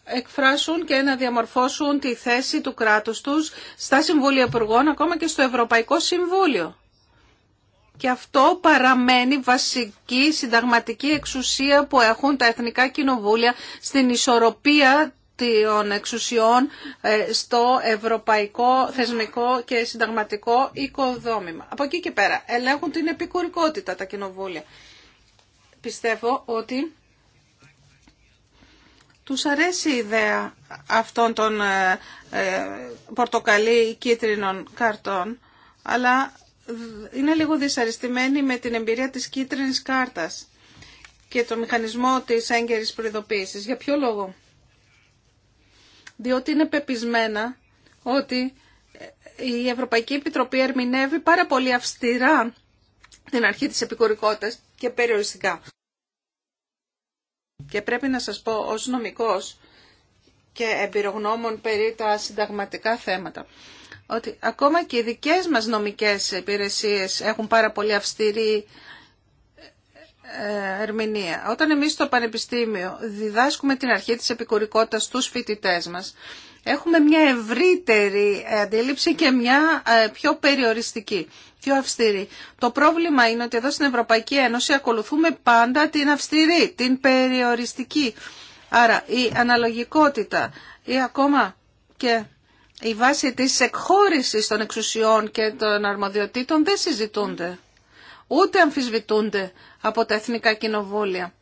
εκφράσουν και να διαμορφώσουν τη θέση του κράτους τους στα Συμβούλια Υπουργών, ακόμα και στο Ευρωπαϊκό Συμβούλιο. Και αυτό παραμένει βασική συνταγματική εξουσία που έχουν τα Εθνικά Κοινοβούλια στην ισορροπία των εξουσιών ε, στο ευρωπαϊκό θεσμικό και συνταγματικό οικοδόμημα. Από εκεί και πέρα ελέγχουν την επικουρικότητα τα κοινοβούλια. Πιστεύω ότι τους αρέσει η ιδέα αυτών των ε, ε, πορτοκαλί κίτρινων καρτών, αλλά είναι λίγο δυσαρεστημένοι με την εμπειρία της κίτρινης κάρτας και το μηχανισμό της έγκαιρης προειδοποίησης. Για ποιο λόγο? διότι είναι πεπισμένα ότι η Ευρωπαϊκή Επιτροπή ερμηνεύει πάρα πολύ αυστηρά την αρχή της επικουρικότητας και περιοριστικά. Και πρέπει να σας πω ως νομικός και εμπειρογνώμων περί τα συνταγματικά θέματα ότι ακόμα και οι δικές μας νομικές υπηρεσίες έχουν πάρα πολύ αυστηρή ε, ερμηνεία. Όταν εμείς στο Πανεπιστήμιο διδάσκουμε την αρχή της επικορικότητας στους φοιτητές μας, έχουμε μια ευρύτερη αντίληψη και μια ε, πιο περιοριστική, πιο αυστηρή. Το πρόβλημα είναι ότι εδώ στην Ευρωπαϊκή Ένωση ακολουθούμε πάντα την αυστηρή, την περιοριστική. Άρα η αναλογικότητα ή ακόμα και η βάση της εκχώρησης των εξουσιών και των αρμοδιοτήτων δεν συζητούνται ούτε αμφισβητούνται από τα εθνικά κοινοβούλια.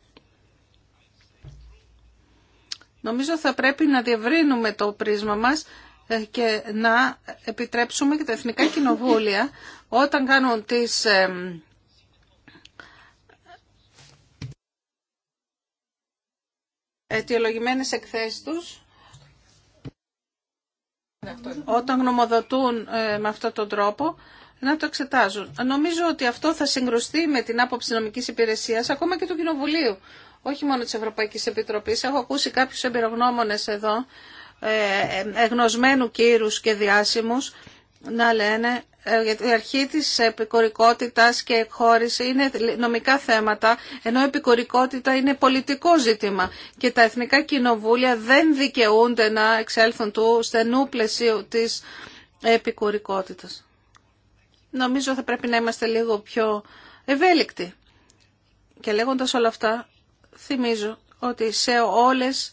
Νομίζω θα πρέπει να διευρύνουμε το πρίσμα μας ε, και να επιτρέψουμε και τα εθνικά κοινοβούλια όταν κάνουν τις αιτιολογημένες εκθέσεις τους όταν γνωμοδοτούν ε, με αυτόν τον τρόπο να το εξετάζουν. Νομίζω ότι αυτό θα συγκρουστεί με την άποψη νομική νομικής ακόμα και του Κοινοβουλίου, όχι μόνο της Ευρωπαϊκής Επιτροπής. Έχω ακούσει κάποιους εμπειρογνώμονες εδώ, ε, ε, εγνωσμένου κύρους και διάσημους, να λένε ε, γιατί η αρχή της επικορικότητας και εκχώρηση είναι νομικά θέματα, ενώ η επικορικότητα είναι πολιτικό ζήτημα και τα εθνικά κοινοβούλια δεν δικαιούνται να εξέλθουν του στενού πλαισίου της επικορικότητας νομίζω θα πρέπει να είμαστε λίγο πιο ευέλικτοι. Και λέγοντας όλα αυτά, θυμίζω ότι σε όλες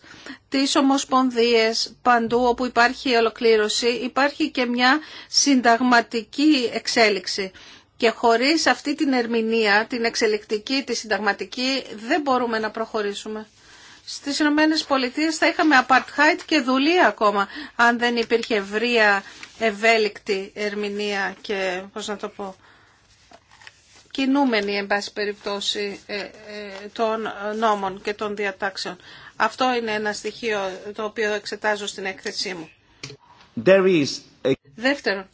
τις ομοσπονδίες παντού όπου υπάρχει ολοκλήρωση υπάρχει και μια συνταγματική εξέλιξη. Και χωρίς αυτή την ερμηνεία, την εξελικτική, τη συνταγματική, δεν μπορούμε να προχωρήσουμε. Στις ΗΠΑ Πολιτείες θα είχαμε apartheid και δουλεία ακόμα, αν δεν υπήρχε ευρεία ευέλικτη ερμηνεία και πώς να το πω κινούμενη εν πάση περιπτώσει ε, ε, των νόμων και των διατάξεων. Αυτό είναι ένα στοιχείο το οποίο εξετάζω στην έκθεσή μου. There Δεύτερον,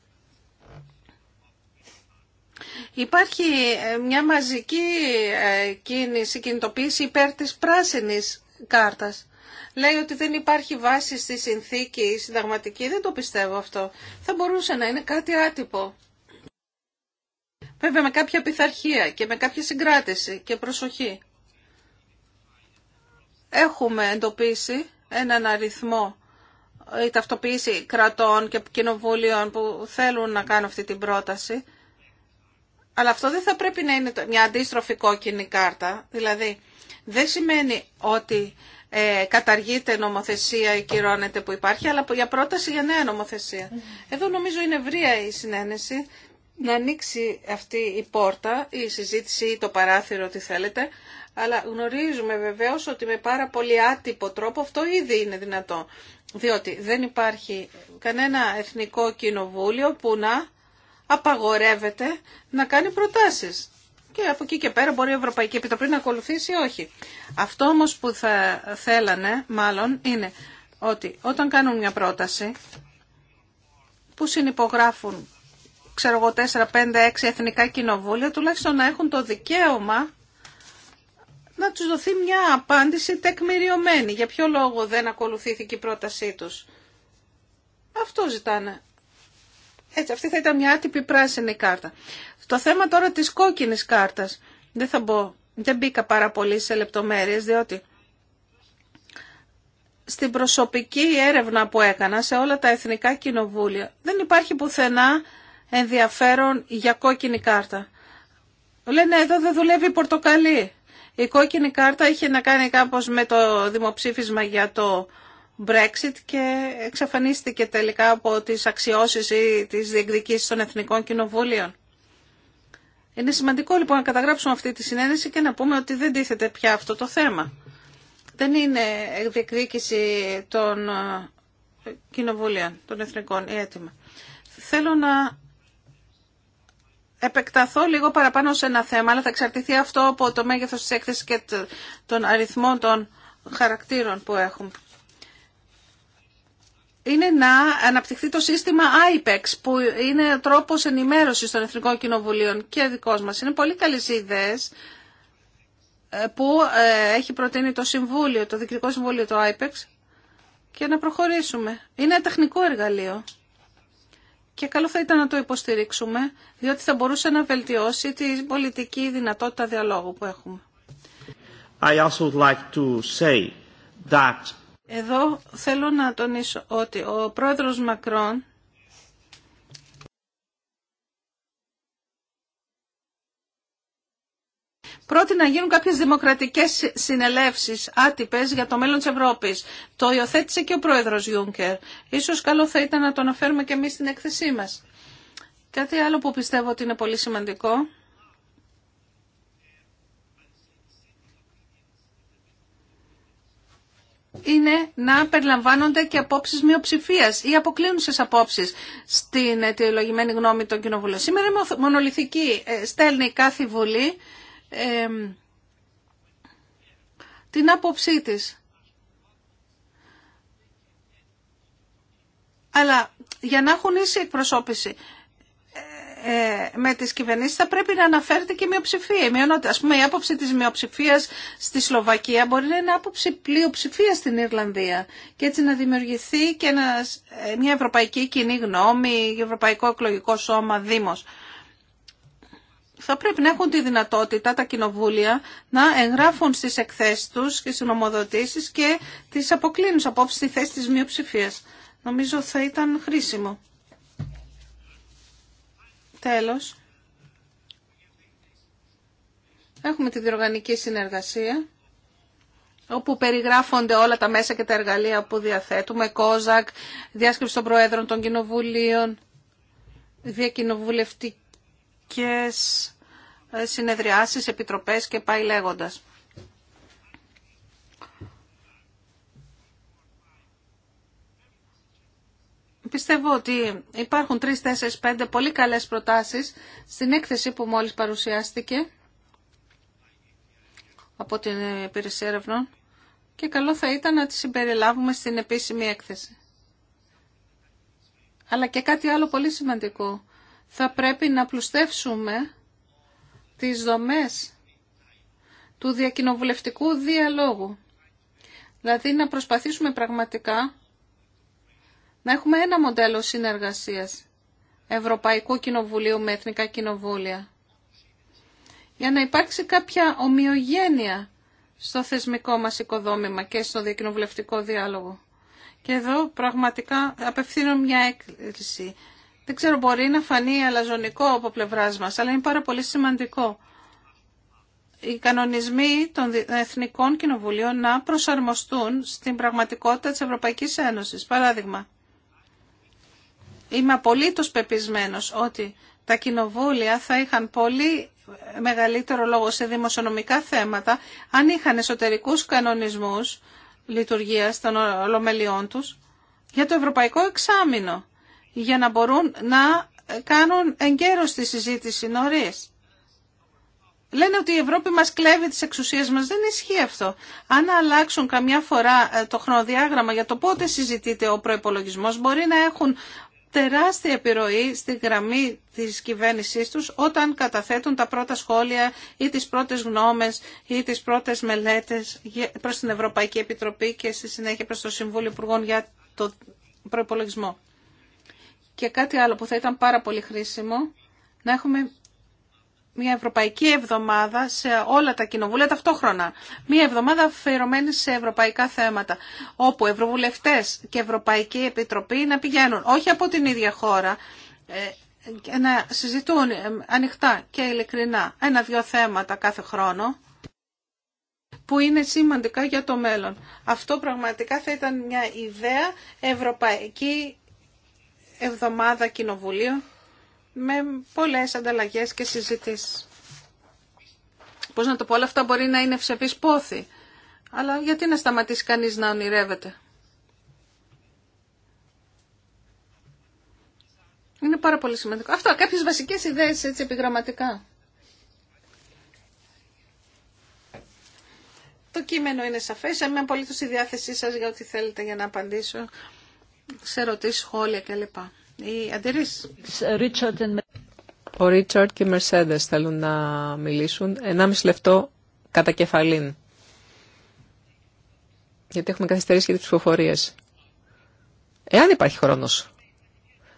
υπάρχει ε, μια μαζική κίνηση, κινητοποίηση υπέρ της πράσινης κάρτας λέει ότι δεν υπάρχει βάση στη συνθήκη συνταγματική. Δεν το πιστεύω αυτό. Θα μπορούσε να είναι κάτι άτυπο. Βέβαια με κάποια πειθαρχία και με κάποια συγκράτηση και προσοχή. Έχουμε εντοπίσει έναν αριθμό η ταυτοποίηση κρατών και κοινοβούλιων που θέλουν να κάνουν αυτή την πρόταση. Αλλά αυτό δεν θα πρέπει να είναι μια αντίστροφη κόκκινη κάρτα. Δηλαδή, δεν σημαίνει ότι ε, καταργείται νομοθεσία ή κυρώνεται που υπάρχει, αλλά για πρόταση για νέα νομοθεσία. Mm-hmm. Εδώ νομίζω είναι ευρεία η συνένεση να ανοίξει νομιζω ειναι ευρια η πόρτα, η συζήτηση ή το παράθυρο, τι θέλετε, αλλά γνωρίζουμε βεβαίως ότι με πάρα πολύ άτυπο τρόπο αυτό ήδη είναι δυνατό. Διότι δεν υπάρχει κανένα εθνικό κοινοβούλιο που να απαγορεύεται να κάνει προτάσεις και από εκεί και πέρα μπορεί η Ευρωπαϊκή Επιτροπή να ακολουθήσει ή όχι. Αυτό όμως που θα θέλανε μάλλον είναι ότι όταν κάνουν μια πρόταση που συνυπογράφουν ξέρω εγώ 4, 5, 6 εθνικά κοινοβούλια τουλάχιστον να έχουν το δικαίωμα να τους δοθεί μια απάντηση τεκμηριωμένη. Για ποιο λόγο δεν ακολουθήθηκε η πρότασή τους. Αυτό ζητάνε. Έτσι, αυτή θα ήταν μια άτυπη πράσινη κάρτα. Το θέμα τώρα της κόκκινης κάρτας. Δεν θα μπω, δεν μπήκα πάρα πολύ σε λεπτομέρειες, διότι στην προσωπική έρευνα που έκανα σε όλα τα εθνικά κοινοβούλια δεν υπάρχει πουθενά ενδιαφέρον για κόκκινη κάρτα. Λένε εδώ δεν δουλεύει η πορτοκαλί. Η κόκκινη κάρτα είχε να κάνει κάπως με το δημοψήφισμα για το Brexit και εξαφανίστηκε τελικά από τις αξιώσεις ή τις διεκδικήσεις των εθνικών κοινοβούλιων. Είναι σημαντικό λοιπόν να καταγράψουμε αυτή τη συνέντευξη και να πούμε ότι δεν τίθεται πια αυτό το θέμα. Δεν είναι διεκδίκηση των ε, κοινοβουλίων, των εθνικών ή έτοιμα. Θέλω να επεκταθώ λίγο παραπάνω σε ένα θέμα, αλλά θα εξαρτηθεί αυτό από το μέγεθος της έκθεσης και των αριθμών των χαρακτήρων που έχουμε είναι να αναπτυχθεί το σύστημα IPEX που είναι τρόπος ενημέρωσης των Εθνικών Κοινοβουλίων και δικός μας. Είναι πολύ καλές ιδέες ε, που ε, έχει προτείνει το Συμβούλιο, το Διοικητικό Συμβούλιο το IPEX και να προχωρήσουμε. Είναι τεχνικό εργαλείο και καλό θα ήταν να το υποστηρίξουμε διότι θα μπορούσε να βελτιώσει τη πολιτική δυνατότητα διαλόγου που έχουμε. I also like to say that εδώ θέλω να τονίσω ότι ο πρόεδρος Μακρόν Πρώτη να γίνουν κάποιες δημοκρατικές συνελεύσεις άτυπες για το μέλλον της Ευρώπης. Το υιοθέτησε και ο πρόεδρος Γιούνκερ. Ίσως καλό θα ήταν να το αναφέρουμε και εμείς στην έκθεσή μας. Κάτι άλλο που πιστεύω ότι είναι πολύ σημαντικό είναι να περιλαμβάνονται και απόψει μιοψηφία ή αποκλίουν τι απόψει στην μειοψηφία ή αποκλίνουσες αποψει στην αιτιολογημένη γνώμη των κοινοβουλίων. Σήμερα η μονολυθική. Ε, στέλνει κάθε βουλή την άποψή τη. Αλλά για να έχουν ίση εκπροσώπηση ε, με τις κυβερνήσεις θα πρέπει να αναφέρεται και η μειοψηφία. ας πούμε η άποψη της μειοψηφίας στη Σλοβακία μπορεί να είναι άποψη πλειοψηφία στην Ιρλανδία και έτσι να δημιουργηθεί και ε, μια ευρωπαϊκή κοινή γνώμη, ευρωπαϊκό εκλογικό σώμα, δήμος. Θα πρέπει να έχουν τη δυνατότητα τα κοινοβούλια να εγγράφουν στις εκθέσεις τους και στις νομοδοτήσεις και τις αποκλίνουν απόψη στη θέση της μειοψηφίας. Νομίζω θα ήταν χρήσιμο. Τέλος, έχουμε τη διοργανική συνεργασία όπου περιγράφονται όλα τα μέσα και τα εργαλεία που διαθέτουμε, ΚΟΖΑΚ, διάσκεψη των Προέδρων των Κοινοβουλίων, διακοινοβουλευτικές συνεδριάσεις, επιτροπές και πάει λέγοντας. Πιστεύω ότι υπάρχουν τρεις, τέσσερις, πέντε πολύ καλές προτάσεις στην έκθεση που μόλις παρουσιάστηκε από την υπηρεσία ερευνών και καλό θα ήταν να τις συμπεριλάβουμε στην επίσημη έκθεση. Αλλά και κάτι άλλο πολύ σημαντικό. Θα πρέπει να πλουστεύσουμε τις δομές του διακοινοβουλευτικού διαλόγου. Δηλαδή να προσπαθήσουμε πραγματικά να έχουμε ένα μοντέλο συνεργασίας Ευρωπαϊκού Κοινοβουλίου με Εθνικά Κοινοβούλια για να υπάρξει κάποια ομοιογένεια στο θεσμικό μας οικοδόμημα και στο διακοινοβουλευτικό διάλογο. Και εδώ πραγματικά απευθύνω μια έκκληση. Δεν ξέρω, μπορεί να φανεί αλαζονικό από πλευρά μα, αλλά είναι πάρα πολύ σημαντικό οι κανονισμοί των Εθνικών Κοινοβουλίων να προσαρμοστούν στην πραγματικότητα της Ευρωπαϊκής Ένωσης. Παράδειγμα, Είμαι απολύτως πεπισμένος ότι τα κοινοβούλια θα είχαν πολύ μεγαλύτερο λόγο σε δημοσιονομικά θέματα αν είχαν εσωτερικούς κανονισμούς λειτουργίας των ολομελιών τους για το ευρωπαϊκό εξάμεινο για να μπορούν να κάνουν εγκαίρως τη συζήτηση νωρίς. Λένε ότι η Ευρώπη μας κλέβει τις εξουσίες μας. Δεν ισχύει αυτό. Αν αλλάξουν καμιά φορά ε, το χρονοδιάγραμμα για το πότε συζητείται ο προϋπολογισμός, μπορεί να έχουν τεράστια επιρροή στη γραμμή της κυβέρνησής τους όταν καταθέτουν τα πρώτα σχόλια ή τις πρώτες γνώμες ή τις πρώτες μελέτες προς την Ευρωπαϊκή Επιτροπή και στη συνέχεια προς το Συμβούλιο Υπουργών για το προϋπολογισμό. Και κάτι άλλο που θα ήταν πάρα πολύ χρήσιμο, να έχουμε μια Ευρωπαϊκή Εβδομάδα σε όλα τα κοινοβούλια ταυτόχρονα. Μια εβδομάδα αφιερωμένη σε ευρωπαϊκά θέματα, όπου ευρωβουλευτές και Ευρωπαϊκή Επιτροπή να πηγαίνουν, όχι από την ίδια χώρα, ε, και να συζητούν ε, ανοιχτά και ειλικρινά ένα-δυο θέματα κάθε χρόνο, που είναι σημαντικά για το μέλλον. Αυτό πραγματικά θα ήταν μια ιδέα Ευρωπαϊκή Εβδομάδα κοινοβουλίου, με πολλές ανταλλαγές και συζητήσεις. Πώς να το πω, όλα αυτά μπορεί να είναι ευσεβείς πόθη, αλλά γιατί να σταματήσει κανείς να ονειρεύεται. Είναι πάρα πολύ σημαντικό. Αυτό, κάποιες βασικές ιδέες έτσι επιγραμματικά. Το κείμενο είναι σαφές. Είμαι απολύτως στη διάθεσή σας για ό,τι θέλετε για να απαντήσω σε ερωτήσεις, σχόλια κλπ. Ο Ρίτσαρτ και η Μερσέντες θέλουν να μιλήσουν. 1,5 λεπτό κατά κεφαλήν. Γιατί έχουμε καθυστερήσει και τις ψηφοφορίες. Εάν υπάρχει χρόνος.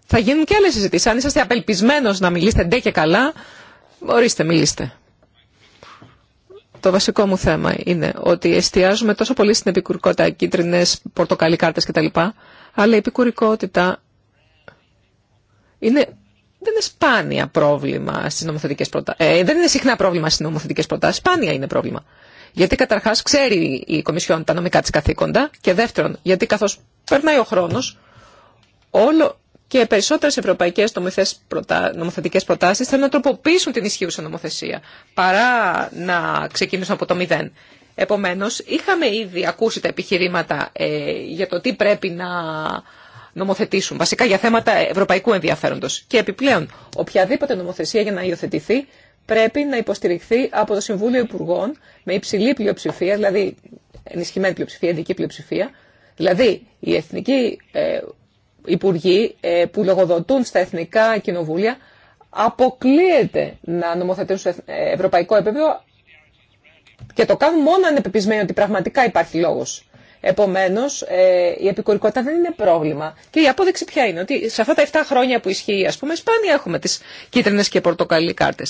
Θα γίνουν και άλλες συζητήσεις. Αν είσαστε απελπισμένος να μιλήσετε ντε και καλά, ορίστε μιλήστε. Το βασικό μου θέμα είναι ότι εστιάζουμε τόσο πολύ στην επικουρικότητα, κίτρινε, πορτοκαλί κτλ. Αλλά η επικουρικότητα είναι, δεν είναι σπάνια πρόβλημα στι νομοθετικέ προτάσει. Ε, δεν είναι συχνά πρόβλημα στι νομοθετικέ προτάσει. σπάνια είναι πρόβλημα. Γιατί καταρχά ξέρει η Κομισιόν τα νομικά τη καθήκοντα και δεύτερον, γιατί καθώ περνάει ο χρόνο, όλο και περισσότερε ευρωπαϊκέ νομοθετικέ προτάσει θέλουν να τροποποιήσουν την ισχύουσα νομοθεσία παρά να ξεκινήσουν από το μηδέν. Επομένω, είχαμε ήδη ακούσει τα επιχειρήματα ε, για το τι πρέπει να νομοθετήσουν, βασικά για θέματα ευρωπαϊκού ενδιαφέροντος. Και επιπλέον, οποιαδήποτε νομοθεσία για να υιοθετηθεί πρέπει να υποστηριχθεί από το Συμβούλιο Υπουργών με υψηλή πλειοψηφία, δηλαδή ενισχυμένη πλειοψηφία, ειδική πλειοψηφία, δηλαδή οι εθνικοί ε, υπουργοί ε, που λογοδοτούν στα εθνικά κοινοβούλια αποκλείεται να νομοθετήσουν σε ε, ευρωπαϊκό επίπεδο και το κάνουν μόνο αν είναι ότι πραγματικά υπάρχει λόγος Επομένω, ε, η επικουρικότητα δεν είναι πρόβλημα. Και η απόδειξη ποια είναι, ότι σε αυτά τα 7 χρόνια που ισχύει, α πούμε, σπάνια έχουμε τι κίτρινε και πορτοκαλί κάρτε.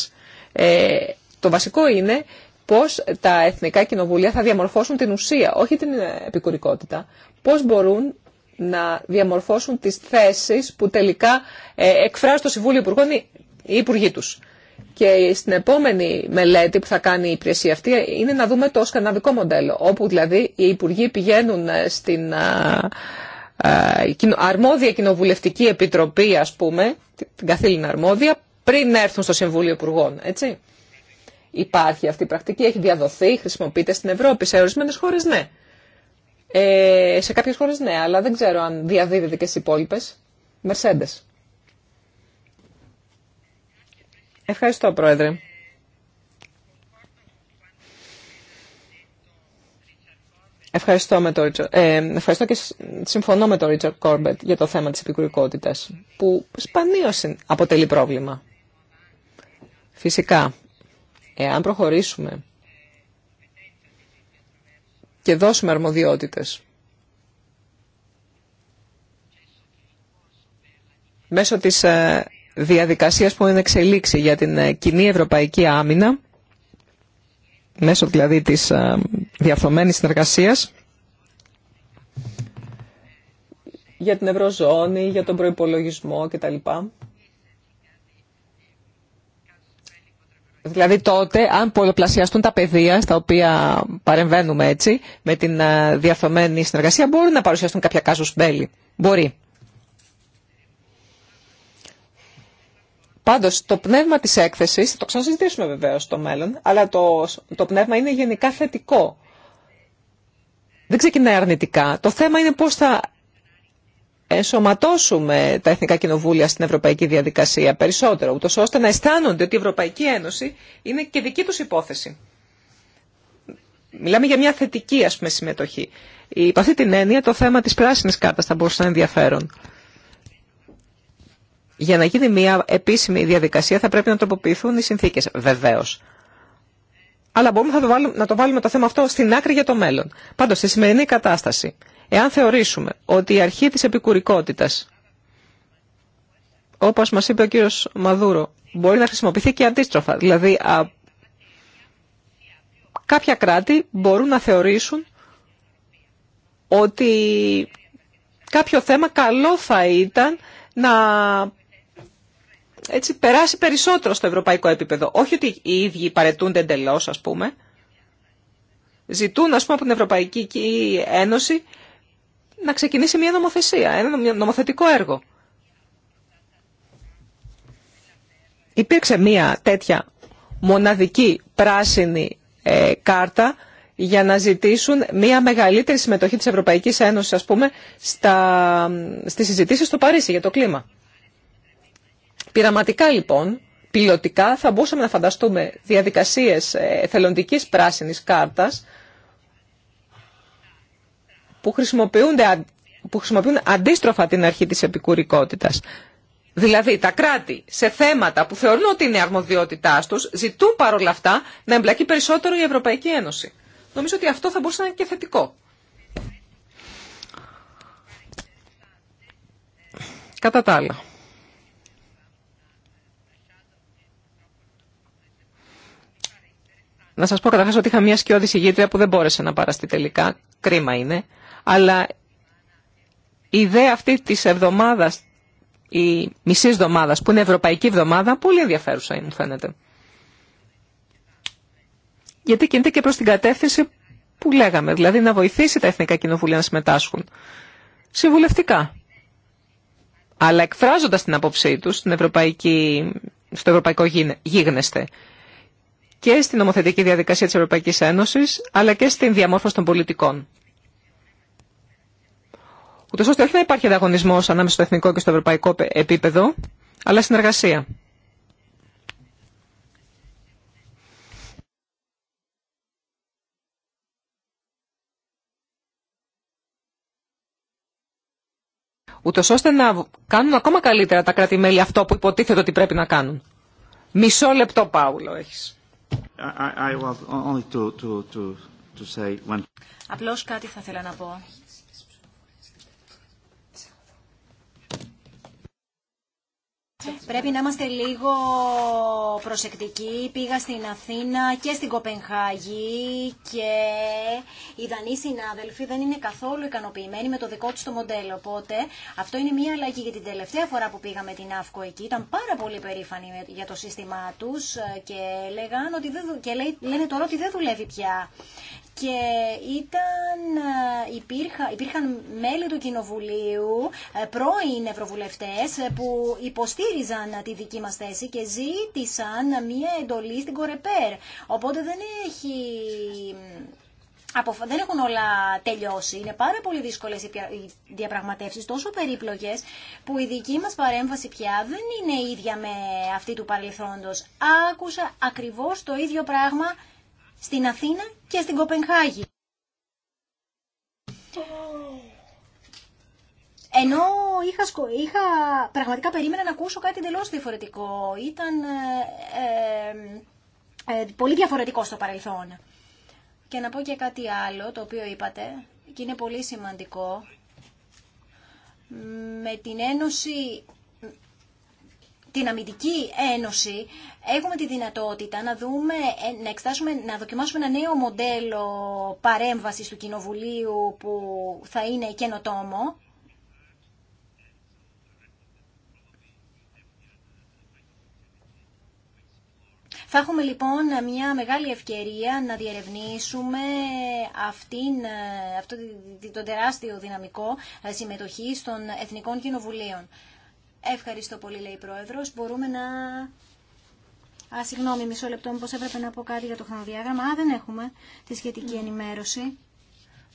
Ε, το βασικό είναι πώ τα εθνικά κοινοβούλια θα διαμορφώσουν την ουσία, όχι την επικουρικότητα. Πώ μπορούν να διαμορφώσουν τι θέσει που τελικά ε, εκφράζει το Συμβούλιο Υπουργών οι υπουργοί του. Και στην επόμενη μελέτη που θα κάνει η υπηρεσία αυτή είναι να δούμε το σκαναδικό μοντέλο, όπου δηλαδή οι υπουργοί πηγαίνουν ε, στην αρμόδια κοινοβουλευτική επιτροπή, ας πούμε, την καθήλυνα αρμόδια, πριν έρθουν στο Συμβούλιο Υπουργών, έτσι. Υπάρχει αυτή η πρακτική, έχει διαδοθεί, χρησιμοποιείται στην Ευρώπη, σε ορισμένε χώρε ναι. Ε, σε κάποιε χώρε ναι, αλλά δεν ξέρω αν διαδίδεται και στι υπόλοιπε. Μερσέντε. Ευχαριστώ, Πρόεδρε. Ευχαριστώ, με το, ε, ευχαριστώ και συμφωνώ με τον Ρίτσαρτ Κόρμπετ για το θέμα της επικουρικότητας, που σπανίως αποτελεί πρόβλημα. Φυσικά, εάν προχωρήσουμε και δώσουμε αρμοδιότητες μέσω της ε, διαδικασίας που είναι εξελίξη για την ε, κοινή ευρωπαϊκή άμυνα, μέσω δηλαδή της ε, διαφθομένης συνεργασίας, για την Ευρωζώνη, για τον προϋπολογισμό κτλ. Δηλαδή τότε, αν πολλαπλασιαστούν τα πεδία στα οποία παρεμβαίνουμε έτσι, με την ε, διαφθομένη συνεργασία, μπορεί να παρουσιαστούν κάποια κάζους μπέλη. Μπορεί. Πάντως, το πνεύμα της έκθεσης, θα το ξανασυζητήσουμε βεβαίως στο μέλλον, αλλά το, το πνεύμα είναι γενικά θετικό. Δεν ξεκινάει αρνητικά. Το θέμα είναι πώς θα ενσωματώσουμε τα Εθνικά Κοινοβούλια στην Ευρωπαϊκή Διαδικασία περισσότερο, ούτως ώστε να αισθάνονται ότι η Ευρωπαϊκή Ένωση είναι και δική τους υπόθεση. Μιλάμε για μια θετική ας πούμε, συμμετοχή. Υπ' αυτή την έννοια το θέμα της πράσινης κάρτας θα μπορούσε να ενδιαφέρον. Για να γίνει μια επίσημη διαδικασία θα πρέπει να τροποποιηθούν οι συνθήκες, βεβαίως. Αλλά μπορούμε να το, βάλουμε, να το βάλουμε το θέμα αυτό στην άκρη για το μέλλον. Πάντως, στη σημερινή κατάσταση, εάν θεωρήσουμε ότι η αρχή της επικουρικότητας, όπως μας είπε ο κύριος Μαδούρο, μπορεί να χρησιμοποιηθεί και αντίστροφα. Δηλαδή, α, κάποια κράτη μπορούν να θεωρήσουν ότι κάποιο θέμα καλό θα ήταν να έτσι περάσει περισσότερο στο ευρωπαϊκό επίπεδο. Όχι ότι οι ίδιοι παρετούνται εντελώ, α πούμε. Ζητούν, α πούμε, από την Ευρωπαϊκή Ένωση να ξεκινήσει μια νομοθεσία, ένα νομοθετικό έργο. Υπήρξε μια τέτοια μοναδική πράσινη ε, κάρτα για να ζητήσουν μια μεγαλύτερη συμμετοχή της Ευρωπαϊκής Ένωσης, ας πούμε, στα, στις συζητήσεις στο Παρίσι για το κλίμα. Πειραματικά λοιπόν, πιλωτικά θα μπορούσαμε να φανταστούμε διαδικασίες ε, θελοντικής πράσινης κάρτας που, χρησιμοποιούνται, χρησιμοποιούν αντίστροφα την αρχή της επικουρικότητας. Δηλαδή τα κράτη σε θέματα που θεωρούν ότι είναι αρμοδιότητά τους ζητούν παρόλα αυτά να εμπλακεί περισσότερο η Ευρωπαϊκή Ένωση. Νομίζω ότι αυτό θα μπορούσε να είναι και θετικό. Κατά τα άλλα. Να σας πω καταρχάς ότι είχα μια σκιώδη συγγήτρια που δεν μπόρεσε να παραστεί τελικά. Κρίμα είναι. Αλλά η ιδέα αυτή της εβδομάδας, η μισή εβδομάδα που είναι Ευρωπαϊκή Εβδομάδα, πολύ ενδιαφέρουσα μου φαίνεται. Γιατί κινείται και προς την κατεύθυνση που λέγαμε, δηλαδή να βοηθήσει τα Εθνικά Κοινοβούλια να συμμετάσχουν συμβουλευτικά. Αλλά εκφράζοντας την άποψή του στην ευρωπαϊκή, στο ευρωπαϊκό γίγνεσθε και στην νομοθετική διαδικασία της Ευρωπαϊκής Ένωσης, αλλά και στην διαμόρφωση των πολιτικών. Ούτω ώστε όχι να υπάρχει ανταγωνισμό ανάμεσα στο εθνικό και στο ευρωπαϊκό επίπεδο, αλλά συνεργασία. ούτω ώστε να κάνουν ακόμα καλύτερα τα κράτη-μέλη αυτό που υποτίθεται ότι πρέπει να κάνουν. Μισό λεπτό, Πάουλο, έχεις. I, I, I was only to, to, to, to say one. Απλώς κάτι θα ήθελα να πω. Πρέπει να είμαστε λίγο προσεκτικοί. Πήγα στην Αθήνα και στην Κοπενχάγη και οι Δανείοι συνάδελφοι δεν είναι καθόλου ικανοποιημένοι με το δικό του το μοντέλο. Οπότε αυτό είναι μια αλλαγή για την τελευταία φορά που πήγαμε την ΑΦΚΟ εκεί. Ήταν πάρα πολύ περήφανοι για το σύστημά του ε, και, λέγαν ότι και λένε τώρα ότι δεν δουλεύει πια και ήταν, ε, υπήρχαν, υπήρχαν μέλη του Κοινοβουλίου, ε, πρώην ευρωβουλευτέ, ε, που υποστήριζαν τη δική μας θέση και ζήτησαν μία εντολή στην Κορεπέρ. Οπότε δεν έχει... Δεν έχουν όλα τελειώσει. Είναι πάρα πολύ δύσκολες οι διαπραγματεύσεις, τόσο περίπλοκες, που η δική μας παρέμβαση πια δεν είναι ίδια με αυτή του παρελθόντος. Άκουσα ακριβώς το ίδιο πράγμα στην Αθήνα και στην Κοπενχάγη. Ενώ είχα, είχα, πραγματικά περίμενα να ακούσω κάτι εντελώ διαφορετικό. Ήταν ε, ε, ε, πολύ διαφορετικό στο παρελθόν. Και να πω και κάτι άλλο το οποίο είπατε και είναι πολύ σημαντικό. Με την Ένωση την αμυντική ένωση έχουμε τη δυνατότητα να δούμε, ε, να να δοκιμάσουμε ένα νέο μοντέλο παρέμβασης του Κοινοβουλίου που θα είναι καινοτόμο. Θα έχουμε λοιπόν μια μεγάλη ευκαιρία να διερευνήσουμε αυτήν, ε, αυτό το τεράστιο δυναμικό ε, συμμετοχή των Εθνικών Κοινοβουλίων. Ευχαριστώ πολύ, λέει η Πρόεδρος. Μπορούμε να... Α, συγγνώμη, μισό λεπτό, μήπως έπρεπε να πω κάτι για το χρονοδιάγραμμα. Α, δεν έχουμε τη σχετική ναι. ενημέρωση.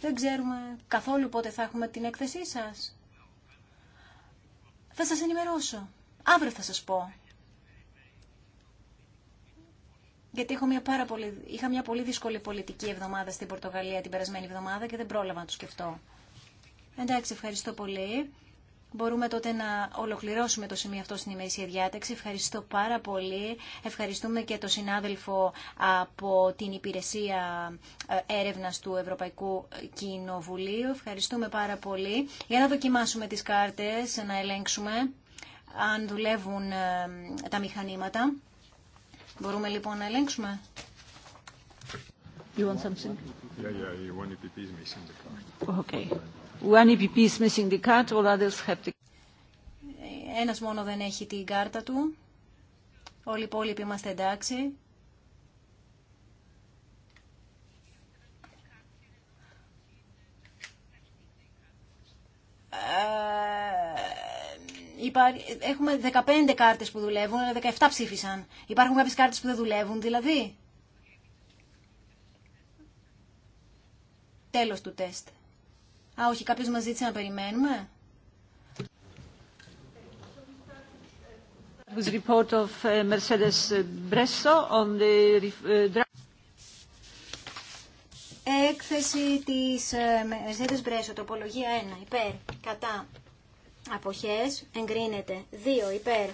Δεν ξέρουμε καθόλου πότε θα έχουμε την έκθεσή σας. Θα σα ενημερώσω. Αύριο θα σα πω. Γιατί είχα μια, πολύ, είχα μια πολύ δύσκολη πολιτική εβδομάδα στην Πορτογαλία την περασμένη εβδομάδα και δεν πρόλαβα να το σκεφτώ. Εντάξει, ευχαριστώ πολύ μπορούμε τότε να ολοκληρώσουμε το σημείο αυτό στην ημερήσια διάταξη. Ευχαριστώ πάρα πολύ. Ευχαριστούμε και τον συνάδελφο από την Υπηρεσία ε, Έρευνας του Ευρωπαϊκού Κοινοβουλίου. Ευχαριστούμε πάρα πολύ. Για να δοκιμάσουμε τις κάρτες, να ελέγξουμε αν δουλεύουν ε, τα μηχανήματα. Μπορούμε λοιπόν να ελέγξουμε. You want something? Yeah, yeah, you want the Okay. Ένα e Ένας μόνο δεν έχει την κάρτα του. Όλοι οι υπόλοιποι είμαστε εντάξει. Ε, έχουμε 15 κάρτες που δουλεύουν, αλλά 17 ψήφισαν. Υπάρχουν κάποιες κάρτες που δεν δουλεύουν, δηλαδή. Τέλος του τεστ. Α, όχι, κάποιος μας ζήτησε να περιμένουμε. Έκθεση της ε, Mercedes Bresso, τοπολογία 1, υπέρ, κατά, αποχές, εγκρίνεται, 2, υπέρ,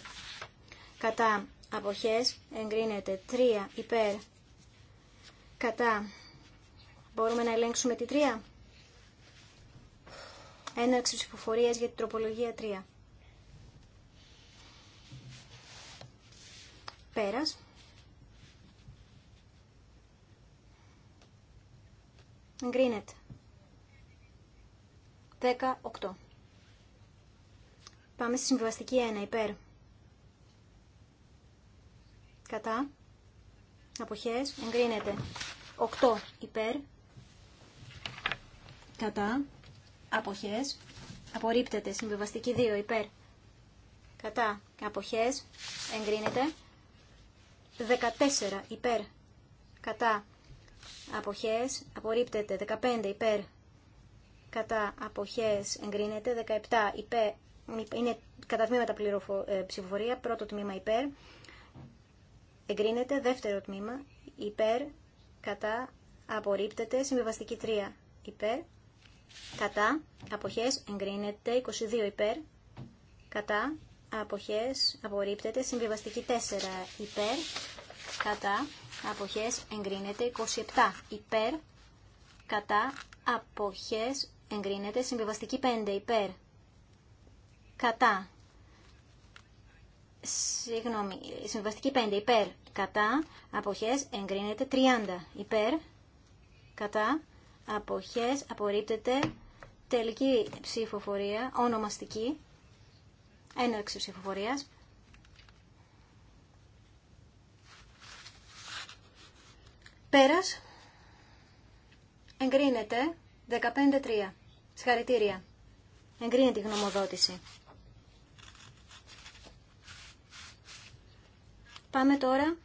κατά, αποχές, εγκρίνεται, 3, υπέρ, κατά, μπορούμε να ελέγξουμε τη 3 έναρξη ψηφοφορία για την τροπολογία 3. Πέρας. Εγκρίνεται. 18. Πάμε στη συμβιβαστική 1. Υπέρ. Κατά. Αποχές. Εγκρίνεται. 8. Υπέρ. Κατά αποχές απορρίπτεται. Συμβιβαστική 2 υπέρ κατά αποχές εγκρίνεται. 14 υπέρ κατά αποχές απορρίπτεται. 15 υπέρ κατά αποχές εγκρίνεται. 17 υπέρ είναι κατά τμήματα πληροφο, ε, ψηφοφορία. Πρώτο τμήμα υπέρ εγκρίνεται. Δεύτερο τμήμα υπέρ κατά απορρίπτεται. Συμβιβαστική 3 υπέρ κατά, αποχές, εγκρίνεται, 22 υπέρ, κατά, αποχές, απορρίπτεται, συμβιβαστική 4 υπέρ, κατά, αποχές, εγκρίνεται, 27 υπέρ, κατά, αποχές, εγκρίνεται, συμβιβαστική 5 υπέρ, κατά, συγγνώμη, συμβαστική 5 υπέρ, κατά, αποχές, εγκρίνεται, 30 υπέρ, κατά, αποχές απορρίπτεται τελική ψηφοφορία, ονομαστική, έναρξη ψηφοφορίας. Πέρας, εγκρίνεται 15-3. Συγχαρητήρια. Εγκρίνεται η γνωμοδότηση. Πάμε τώρα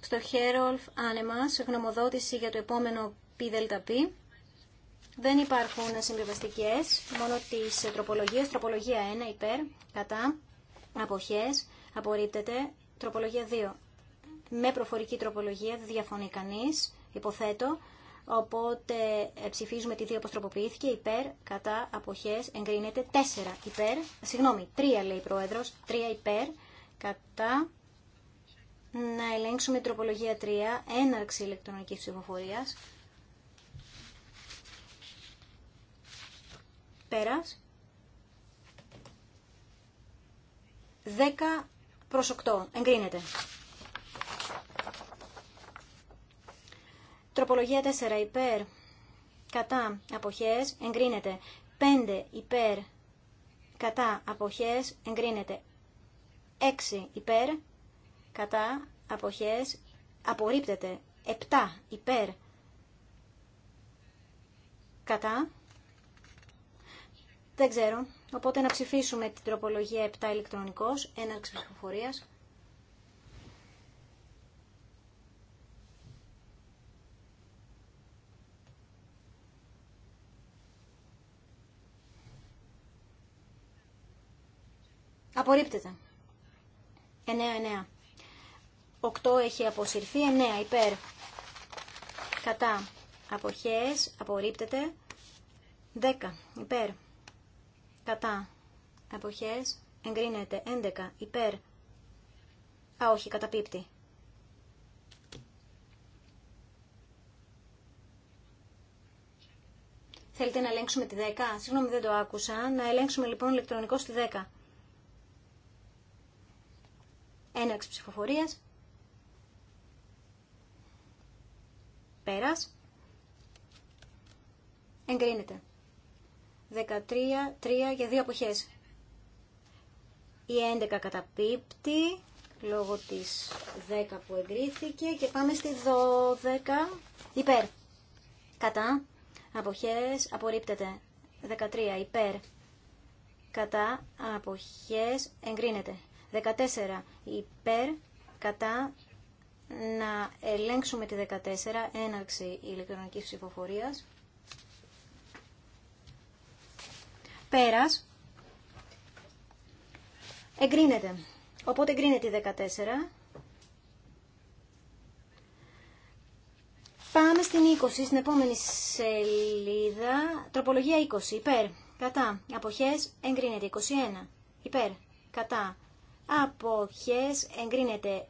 στο Χέρολφ Άνεμας, γνωμοδότηση για το επόμενο ΠΔΠ. Δεν υπάρχουν συμβιβαστικέ, μόνο τι τροπολογίε Τροπολογία 1 υπέρ, κατά, αποχές, απορρίπτεται. Τροπολογία 2 με προφορική τροπολογία, δεν διαφωνεί κανεί, υποθέτω. Οπότε ε, ψηφίζουμε τη 2 όπω τροποποιήθηκε, υπέρ, κατά, αποχές, εγκρίνεται, 4 υπέρ, συγγνώμη, 3 λέει η Πρόεδρος, 3 υπέρ, κατά, να ελέγξουμε τροπολογία 3, έναρξη ηλεκτρονική ψηφοφορία. Πέρας. 10 προς 8. Εγκρίνεται. Τροπολογία 4 υπέρ. Κατά αποχές εγκρίνεται. 5 υπέρ. Κατά αποχές εγκρίνεται. 6 υπέρ. Κατά αποχές απορρίπτεται. 7 υπέρ. Κατά δεν ξέρω. Οπότε να ψηφίσουμε την τροπολογία 7 ηλεκτρονικός, έναρξη ψηφοφορίας. Απορρίπτεται. 9-9. 8 έχει αποσυρθεί. 9 υπέρ. Κατά. Αποχές. Απορρίπτεται. 10 υπέρ κατά εποχέ εγκρίνεται 11 υπέρ α όχι καταπίπτει Θέλετε να ελέγξουμε τη 10. Συγγνώμη δεν το άκουσα. Να ελέγξουμε λοιπόν ηλεκτρονικό στη 10. Έναρξη ψηφοφορία. Πέρας. Εγκρίνεται. 13, 3 για δύο αποχές. Η 11 καταπίπτει λόγω της 10 που εγκρίθηκε και πάμε στη 12 υπέρ. Κατά αποχές απορρίπτεται. 13 υπέρ. Κατά αποχές εγκρίνεται. 14 υπέρ. Κατά να ελέγξουμε τη 14 έναρξη ηλεκτρονικής ψηφοφορίας. Πέρας. Εγκρίνεται. Οπότε εγκρίνεται η 14. Πάμε στην 20, στην επόμενη σελίδα. Τροπολογία 20. Υπέρ. Κατά. Αποχές. Εγκρίνεται. 21. Υπέρ. Κατά. Αποχές. Εγκρίνεται.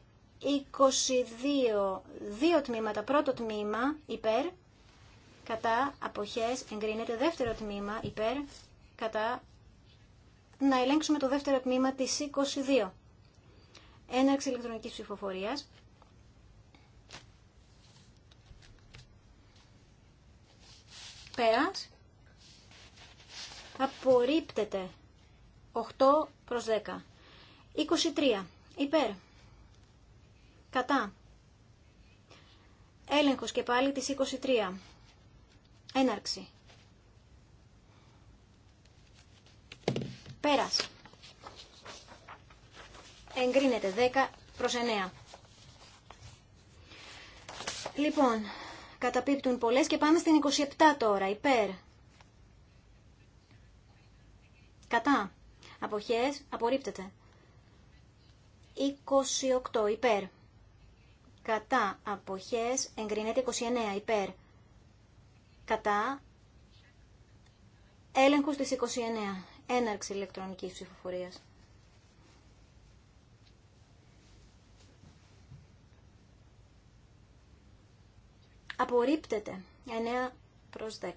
22. Δύο τμήματα. Πρώτο τμήμα. Υπέρ. Κατά. Αποχές. Εγκρίνεται. Δεύτερο τμήμα. Υπέρ κατά να ελέγξουμε το δεύτερο τμήμα της 22. Έναρξη ηλεκτρονικής ψηφοφορίας. Πέρας. Απορρίπτεται. 8 προς 10. 23. Υπέρ. Κατά. Έλεγχος και πάλι της 23. Έναρξη. Πέρας. Εγκρίνεται 10 προς 9. Λοιπόν, καταπίπτουν πολλές και πάμε στην 27 τώρα, υπέρ. Κατά. Αποχές, απορρίπτεται. 28 υπέρ. Κατά αποχές εγκρίνεται 29 υπέρ. Κατά έλεγχος της 29 έναρξη ηλεκτρονικής ψηφοφορίας. Απορρίπτεται 9 προς 10.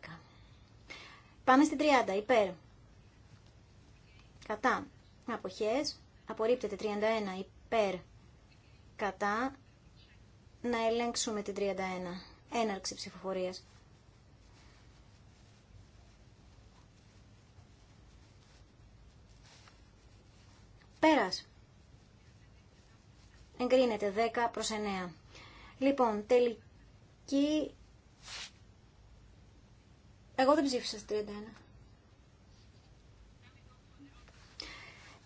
Πάμε στην 30, υπέρ. Κατά. Αποχές. Απορρίπτεται 31, υπέρ. Κατά. Να ελέγξουμε την 31. Έναρξη ψηφοφορίας. Πέρας. Εγκρίνεται 10 προς 9. Λοιπόν, τελική... Εγώ δεν ψήφισα στη 31.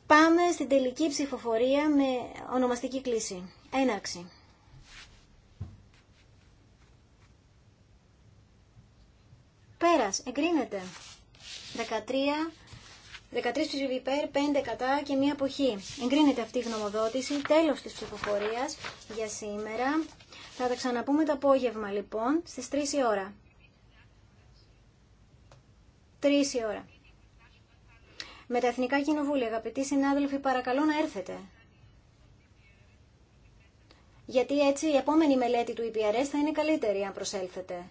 Πάμε στην τελική ψηφοφορία με ονομαστική κλίση. Έναρξη. Πέρας, εγκρίνεται. 13 13 ψήφοι υπέρ, 5 κατά και μία αποχή. Εγκρίνεται αυτή η γνωμοδότηση. Τέλος της ψηφοφορίας για σήμερα. Θα τα ξαναπούμε το απόγευμα λοιπόν στις 3 η ώρα. 3 η ώρα. Με τα Εθνικά Κοινοβούλια, αγαπητοί συνάδελφοι, παρακαλώ να έρθετε. Γιατί έτσι η επόμενη μελέτη του EPRS θα είναι καλύτερη αν προσέλθετε.